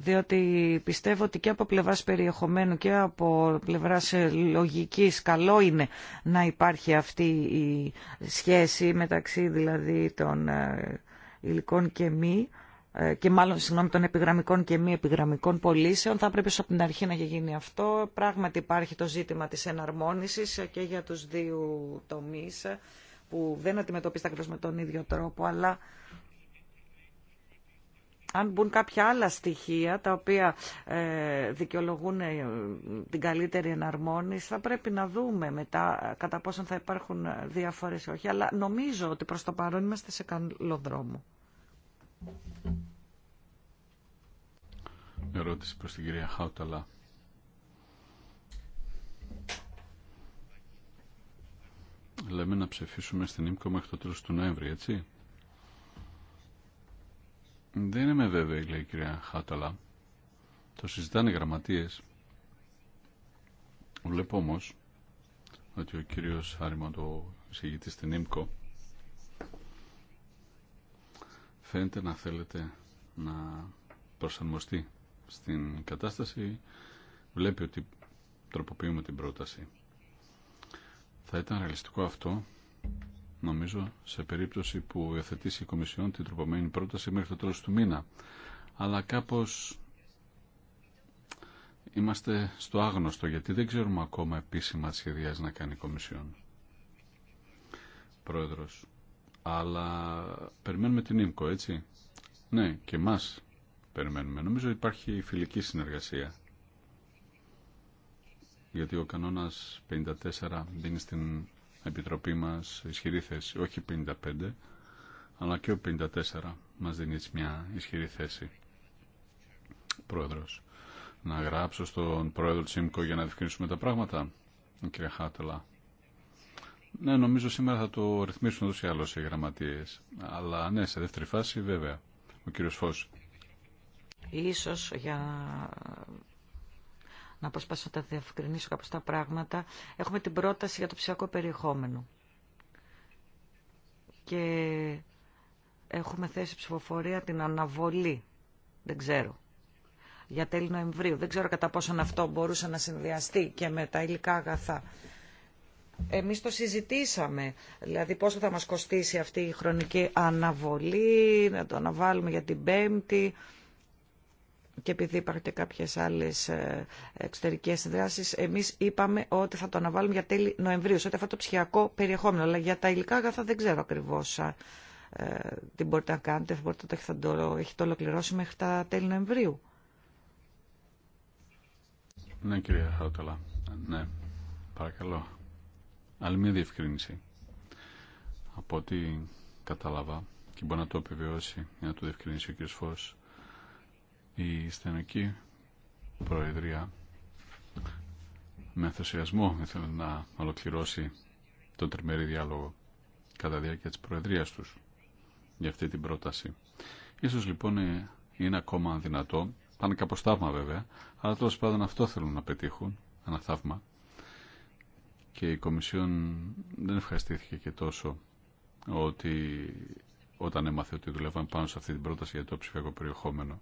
διότι πιστεύω ότι και από πλευράς περιεχομένου και από πλευράς λογικής καλό είναι να υπάρχει αυτή η σχέση μεταξύ δηλαδή των ε, υλικών και μη, ε, και μάλλον συγγνώμη των επιγραμμικών και μη επιγραμμικών πωλήσεων. Θα πρέπει από την αρχή να γίνει αυτό. Πράγματι υπάρχει το ζήτημα της εναρμόνισης ε, και για τους δύο τομείς ε, που δεν αντιμετωπίζεται ακριβώς με τον ίδιο τρόπο, αλλά αν μπουν κάποια άλλα στοιχεία τα οποία ε, δικαιολογούν ε, την καλύτερη εναρμόνιση, θα πρέπει να δούμε μετά κατά πόσον θα υπάρχουν ε, διαφορές ή όχι. Αλλά νομίζω ότι προς το παρόν είμαστε σε καλό δρόμο. Ερώτηση προς την κυρία Χάουταλα. Λέμε να ψεφίσουμε στην ΙΜΚΟ μέχρι το τέλος του Νοέμβρη, έτσι. Δεν είμαι βέβαιη, λέει η κυρία Χάταλα. Το συζητάνε οι γραμματείες. Βλέπω όμω ότι ο κύριος Άρημα, το εισηγητής στην ΙΜΚΟ, φαίνεται να θέλετε να προσαρμοστεί στην κατάσταση. Βλέπει ότι τροποποιούμε την πρόταση. Θα ήταν ρεαλιστικό αυτό νομίζω, σε περίπτωση που υιοθετήσει η Κομισιόν την τροπομένη πρόταση μέχρι το τέλος του μήνα. Αλλά κάπως είμαστε στο άγνωστο, γιατί δεν ξέρουμε ακόμα επίσημα σχεδιάζει να κάνει η Κομισιόν. Πρόεδρος. Αλλά περιμένουμε την ΙΜΚΟ, έτσι. Ναι, και εμάς περιμένουμε. Νομίζω υπάρχει φιλική συνεργασία. Γιατί ο κανόνας 54 δίνει στην Επιτροπή μας ισχυρή θέση, όχι 55, αλλά και ο 54 μας δίνει μια ισχυρή θέση. Πρόεδρος. Να γράψω στον πρόεδρο του για να διευκρινίσουμε τα πράγματα, κύριε Χάτελα. Ναι, νομίζω σήμερα θα το ρυθμίσουν ούτως ή άλλως οι γραμματείες. Αλλά ναι, σε δεύτερη φάση βέβαια. Ο κύριος Φως. Ίσως για να προσπαθήσω να τα διευκρινίσω κάπως τα πράγματα. Έχουμε την πρόταση για το ψηφιακό περιεχόμενο. Και έχουμε θέσει ψηφοφορία την αναβολή. Δεν ξέρω. Για τέλη Νοεμβρίου. Δεν ξέρω κατά πόσον αυτό μπορούσε να συνδυαστεί και με τα υλικά αγαθά. Εμείς το συζητήσαμε, δηλαδή πόσο θα μας κοστίσει αυτή η χρονική αναβολή, να το αναβάλουμε για την Πέμπτη και επειδή υπάρχουν και κάποιες άλλες ε, εξωτερικές δράσεις, εμείς είπαμε ότι θα το αναβάλουμε για τέλη Νοεμβρίου, σε ό,τι αυτό το ψυχιακό περιεχόμενο. Αλλά για τα υλικά αγαθά δεν ξέρω ακριβώς ε, τι μπορείτε να κάνετε, θα μπορείτε να το έχετε ολοκληρώσει μέχρι τα τέλη Νοεμβρίου. Ναι, κυρία Χαουταλά. Ναι, παρακαλώ. Άλλη μια διευκρίνηση. Από ό,τι κατάλαβα και μπορεί να το επιβεβαιώσει, να το διευκρινίσει ο κ. Φως, η στενοκή Προεδρία με ενθουσιασμό ήθελε να ολοκληρώσει τον τριμερή διάλογο κατά διάρκεια της Προεδρίας τους για αυτή την πρόταση. Ίσως λοιπόν είναι ακόμα δυνατό, πάνε κάπω θαύμα βέβαια, αλλά τέλο πάντων αυτό θέλουν να πετύχουν, ένα θαύμα. Και η Κομισιόν δεν ευχαριστήθηκε και τόσο ότι όταν έμαθε ότι δουλεύαν πάνω σε αυτή την πρόταση για το ψηφιακό περιεχόμενο.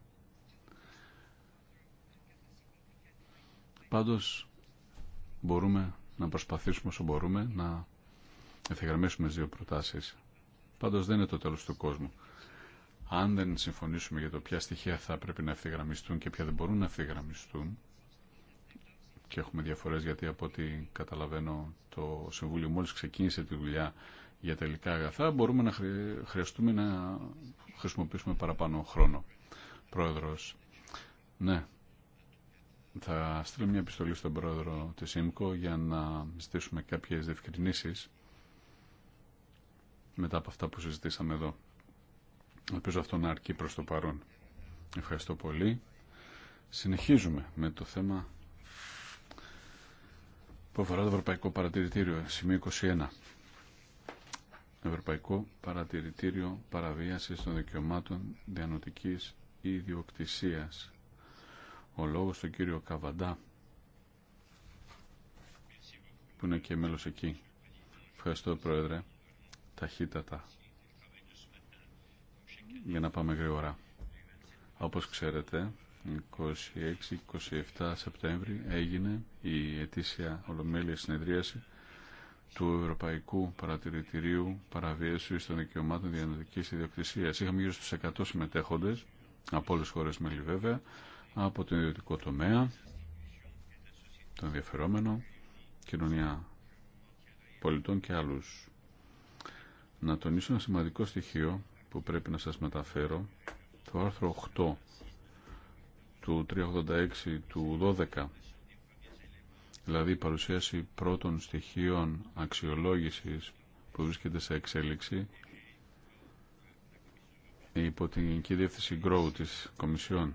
Πάντως μπορούμε να προσπαθήσουμε όσο μπορούμε να ευθυγραμμίσουμε δύο προτάσεις. Πάντως δεν είναι το τέλος του κόσμου. Αν δεν συμφωνήσουμε για το ποια στοιχεία θα πρέπει να ευθυγραμμιστούν και ποια δεν μπορούν να ευθυγραμμιστούν, και έχουμε διαφορές γιατί από ό,τι καταλαβαίνω το Συμβούλιο μόλις ξεκίνησε τη δουλειά για τελικά αγαθά, μπορούμε να χρειαστούμε να χρησιμοποιήσουμε παραπάνω χρόνο. Πρόεδρος, ναι, θα στείλω μια επιστολή στον πρόεδρο της ΣΥΜΚΟ για να ζητήσουμε κάποιες διευκρινήσεις μετά από αυτά που συζητήσαμε εδώ. Ελπίζω αυτό να αρκεί προς το παρόν. Ευχαριστώ πολύ. Συνεχίζουμε με το θέμα που αφορά το Ευρωπαϊκό Παρατηρητήριο, σημείο 21. Ευρωπαϊκό Παρατηρητήριο Παραβίασης των Δικαιωμάτων Διανοτικής Ιδιοκτησίας ο λόγος του κύριο Καβαντά που είναι και μέλος εκεί. Ευχαριστώ Πρόεδρε, ταχύτατα για να πάμε γρήγορα. Όπως ξέρετε, 26-27 Σεπτέμβρη έγινε η ετήσια ολομέλεια συνεδρίαση του Ευρωπαϊκού Παρατηρητηρίου Παραβίαση των Δικαιωμάτων Διανοητικής Ιδιοκτησία. Είχαμε γύρω στου 100 συμμετέχοντε από όλε τι χώρε μέλη βέβαια, από τον ιδιωτικό τομέα, τον ενδιαφερόμενο, κοινωνία πολιτών και άλλους. Να τονίσω ένα σημαντικό στοιχείο που πρέπει να σας μεταφέρω, το άρθρο 8 του 386 του 12 δηλαδή η παρουσίαση πρώτων στοιχείων αξιολόγησης που βρίσκεται σε εξέλιξη υπό την Γενική Διεύθυνση Grow της Κομισιόν.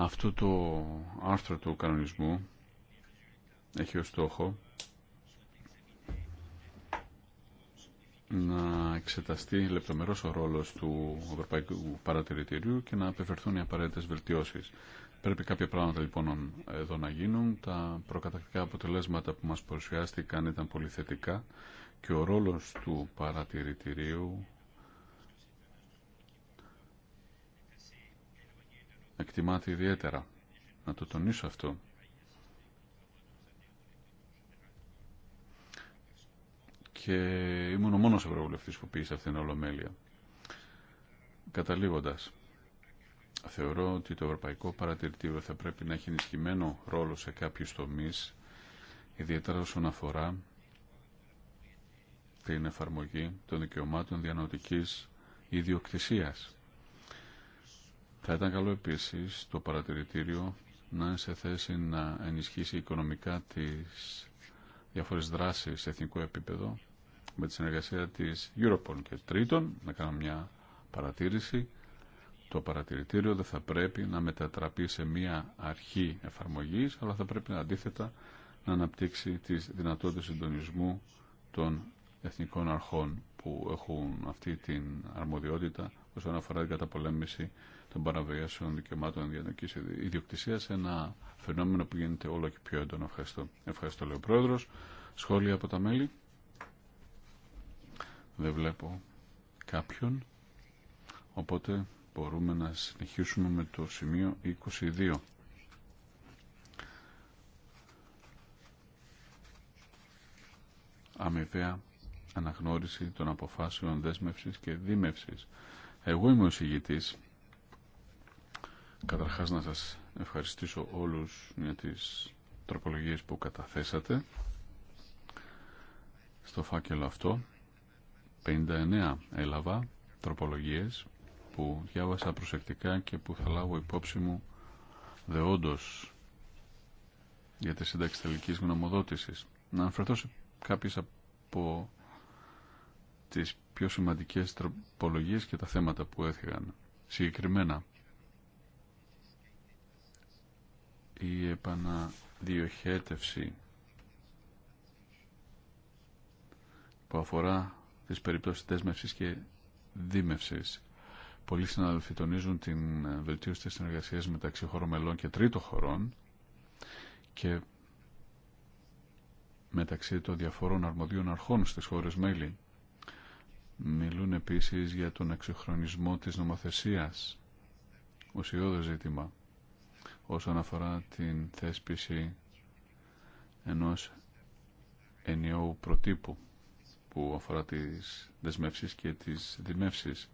Αυτό το άρθρο του κανονισμού έχει ως στόχο να εξεταστεί λεπτομερώς ο ρόλος του Ευρωπαϊκού Παρατηρητηρίου και να απευθυνθούν οι απαραίτητες βελτιώσεις. Πρέπει κάποια πράγματα λοιπόν εδώ να γίνουν. Τα προκατακτικά αποτελέσματα που μας παρουσιάστηκαν ήταν πολύ θετικά και ο ρόλος του παρατηρητηρίου εκτιμάται ιδιαίτερα. Να το τονίσω αυτό. Και ήμουν ο μόνος ευρωβουλευτής που πήγε αυτήν την ολομέλεια. Καταλήγοντας, θεωρώ ότι το Ευρωπαϊκό Παρατηρητήριο θα πρέπει να έχει ενισχυμένο ρόλο σε κάποιους τομείς, ιδιαίτερα όσον αφορά την εφαρμογή των δικαιωμάτων διανοητικής ιδιοκτησίας. Θα ήταν καλό επίσης το παρατηρητήριο να είναι σε θέση να ενισχύσει οικονομικά τις διάφορες δράσεις σε εθνικό επίπεδο με τη συνεργασία της Europol και τρίτον να κάνω μια παρατήρηση το παρατηρητήριο δεν θα πρέπει να μετατραπεί σε μια αρχή εφαρμογής αλλά θα πρέπει να αντίθετα να αναπτύξει τις δυνατότητες συντονισμού των εθνικών αρχών που έχουν αυτή την αρμοδιότητα όσον αφορά την καταπολέμηση των παραβιάσεων δικαιωμάτων διανοική ιδιοκτησία. Ένα φαινόμενο που γίνεται όλο και πιο έντονο. Ευχαριστώ. Ευχαριστώ, λέει ο πρόεδρο. Σχόλια από τα μέλη. Δεν βλέπω κάποιον. Οπότε μπορούμε να συνεχίσουμε με το σημείο 22. αμοιβαία αναγνώριση των αποφάσεων δέσμευσης και δίμευσης. Εγώ είμαι ο συγητής Καταρχάς να σας ευχαριστήσω όλους για τις τροπολογίες που καταθέσατε στο φάκελο αυτό. 59 έλαβα τροπολογίες που διάβασα προσεκτικά και που θα λάβω υπόψη μου δεόντως για τη σύνταξη τελική γνωμοδότηση Να αναφερθώ σε κάποιες από τις πιο σημαντικές τροπολογίες και τα θέματα που έφυγαν Συγκεκριμένα, η επαναδιοχέτευση που αφορά τις περιπτώσεις δέσμευσης και δίμευσης. Πολλοί συναδελφοί τονίζουν την βελτίωση της συνεργασίας μεταξύ χωρών μελών και τρίτων χωρών και μεταξύ των διαφορών αρμοδίων αρχών στις χώρες μέλη. Μιλούν επίσης για τον εξυγχρονισμό της νομοθεσίας, ουσιώδες ζήτημα όσον αφορά την θέσπιση ενός ενιαίου προτύπου που αφορά τις δεσμεύσεις και τις δημεύσεις.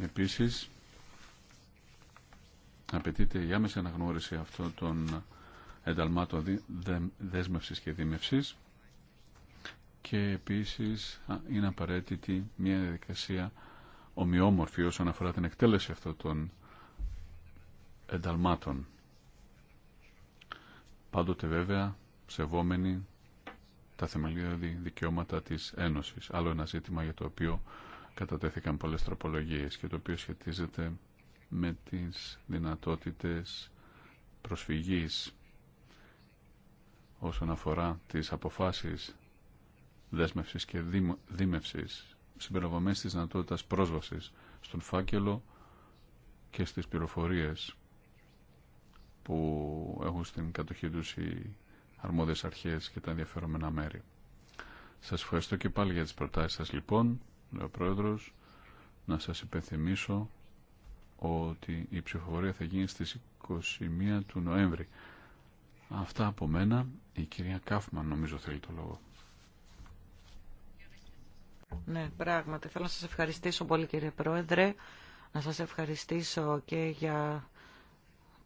Επίσης, απαιτείται η άμεση αναγνώριση αυτών των ενταλμάτων δέσμευσης και δήμευσης και επίσης είναι απαραίτητη μια διαδικασία ομοιόμορφη όσον αφορά την εκτέλεση αυτών των ενταλμάτων. Πάντοτε βέβαια σεβόμενοι τα θεμελιώδη δικαιώματα της Ένωσης. Άλλο ένα ζήτημα για το οποίο κατατέθηκαν πολλές τροπολογίες και το οποίο σχετίζεται με τις δυνατότητες προσφυγής όσον αφορά τις αποφάσεις δέσμευσης και δίμευσης συμπεριλαμβανομένης της δυνατότητας πρόσβασης στον φάκελο και στις πληροφορίες που έχουν στην κατοχή τους οι αρμόδιες αρχές και τα ενδιαφερόμενα μέρη. Σας ευχαριστώ και πάλι για τις προτάσεις σας λοιπόν, ο Πρόεδρος, να σας υπενθυμίσω ότι η ψηφοφορία θα γίνει στις 21 του Νοέμβρη. Αυτά από μένα, η κυρία Κάφμαν νομίζω θέλει το λόγο. Ναι, πράγματι. Θέλω να σας ευχαριστήσω πολύ κύριε Πρόεδρε, να σας ευχαριστήσω και για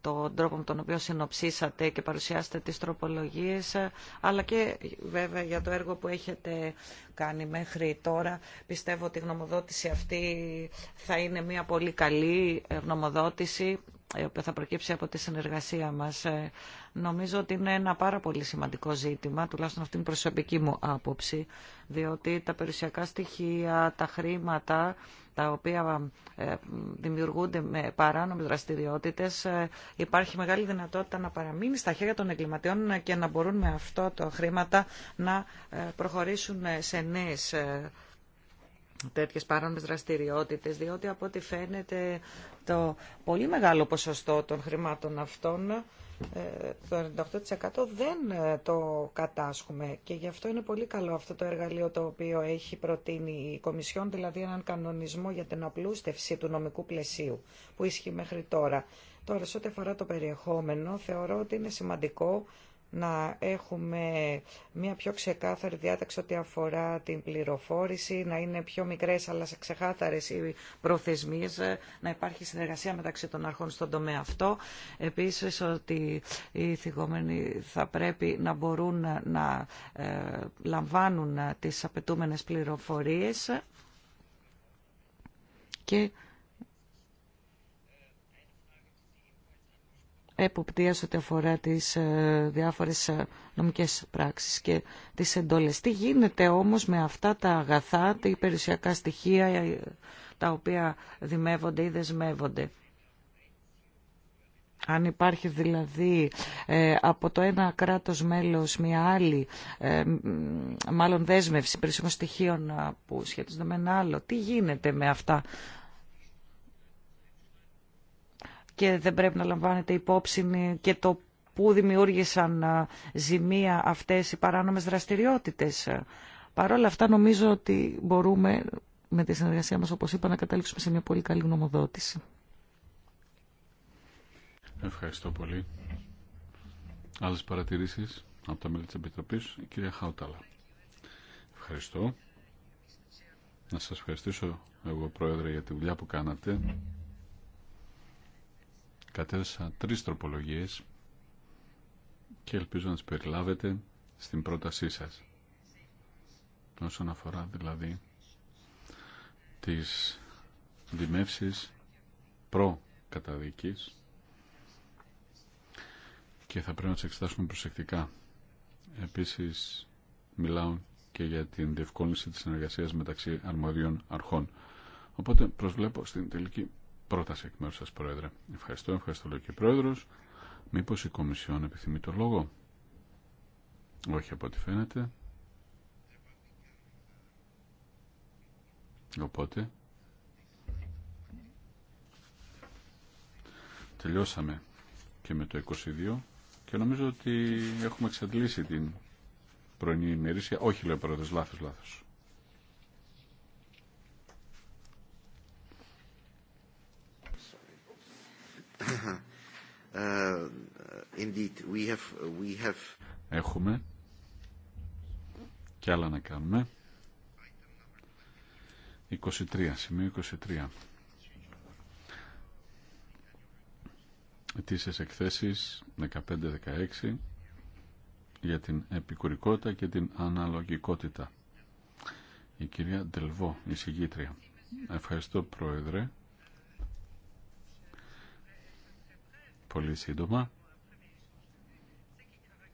τον τρόπο με τον οποίο συνοψίσατε και παρουσιάσατε τις τροπολογίες, αλλά και βέβαια για το έργο που έχετε κάνει μέχρι τώρα. Πιστεύω ότι η γνωμοδότηση αυτή θα είναι μια πολύ καλή γνωμοδότηση η οποία θα προκύψει από τη συνεργασία μας. Ε, νομίζω ότι είναι ένα πάρα πολύ σημαντικό ζήτημα, τουλάχιστον αυτή είναι η προσωπική μου άποψη, διότι τα περιουσιακά στοιχεία, τα χρήματα, τα οποία ε, δημιουργούνται με παράνομες δραστηριότητες, ε, υπάρχει μεγάλη δυνατότητα να παραμείνει στα χέρια των εγκληματιών και να μπορούν με αυτό τα χρήματα να προχωρήσουν σε νέες τέτοιες παράνομες δραστηριότητες, διότι από ό,τι φαίνεται το πολύ μεγάλο ποσοστό των χρημάτων αυτών, ε, το 98% δεν ε, το κατάσχουμε και γι' αυτό είναι πολύ καλό αυτό το εργαλείο το οποίο έχει προτείνει η Κομισιόν, δηλαδή έναν κανονισμό για την απλούστευση του νομικού πλαισίου που ισχύει μέχρι τώρα. Τώρα, σε ό,τι αφορά το περιεχόμενο, θεωρώ ότι είναι σημαντικό να έχουμε μια πιο ξεκάθαρη διάταξη ό,τι αφορά την πληροφόρηση, να είναι πιο μικρές αλλά σε οι προθεσμίες, ε, να υπάρχει συνεργασία μεταξύ των αρχών στον τομέα αυτό. Επίσης ότι οι θυγόμενοι θα πρέπει να μπορούν να ε, λαμβάνουν τις απαιτούμενες πληροφορίες και εποπτείας ό,τι αφορά τις ε, διάφορες ε, νομικές πράξεις και τις εντολές. Τι γίνεται όμως με αυτά τα αγαθά, τα περιουσιακά στοιχεία ε, τα οποία δημεύονται ή δεσμεύονται. Αν υπάρχει δηλαδή από το ένα κράτος μέλος μια άλλη, μάλλον δέσμευση περισσότερων στοιχείων που σχετίζονται με ένα άλλο, τι γίνεται με αυτά και δεν πρέπει να λαμβάνεται υπόψη και το που δημιούργησαν ε, ζημία αυτές οι παράνομες δραστηριότητες. Παρ' όλα αυτά νομίζω ότι μπορούμε με τη συνεργασία μας, όπως είπα, να καταλήξουμε σε μια πολύ καλή γνωμοδότηση. Ευχαριστώ πολύ. Άλλες παρατηρήσεις από τα μέλη της Επιτροπής, η κυρία Χάουταλα. Ευχαριστώ. Να σας ευχαριστήσω εγώ, Πρόεδρε, για τη δουλειά που κάνατε κατέθεσα τρει τροπολογίες και ελπίζω να τι περιλάβετε στην πρότασή σας. Όσον αφορά δηλαδή τι δημεύσει προ και θα πρέπει να τι εξετάσουμε προσεκτικά. Επίσης μιλάω και για την διευκόλυνση της συνεργασίας μεταξύ αρμοδίων αρχών. Οπότε προσβλέπω στην τελική πρόταση εκ μέρου σα, Πρόεδρε. Ευχαριστώ, ευχαριστώ, λέει και ο Πρόεδρο. Μήπω η Κομισιόν επιθυμεί το λόγο. Όχι από ό,τι φαίνεται. Οπότε. Τελειώσαμε και με το 22 και νομίζω ότι έχουμε εξαντλήσει την πρωινή ημερήσια. Όχι, λέει ο λάθος, λάθος. Ε, Έχουμε και άλλα να κάνουμε. 23, σημείο 23. Ετήσιες εκθέσεις 15-16 για την επικουρικότητα και την αναλογικότητα. Η κυρία Ντελβό, η συγγήτρια. Ευχαριστώ, Πρόεδρε. πολύ σύντομα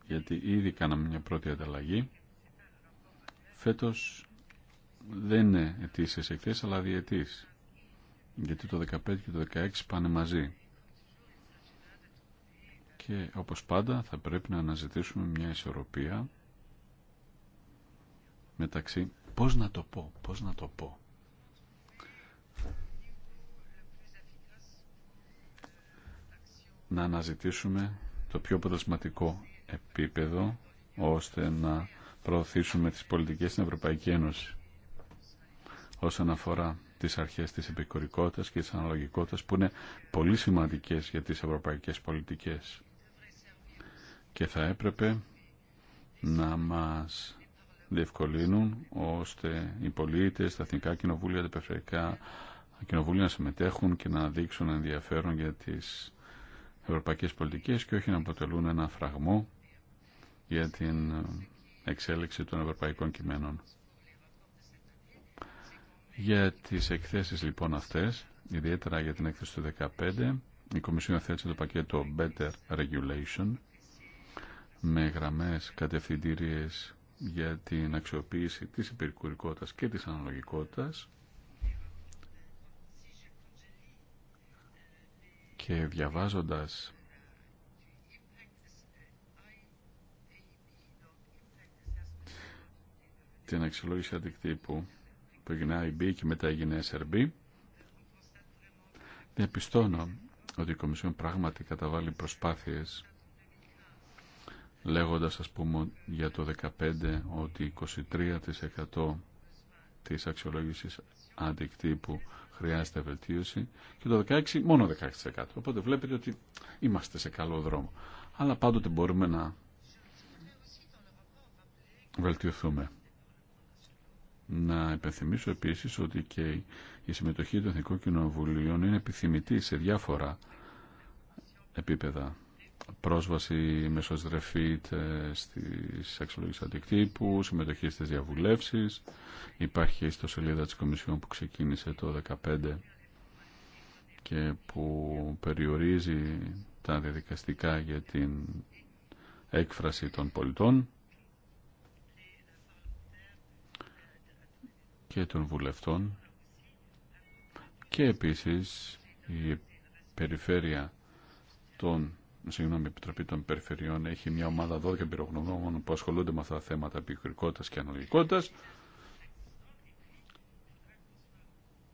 γιατί ήδη κάναμε μια πρώτη ανταλλαγή. Φέτος δεν είναι ετήσιες εκθέσεις, αλλά διετής. Γιατί το 15 και το 16 πάνε μαζί. Και όπως πάντα θα πρέπει να αναζητήσουμε μια ισορροπία μεταξύ... Πώς να το πω, πώς να το πω. να αναζητήσουμε το πιο αποτελεσματικό επίπεδο ώστε να προωθήσουμε τις πολιτικές στην Ευρωπαϊκή Ένωση όσον αφορά τις αρχές της επικορικότητας και της αναλογικότητας που είναι πολύ σημαντικές για τις ευρωπαϊκές πολιτικές και θα έπρεπε να μας διευκολύνουν ώστε οι πολίτες, τα εθνικά κοινοβούλια, τα περιφερειακά κοινοβούλια να συμμετέχουν και να δείξουν ενδιαφέρον για τις ευρωπαϊκές πολιτικές και όχι να αποτελούν ένα φραγμό για την ε, εξέλιξη των ευρωπαϊκών κειμένων. Για τις εκθέσεις λοιπόν αυτές, ιδιαίτερα για την έκθεση του 2015, η Κομισιόν θέτει το πακέτο Better Regulation με γραμμές κατευθυντήριες για την αξιοποίηση της υπερκουρικότητα και της αναλογικότητας και διαβάζοντας την αξιολόγηση αντικτύπου που έγινε IB και μετά έγινε SRB διαπιστώνω ότι η Κομισιόν πράγματι καταβάλει προσπάθειες λέγοντας ας πούμε για το 2015 ότι 23% της αξιολόγησης αντικτύπου χρειάζεται βελτίωση και το 16 μόνο 16%. Οπότε βλέπετε ότι είμαστε σε καλό δρόμο. Αλλά πάντοτε μπορούμε να βελτιωθούμε. Να υπενθυμίσω επίσης ότι και η συμμετοχή των Εθνικών Κοινοβουλίων είναι επιθυμητή σε διάφορα επίπεδα πρόσβαση μέσω ΣΔΡΕΦΙΤ στις αξιολογίες αντικτύπου, συμμετοχή στις διαβουλεύσεις. Υπάρχει στο σελίδα της Κομισιόν που ξεκίνησε το 2015 και που περιορίζει τα διαδικαστικά για την έκφραση των πολιτών και των βουλευτών και επίσης η περιφέρεια των συγγνώμη, η Επιτροπή των Περιφερειών έχει μια ομάδα 12 πυρογνωμών που ασχολούνται με αυτά τα θέματα επικουρικότητας και αναλογικότητας.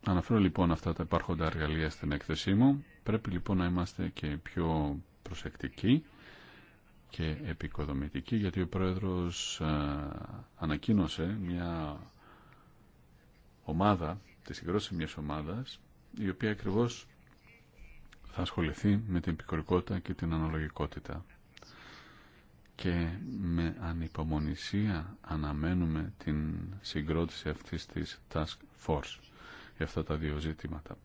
Αναφέρω λοιπόν αυτά τα υπάρχοντα εργαλεία στην έκθεσή μου. Πρέπει λοιπόν να είμαστε και πιο προσεκτικοί και επικοδομητικοί γιατί ο Πρόεδρος ανακοίνωσε μια ομάδα, τη συγκρότηση μιας ομάδας η οποία ακριβώς θα ασχοληθεί με την επικορικότητα και την αναλογικότητα. Και με ανυπομονησία αναμένουμε την συγκρότηση αυτής της Task Force για αυτά τα δύο ζήτηματα.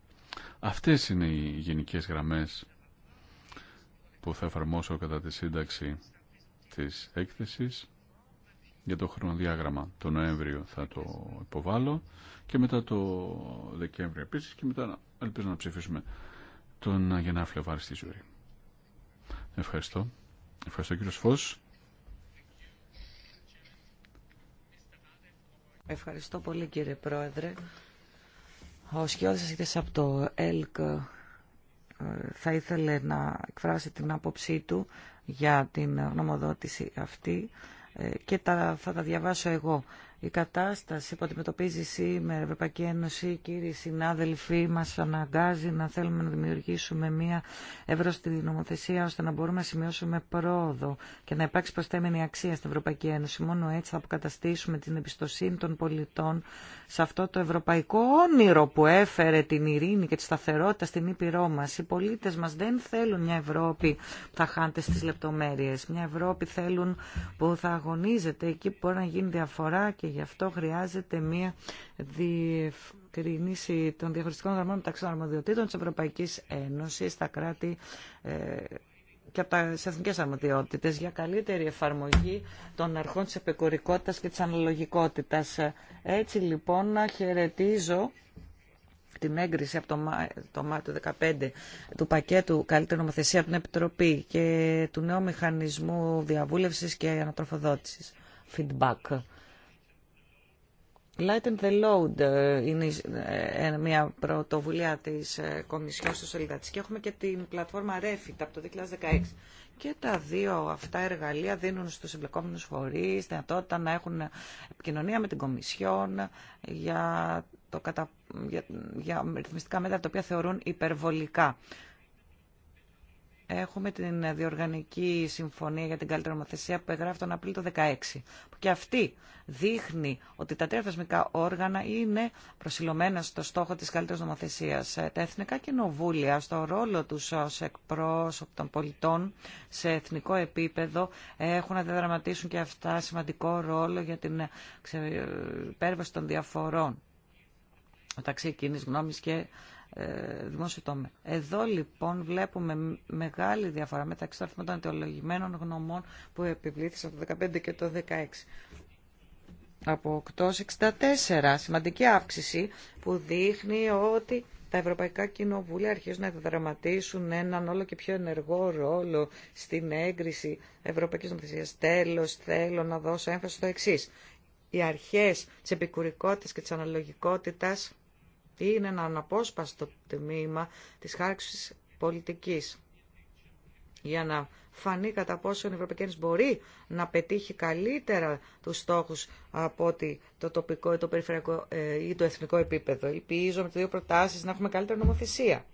Αυτές είναι οι γενικές γραμμές που θα εφαρμόσω κατά τη σύνταξη της έκθεσης για το χρονοδιάγραμμα. Το Νοέμβριο θα το υποβάλω και μετά το Δεκέμβριο επίσης και μετά ελπίζω να ψηφίσουμε τον να Βάρη στη ζωή. Ευχαριστώ. Ευχαριστώ κύριο Φως. Ευχαριστώ πολύ κύριε Πρόεδρε. Ο Σκιώδης από το ΕΛΚ ε, θα ήθελε να εκφράσει την άποψή του για την γνωμοδότηση αυτή ε, και τα, θα τα διαβάσω εγώ. Η κατάσταση που αντιμετωπίζει σήμερα η Ευρωπαϊκή Ένωση, κύριοι συνάδελφοί, μα αναγκάζει να θέλουμε να δημιουργήσουμε μια εύρωστη νομοθεσία ώστε να μπορούμε να σημειώσουμε πρόοδο και να υπάρξει προστέμενη αξία στην Ευρωπαϊκή Ένωση. Μόνο έτσι θα αποκαταστήσουμε την εμπιστοσύνη των πολιτών σε αυτό το ευρωπαϊκό όνειρο που έφερε την ειρήνη και τη σταθερότητα στην ήπειρό μα. Οι πολίτε μα δεν θέλουν μια Ευρώπη που θα χάνεται στι λεπτομέρειε. Μια Ευρώπη θέλουν που θα αγωνίζεται εκεί που μπορεί να γίνει διαφορά και γι' αυτό χρειάζεται μία διευκρινήση των διαχωριστικών δραμμών μεταξύ των αρμοδιοτήτων της Ευρωπαϊκής Ένωσης στα κράτη ε, και από τις εθνικές αρμοδιότητες για καλύτερη εφαρμογή των αρχών της επικορικότητας και της αναλογικότητας. Έτσι λοιπόν να χαιρετίζω την έγκριση από το Μά, το του του πακέτου καλύτερη νομοθεσία από την Επιτροπή και του νέου μηχανισμού διαβούλευσης και ανατροφοδότησης, feedback. Lighten the Load ε, είναι ε, ε, μια πρωτοβουλία της Κομισιόν στο και έχουμε και την πλατφόρμα Refit από το 2016. Και τα δύο αυτά εργαλεία δίνουν στους εμπλεκόμενους φορείς δυνατότητα να έχουν επικοινωνία με την Κομισιόν για, κατα... για... για ρυθμιστικά μέτρα τα οποία θεωρούν υπερβολικά έχουμε την διοργανική συμφωνία για την καλύτερη νομοθεσία που εγγράφει τον Απρίλιο το 2016. και αυτή δείχνει ότι τα τρία θεσμικά όργανα είναι προσιλωμένα στο στόχο της καλύτερης νομοθεσίας. Ε, τα εθνικά κοινοβούλια στο ρόλο τους ως εκπρόσωποι των πολιτών σε εθνικό επίπεδο έχουν να διαδραματίσουν και αυτά σημαντικό ρόλο για την ε, υπέρβαση των διαφορών μεταξύ κοινή γνώμη και ε, δημόσιο τομέα. Εδώ λοιπόν βλέπουμε μεγάλη διαφορά μεταξύ των αριθμών των αιτιολογημένων γνωμών που επιβλήθησαν το 2015 και το 2016. Από 864, σημαντική αύξηση που δείχνει ότι τα ευρωπαϊκά κοινοβούλια αρχίζουν να δραματίσουν έναν όλο και πιο ενεργό ρόλο στην έγκριση ευρωπαϊκής νομοθεσίας. Τέλος, θέλω να δώσω έμφαση στο εξής. Οι αρχές της επικουρικότητας και της αναλογικότητας είναι ένα αναπόσπαστο τμήμα της χάρξης πολιτικής για να φανεί κατά πόσο η Ευρωπαϊκή Ένωση μπορεί να πετύχει καλύτερα τους στόχους από το τοπικό ή το περιφερειακό ε, ή το εθνικό επίπεδο. Ελπίζω με τις δύο προτάσεις να έχουμε καλύτερη νομοθεσία.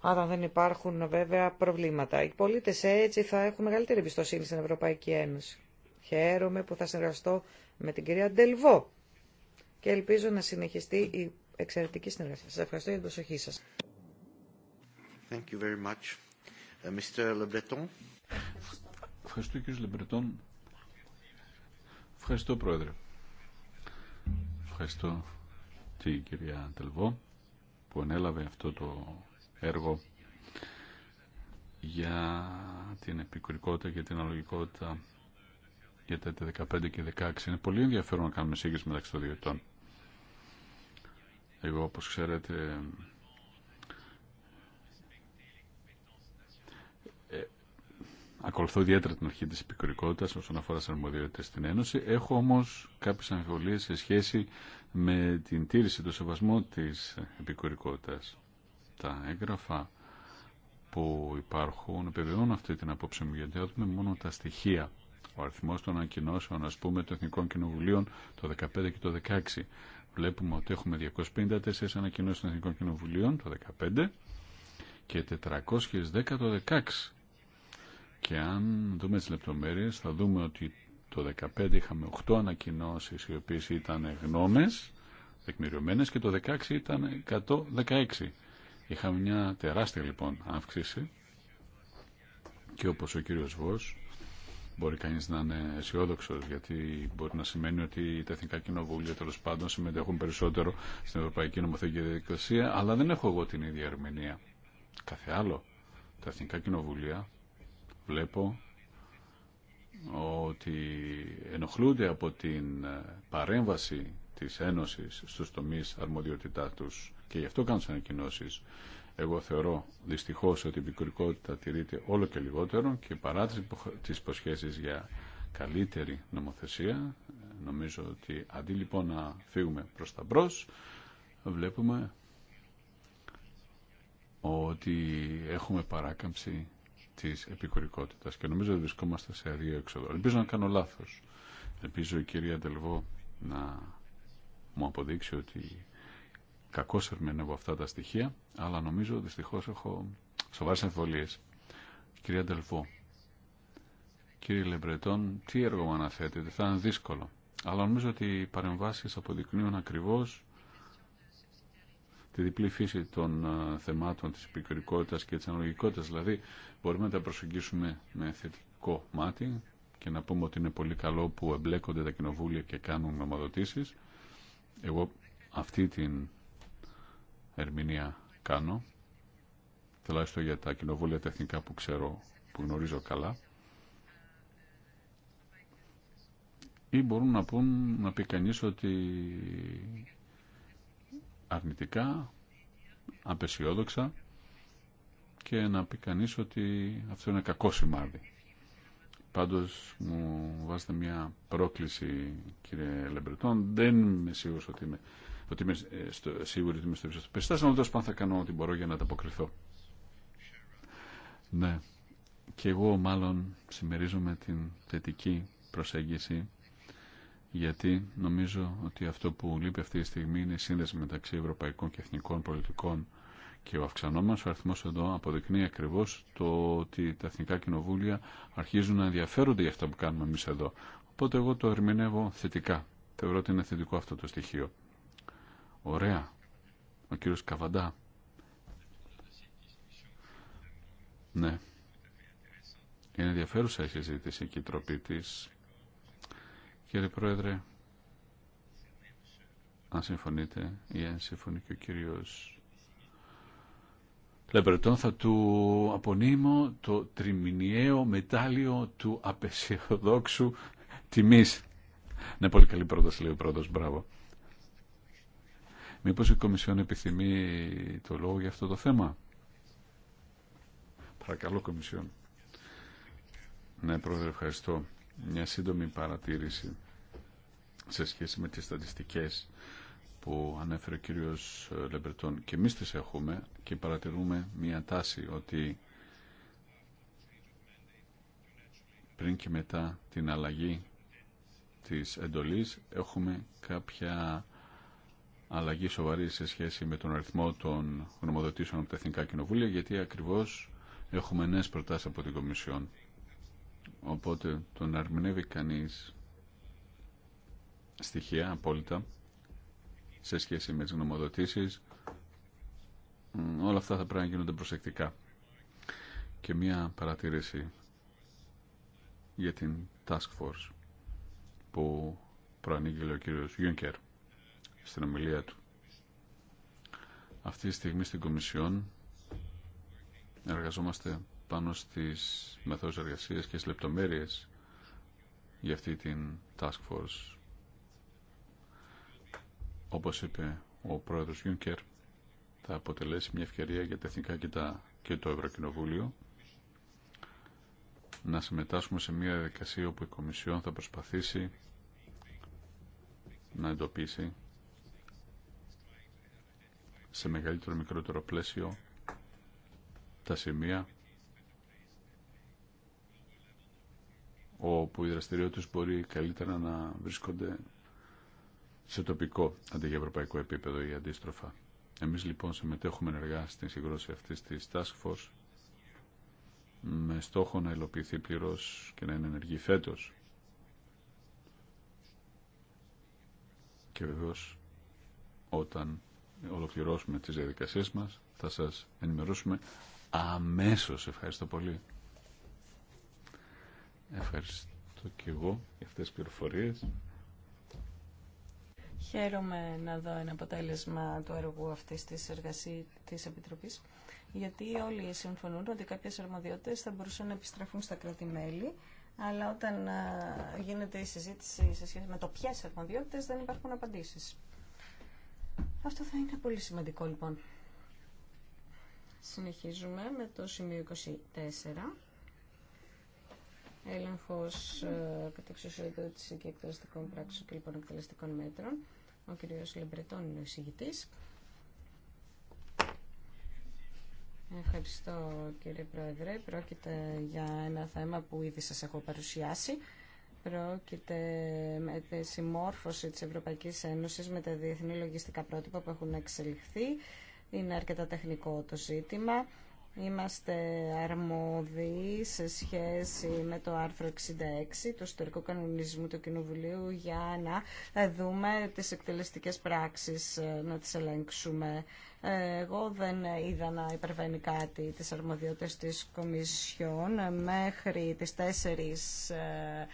Άρα δεν υπάρχουν βέβαια προβλήματα. Οι πολίτες έτσι θα έχουν μεγαλύτερη εμπιστοσύνη στην Ευρωπαϊκή Ένωση. Χαίρομαι που θα συνεργαστώ με την κυρία Ντελβό και ελπίζω να συνεχιστεί η εξαιρετική συνεργασία. Σας ευχαριστώ για την προσοχή σας. Uh, ευχαριστώ κύριε Λεμπρετών. Ευχαριστώ πρόεδρε. Ευχαριστώ την κυρία Τελβό που ανέλαβε αυτό το έργο για την επικουρικότητα και την αλογικότητα για τα 15 και 16. Είναι πολύ ενδιαφέρον να κάνουμε σύγκριση μεταξύ των δύο ετών. Εγώ, όπως ξέρετε, ε, ακολουθώ ιδιαίτερα την αρχή της επικουρικότητας όσον αφορά τις αρμοδιότητες στην Ένωση. Έχω όμως κάποιες αμφιβολίες σε σχέση με την τήρηση, του σεβασμό της επικουρικότητας. Τα έγγραφα που υπάρχουν επιβεβαιώνουν αυτή την απόψη μου, γιατί έχουμε μόνο τα στοιχεία ο αριθμό των ανακοινώσεων, α πούμε, των Εθνικών Κοινοβουλίων το 2015 και το 2016. Βλέπουμε ότι έχουμε 254 ανακοινώσει των Εθνικών Κοινοβουλίων το 2015 και 410 το 2016. Και αν δούμε τις λεπτομέρειες θα δούμε ότι το 2015 είχαμε 8 ανακοινώσει, οι οποίες ήταν γνώμε τεκμηριωμένες και το 2016 ήταν 116. Είχαμε μια τεράστια λοιπόν αύξηση και όπως ο κύριος Βος μπορεί κανεί να είναι αισιόδοξο, γιατί μπορεί να σημαίνει ότι τα εθνικά κοινοβούλια τέλο πάντων συμμετέχουν περισσότερο στην ευρωπαϊκή νομοθετική διαδικασία, αλλά δεν έχω εγώ την ίδια ερμηνεία. Κάθε άλλο, τα εθνικά κοινοβούλια βλέπω ότι ενοχλούνται από την παρέμβαση της Ένωσης στους τομείς αρμοδιότητά τους και γι' αυτό κάνουν τις ανακοινώσεις. Εγώ θεωρώ δυστυχώς ότι η επικουρικότητα τηρείται όλο και λιγότερο και παρά τις υποσχέσει για καλύτερη νομοθεσία, νομίζω ότι αντί λοιπόν να φύγουμε προς τα μπρος, βλέπουμε ότι έχουμε παράκαμψη της επικουρικότητα και νομίζω ότι βρισκόμαστε σε αδίαιο έξοδο. Ελπίζω να κάνω λάθο. Ελπίζω η κυρία Ντελβό να μου αποδείξει ότι κακώς ερμηνεύω αυτά τα στοιχεία, αλλά νομίζω δυστυχώς έχω σοβαρές εμφωλίες. Κυρία Αντελφού, κύριε Λεμπρετών, τι έργο μου θα είναι δύσκολο. Αλλά νομίζω ότι οι παρεμβάσεις αποδεικνύουν ακριβώς τη διπλή φύση των ε, θεμάτων της επικριτικότητας και της αναλογικότητας. Δηλαδή, μπορούμε να τα προσεγγίσουμε με θετικό μάτι και να πούμε ότι είναι πολύ καλό που εμπλέκονται τα κοινοβούλια και κάνουν μεμοδοτήσεις. Εγώ αυτή την ερμηνεία κάνω, τουλάχιστον για τα κοινοβούλια τεχνικά που ξέρω, που γνωρίζω καλά, ή μπορούν να πούν, να πει κανεί ότι αρνητικά, απεσιόδοξα και να πει κανεί ότι αυτό είναι κακό σημάδι. Πάντως μου βάζετε μια πρόκληση κύριε Λεμπρετών. Δεν είμαι σίγουρος ότι είμαι ότι είμαι ε, στο, σίγουρη ότι είμαι στο ύψος του περιστάσεων, αλλά πάνω θα κάνω ό,τι μπορώ για να ανταποκριθώ. Ναι. Και εγώ μάλλον συμμερίζομαι την θετική προσέγγιση γιατί νομίζω ότι αυτό που λείπει αυτή τη στιγμή είναι η σύνδεση μεταξύ ευρωπαϊκών και εθνικών πολιτικών και ο αυξανόμενος αριθμό εδώ αποδεικνύει ακριβώ το ότι τα εθνικά κοινοβούλια αρχίζουν να ενδιαφέρονται για αυτά που κάνουμε εμεί εδώ. Οπότε εγώ το ερμηνεύω θετικά. Θεωρώ ότι είναι θετικό αυτό το στοιχείο. Ωραία. Ο κύριος Καβαντά. Ναι. Είναι ενδιαφέρουσα η συζήτηση και η τροπή της. Κύριε Πρόεδρε, αν συμφωνείτε ή αν συμφωνεί και ο κύριος Λεμπερτών, θα του απονείμω το τριμηνιαίο μετάλλιο του απεσιοδόξου τιμής. Ναι, πολύ καλή πρόταση λέει ο πρόεδρο. μπράβο. Μήπως η Κομισιόν επιθυμεί το λόγο για αυτό το θέμα. Παρακαλώ Κομισιόν. Ναι, Πρόεδρε, ευχαριστώ. Μια σύντομη παρατήρηση σε σχέση με τις στατιστικές που ανέφερε ο κύριος Λεμπερτών και εμείς τις έχουμε και παρατηρούμε μια τάση ότι πριν και μετά την αλλαγή της εντολής έχουμε κάποια αλλαγή σοβαρή σε σχέση με τον αριθμό των γνωμοδοτήσεων από τα Εθνικά Κοινοβούλια, γιατί ακριβώς έχουμε νέε προτάσεις από την Κομισιόν. Οπότε το να ερμηνεύει κανείς στοιχεία απόλυτα σε σχέση με τις γνωμοδοτήσεις, όλα αυτά θα πρέπει να γίνονται προσεκτικά. Και μία παρατήρηση για την Task Force που προανήγγειλε ο κύριος Γιούνκερ στην ομιλία του. Αυτή τη στιγμή στην Κομισιόν εργαζόμαστε πάνω στις μεθόδους εργασίας και στις λεπτομέρειες για αυτή την Task Force. Όπως είπε ο πρόεδρος Γιούνκερ, θα αποτελέσει μια ευκαιρία για τα Εθνικά και, και το Ευρωκοινοβούλιο να συμμετάσχουμε σε μια διαδικασία όπου η Κομισιόν θα προσπαθήσει να εντοπίσει σε μεγαλύτερο μικρότερο πλαίσιο τα σημεία όπου οι δραστηριότητες μπορεί καλύτερα να βρίσκονται σε τοπικό αντί για ευρωπαϊκό επίπεδο ή αντίστροφα. Εμείς λοιπόν συμμετέχουμε ενεργά στην συγκρόση αυτή τη Task Force με στόχο να υλοποιηθεί πλήρω και να είναι ενεργή φέτο. Και βεβαίω όταν ολοκληρώσουμε τις διαδικασίες μας θα σας ενημερώσουμε αμέσως. Ευχαριστώ πολύ. Ευχαριστώ και εγώ για αυτές τις πληροφορίες. Χαίρομαι να δω ένα αποτέλεσμα του έργου αυτής της εργασίας της Επιτροπής, γιατί όλοι συμφωνούν ότι κάποιες αρμοδιότητες θα μπορούσαν να επιστραφούν στα κράτη-μέλη, αλλά όταν ε, γίνεται η συζήτηση σε σχέση με το ποιες αρμοδιότητες δεν υπάρχουν απαντήσεις. Αυτό θα είναι πολύ σημαντικό λοιπόν. Συνεχίζουμε με το σημείο 24. Έλεγχος ε, κατά κατεξουσιοδότηση και εκτελεστικών πράξεων και λοιπόν εκτελεστικών μέτρων. Ο κύριος Λεμπρετών είναι ο εισηγητής. Ευχαριστώ κύριε Πρόεδρε. Πρόκειται για ένα θέμα που ήδη σας έχω παρουσιάσει. Πρόκειται με τη συμμόρφωση της Ευρωπαϊκής Ένωσης με τα διεθνή λογιστικά πρότυπα που έχουν εξελιχθεί. Είναι αρκετά τεχνικό το ζήτημα. Είμαστε αρμόδιοι σε σχέση με το άρθρο 66 του ιστορικού κανονισμού του Κοινοβουλίου για να δούμε τις εκτελεστικές πράξεις, να τις ελέγξουμε. Εγώ δεν είδα να υπερβαίνει κάτι τις αρμοδιότητες της Κομισιόν μέχρι τις 4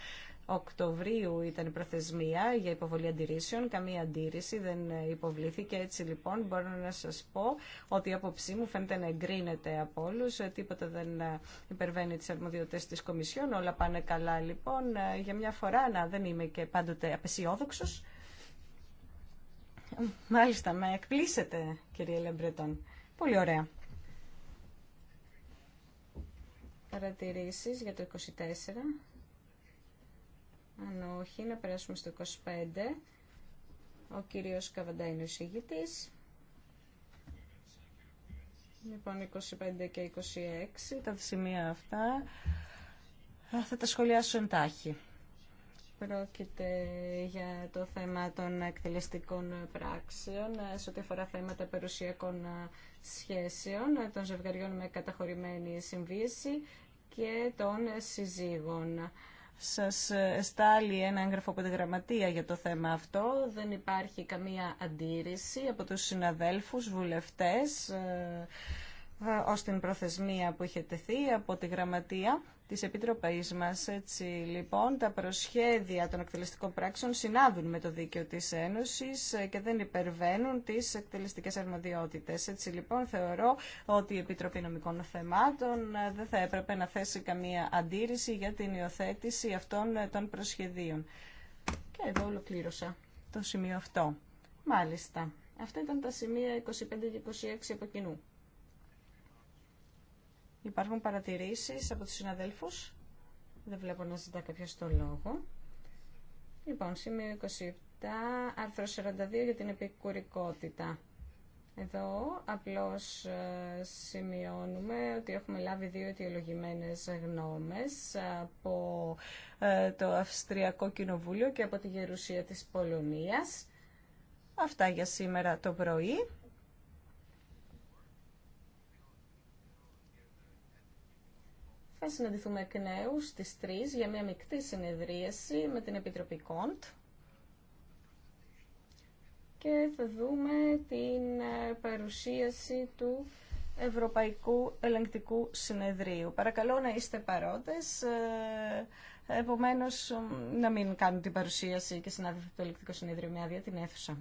Οκτωβρίου ήταν η προθεσμία για υποβολή αντιρρήσεων. Καμία αντίρρηση δεν υποβλήθηκε. Έτσι λοιπόν μπορώ να σας πω ότι η άποψή μου φαίνεται να εγκρίνεται από όλου. Τίποτα δεν υπερβαίνει τις αρμοδιότητες της Κομισιόν. Όλα πάνε καλά λοιπόν. Για μια φορά να δεν είμαι και πάντοτε απεσιόδοξος. Μάλιστα, με εκπλήσετε, κύριε Λεμπρετών. Πολύ ωραία. Παρατηρήσει για το 24. Αν όχι, να περάσουμε στο 25. Ο κύριος Καβαντά είναι ο εισηγητής. Λοιπόν, 25 και 26, τα σημεία αυτά θα τα σχολιάσω εντάχει. Πρόκειται για το θέμα των εκτελεστικών πράξεων ε, σε ό,τι αφορά θέματα περιουσιακών ε, σχέσεων ε, των ζευγαριών με καταχωρημένη συμβίωση και των συζύγων σας εστάλει ένα έγγραφο από τη γραμματεία για το θέμα αυτό. Δεν υπάρχει καμία αντίρρηση από τους συναδέλφους βουλευτές ε, ως την προθεσμία που είχε τεθεί από τη γραμματεία της Επίτροπής μας. Έτσι λοιπόν τα προσχέδια των εκτελεστικών πράξεων συνάδουν με το δίκαιο της Ένωσης ε, και δεν υπερβαίνουν τις εκτελεστικές αρμοδιότητες. Έτσι λοιπόν θεωρώ ότι η Επιτροπή Νομικών Θεμάτων ε, δεν θα έπρεπε να θέσει καμία αντίρρηση για την υιοθέτηση αυτών ε, των προσχεδίων. Και εδώ ολοκλήρωσα το σημείο αυτό. Μάλιστα. Αυτά ήταν τα σημεία 25 και 26 από κοινού. Υπάρχουν παρατηρήσεις από τους συναδέλφους. Δεν βλέπω να ζητά κάποιος το λόγο. Λοιπόν, σημείο 27, άρθρο 42 για την επικουρικότητα. Εδώ απλώς ε, σημειώνουμε ότι έχουμε λάβει δύο αιτιολογημένες γνώμες από ε, το Αυστριακό Κοινοβούλιο και από τη Γερουσία της Πολωνίας. Αυτά για σήμερα το πρωί. Θα συναντηθούμε εκ νέου στις 3 για μια μεικτή συνεδρίαση με την Επιτροπή Κοντ και θα δούμε την ε, παρουσίαση του Ευρωπαϊκού Ελεγκτικού Συνεδρίου. Παρακαλώ να είστε παρόντες, ε, επομένως να μην κάνουν την παρουσίαση και συνάδελφοι του Ελεγκτικού Συνεδρίου με άδεια την αίθουσα.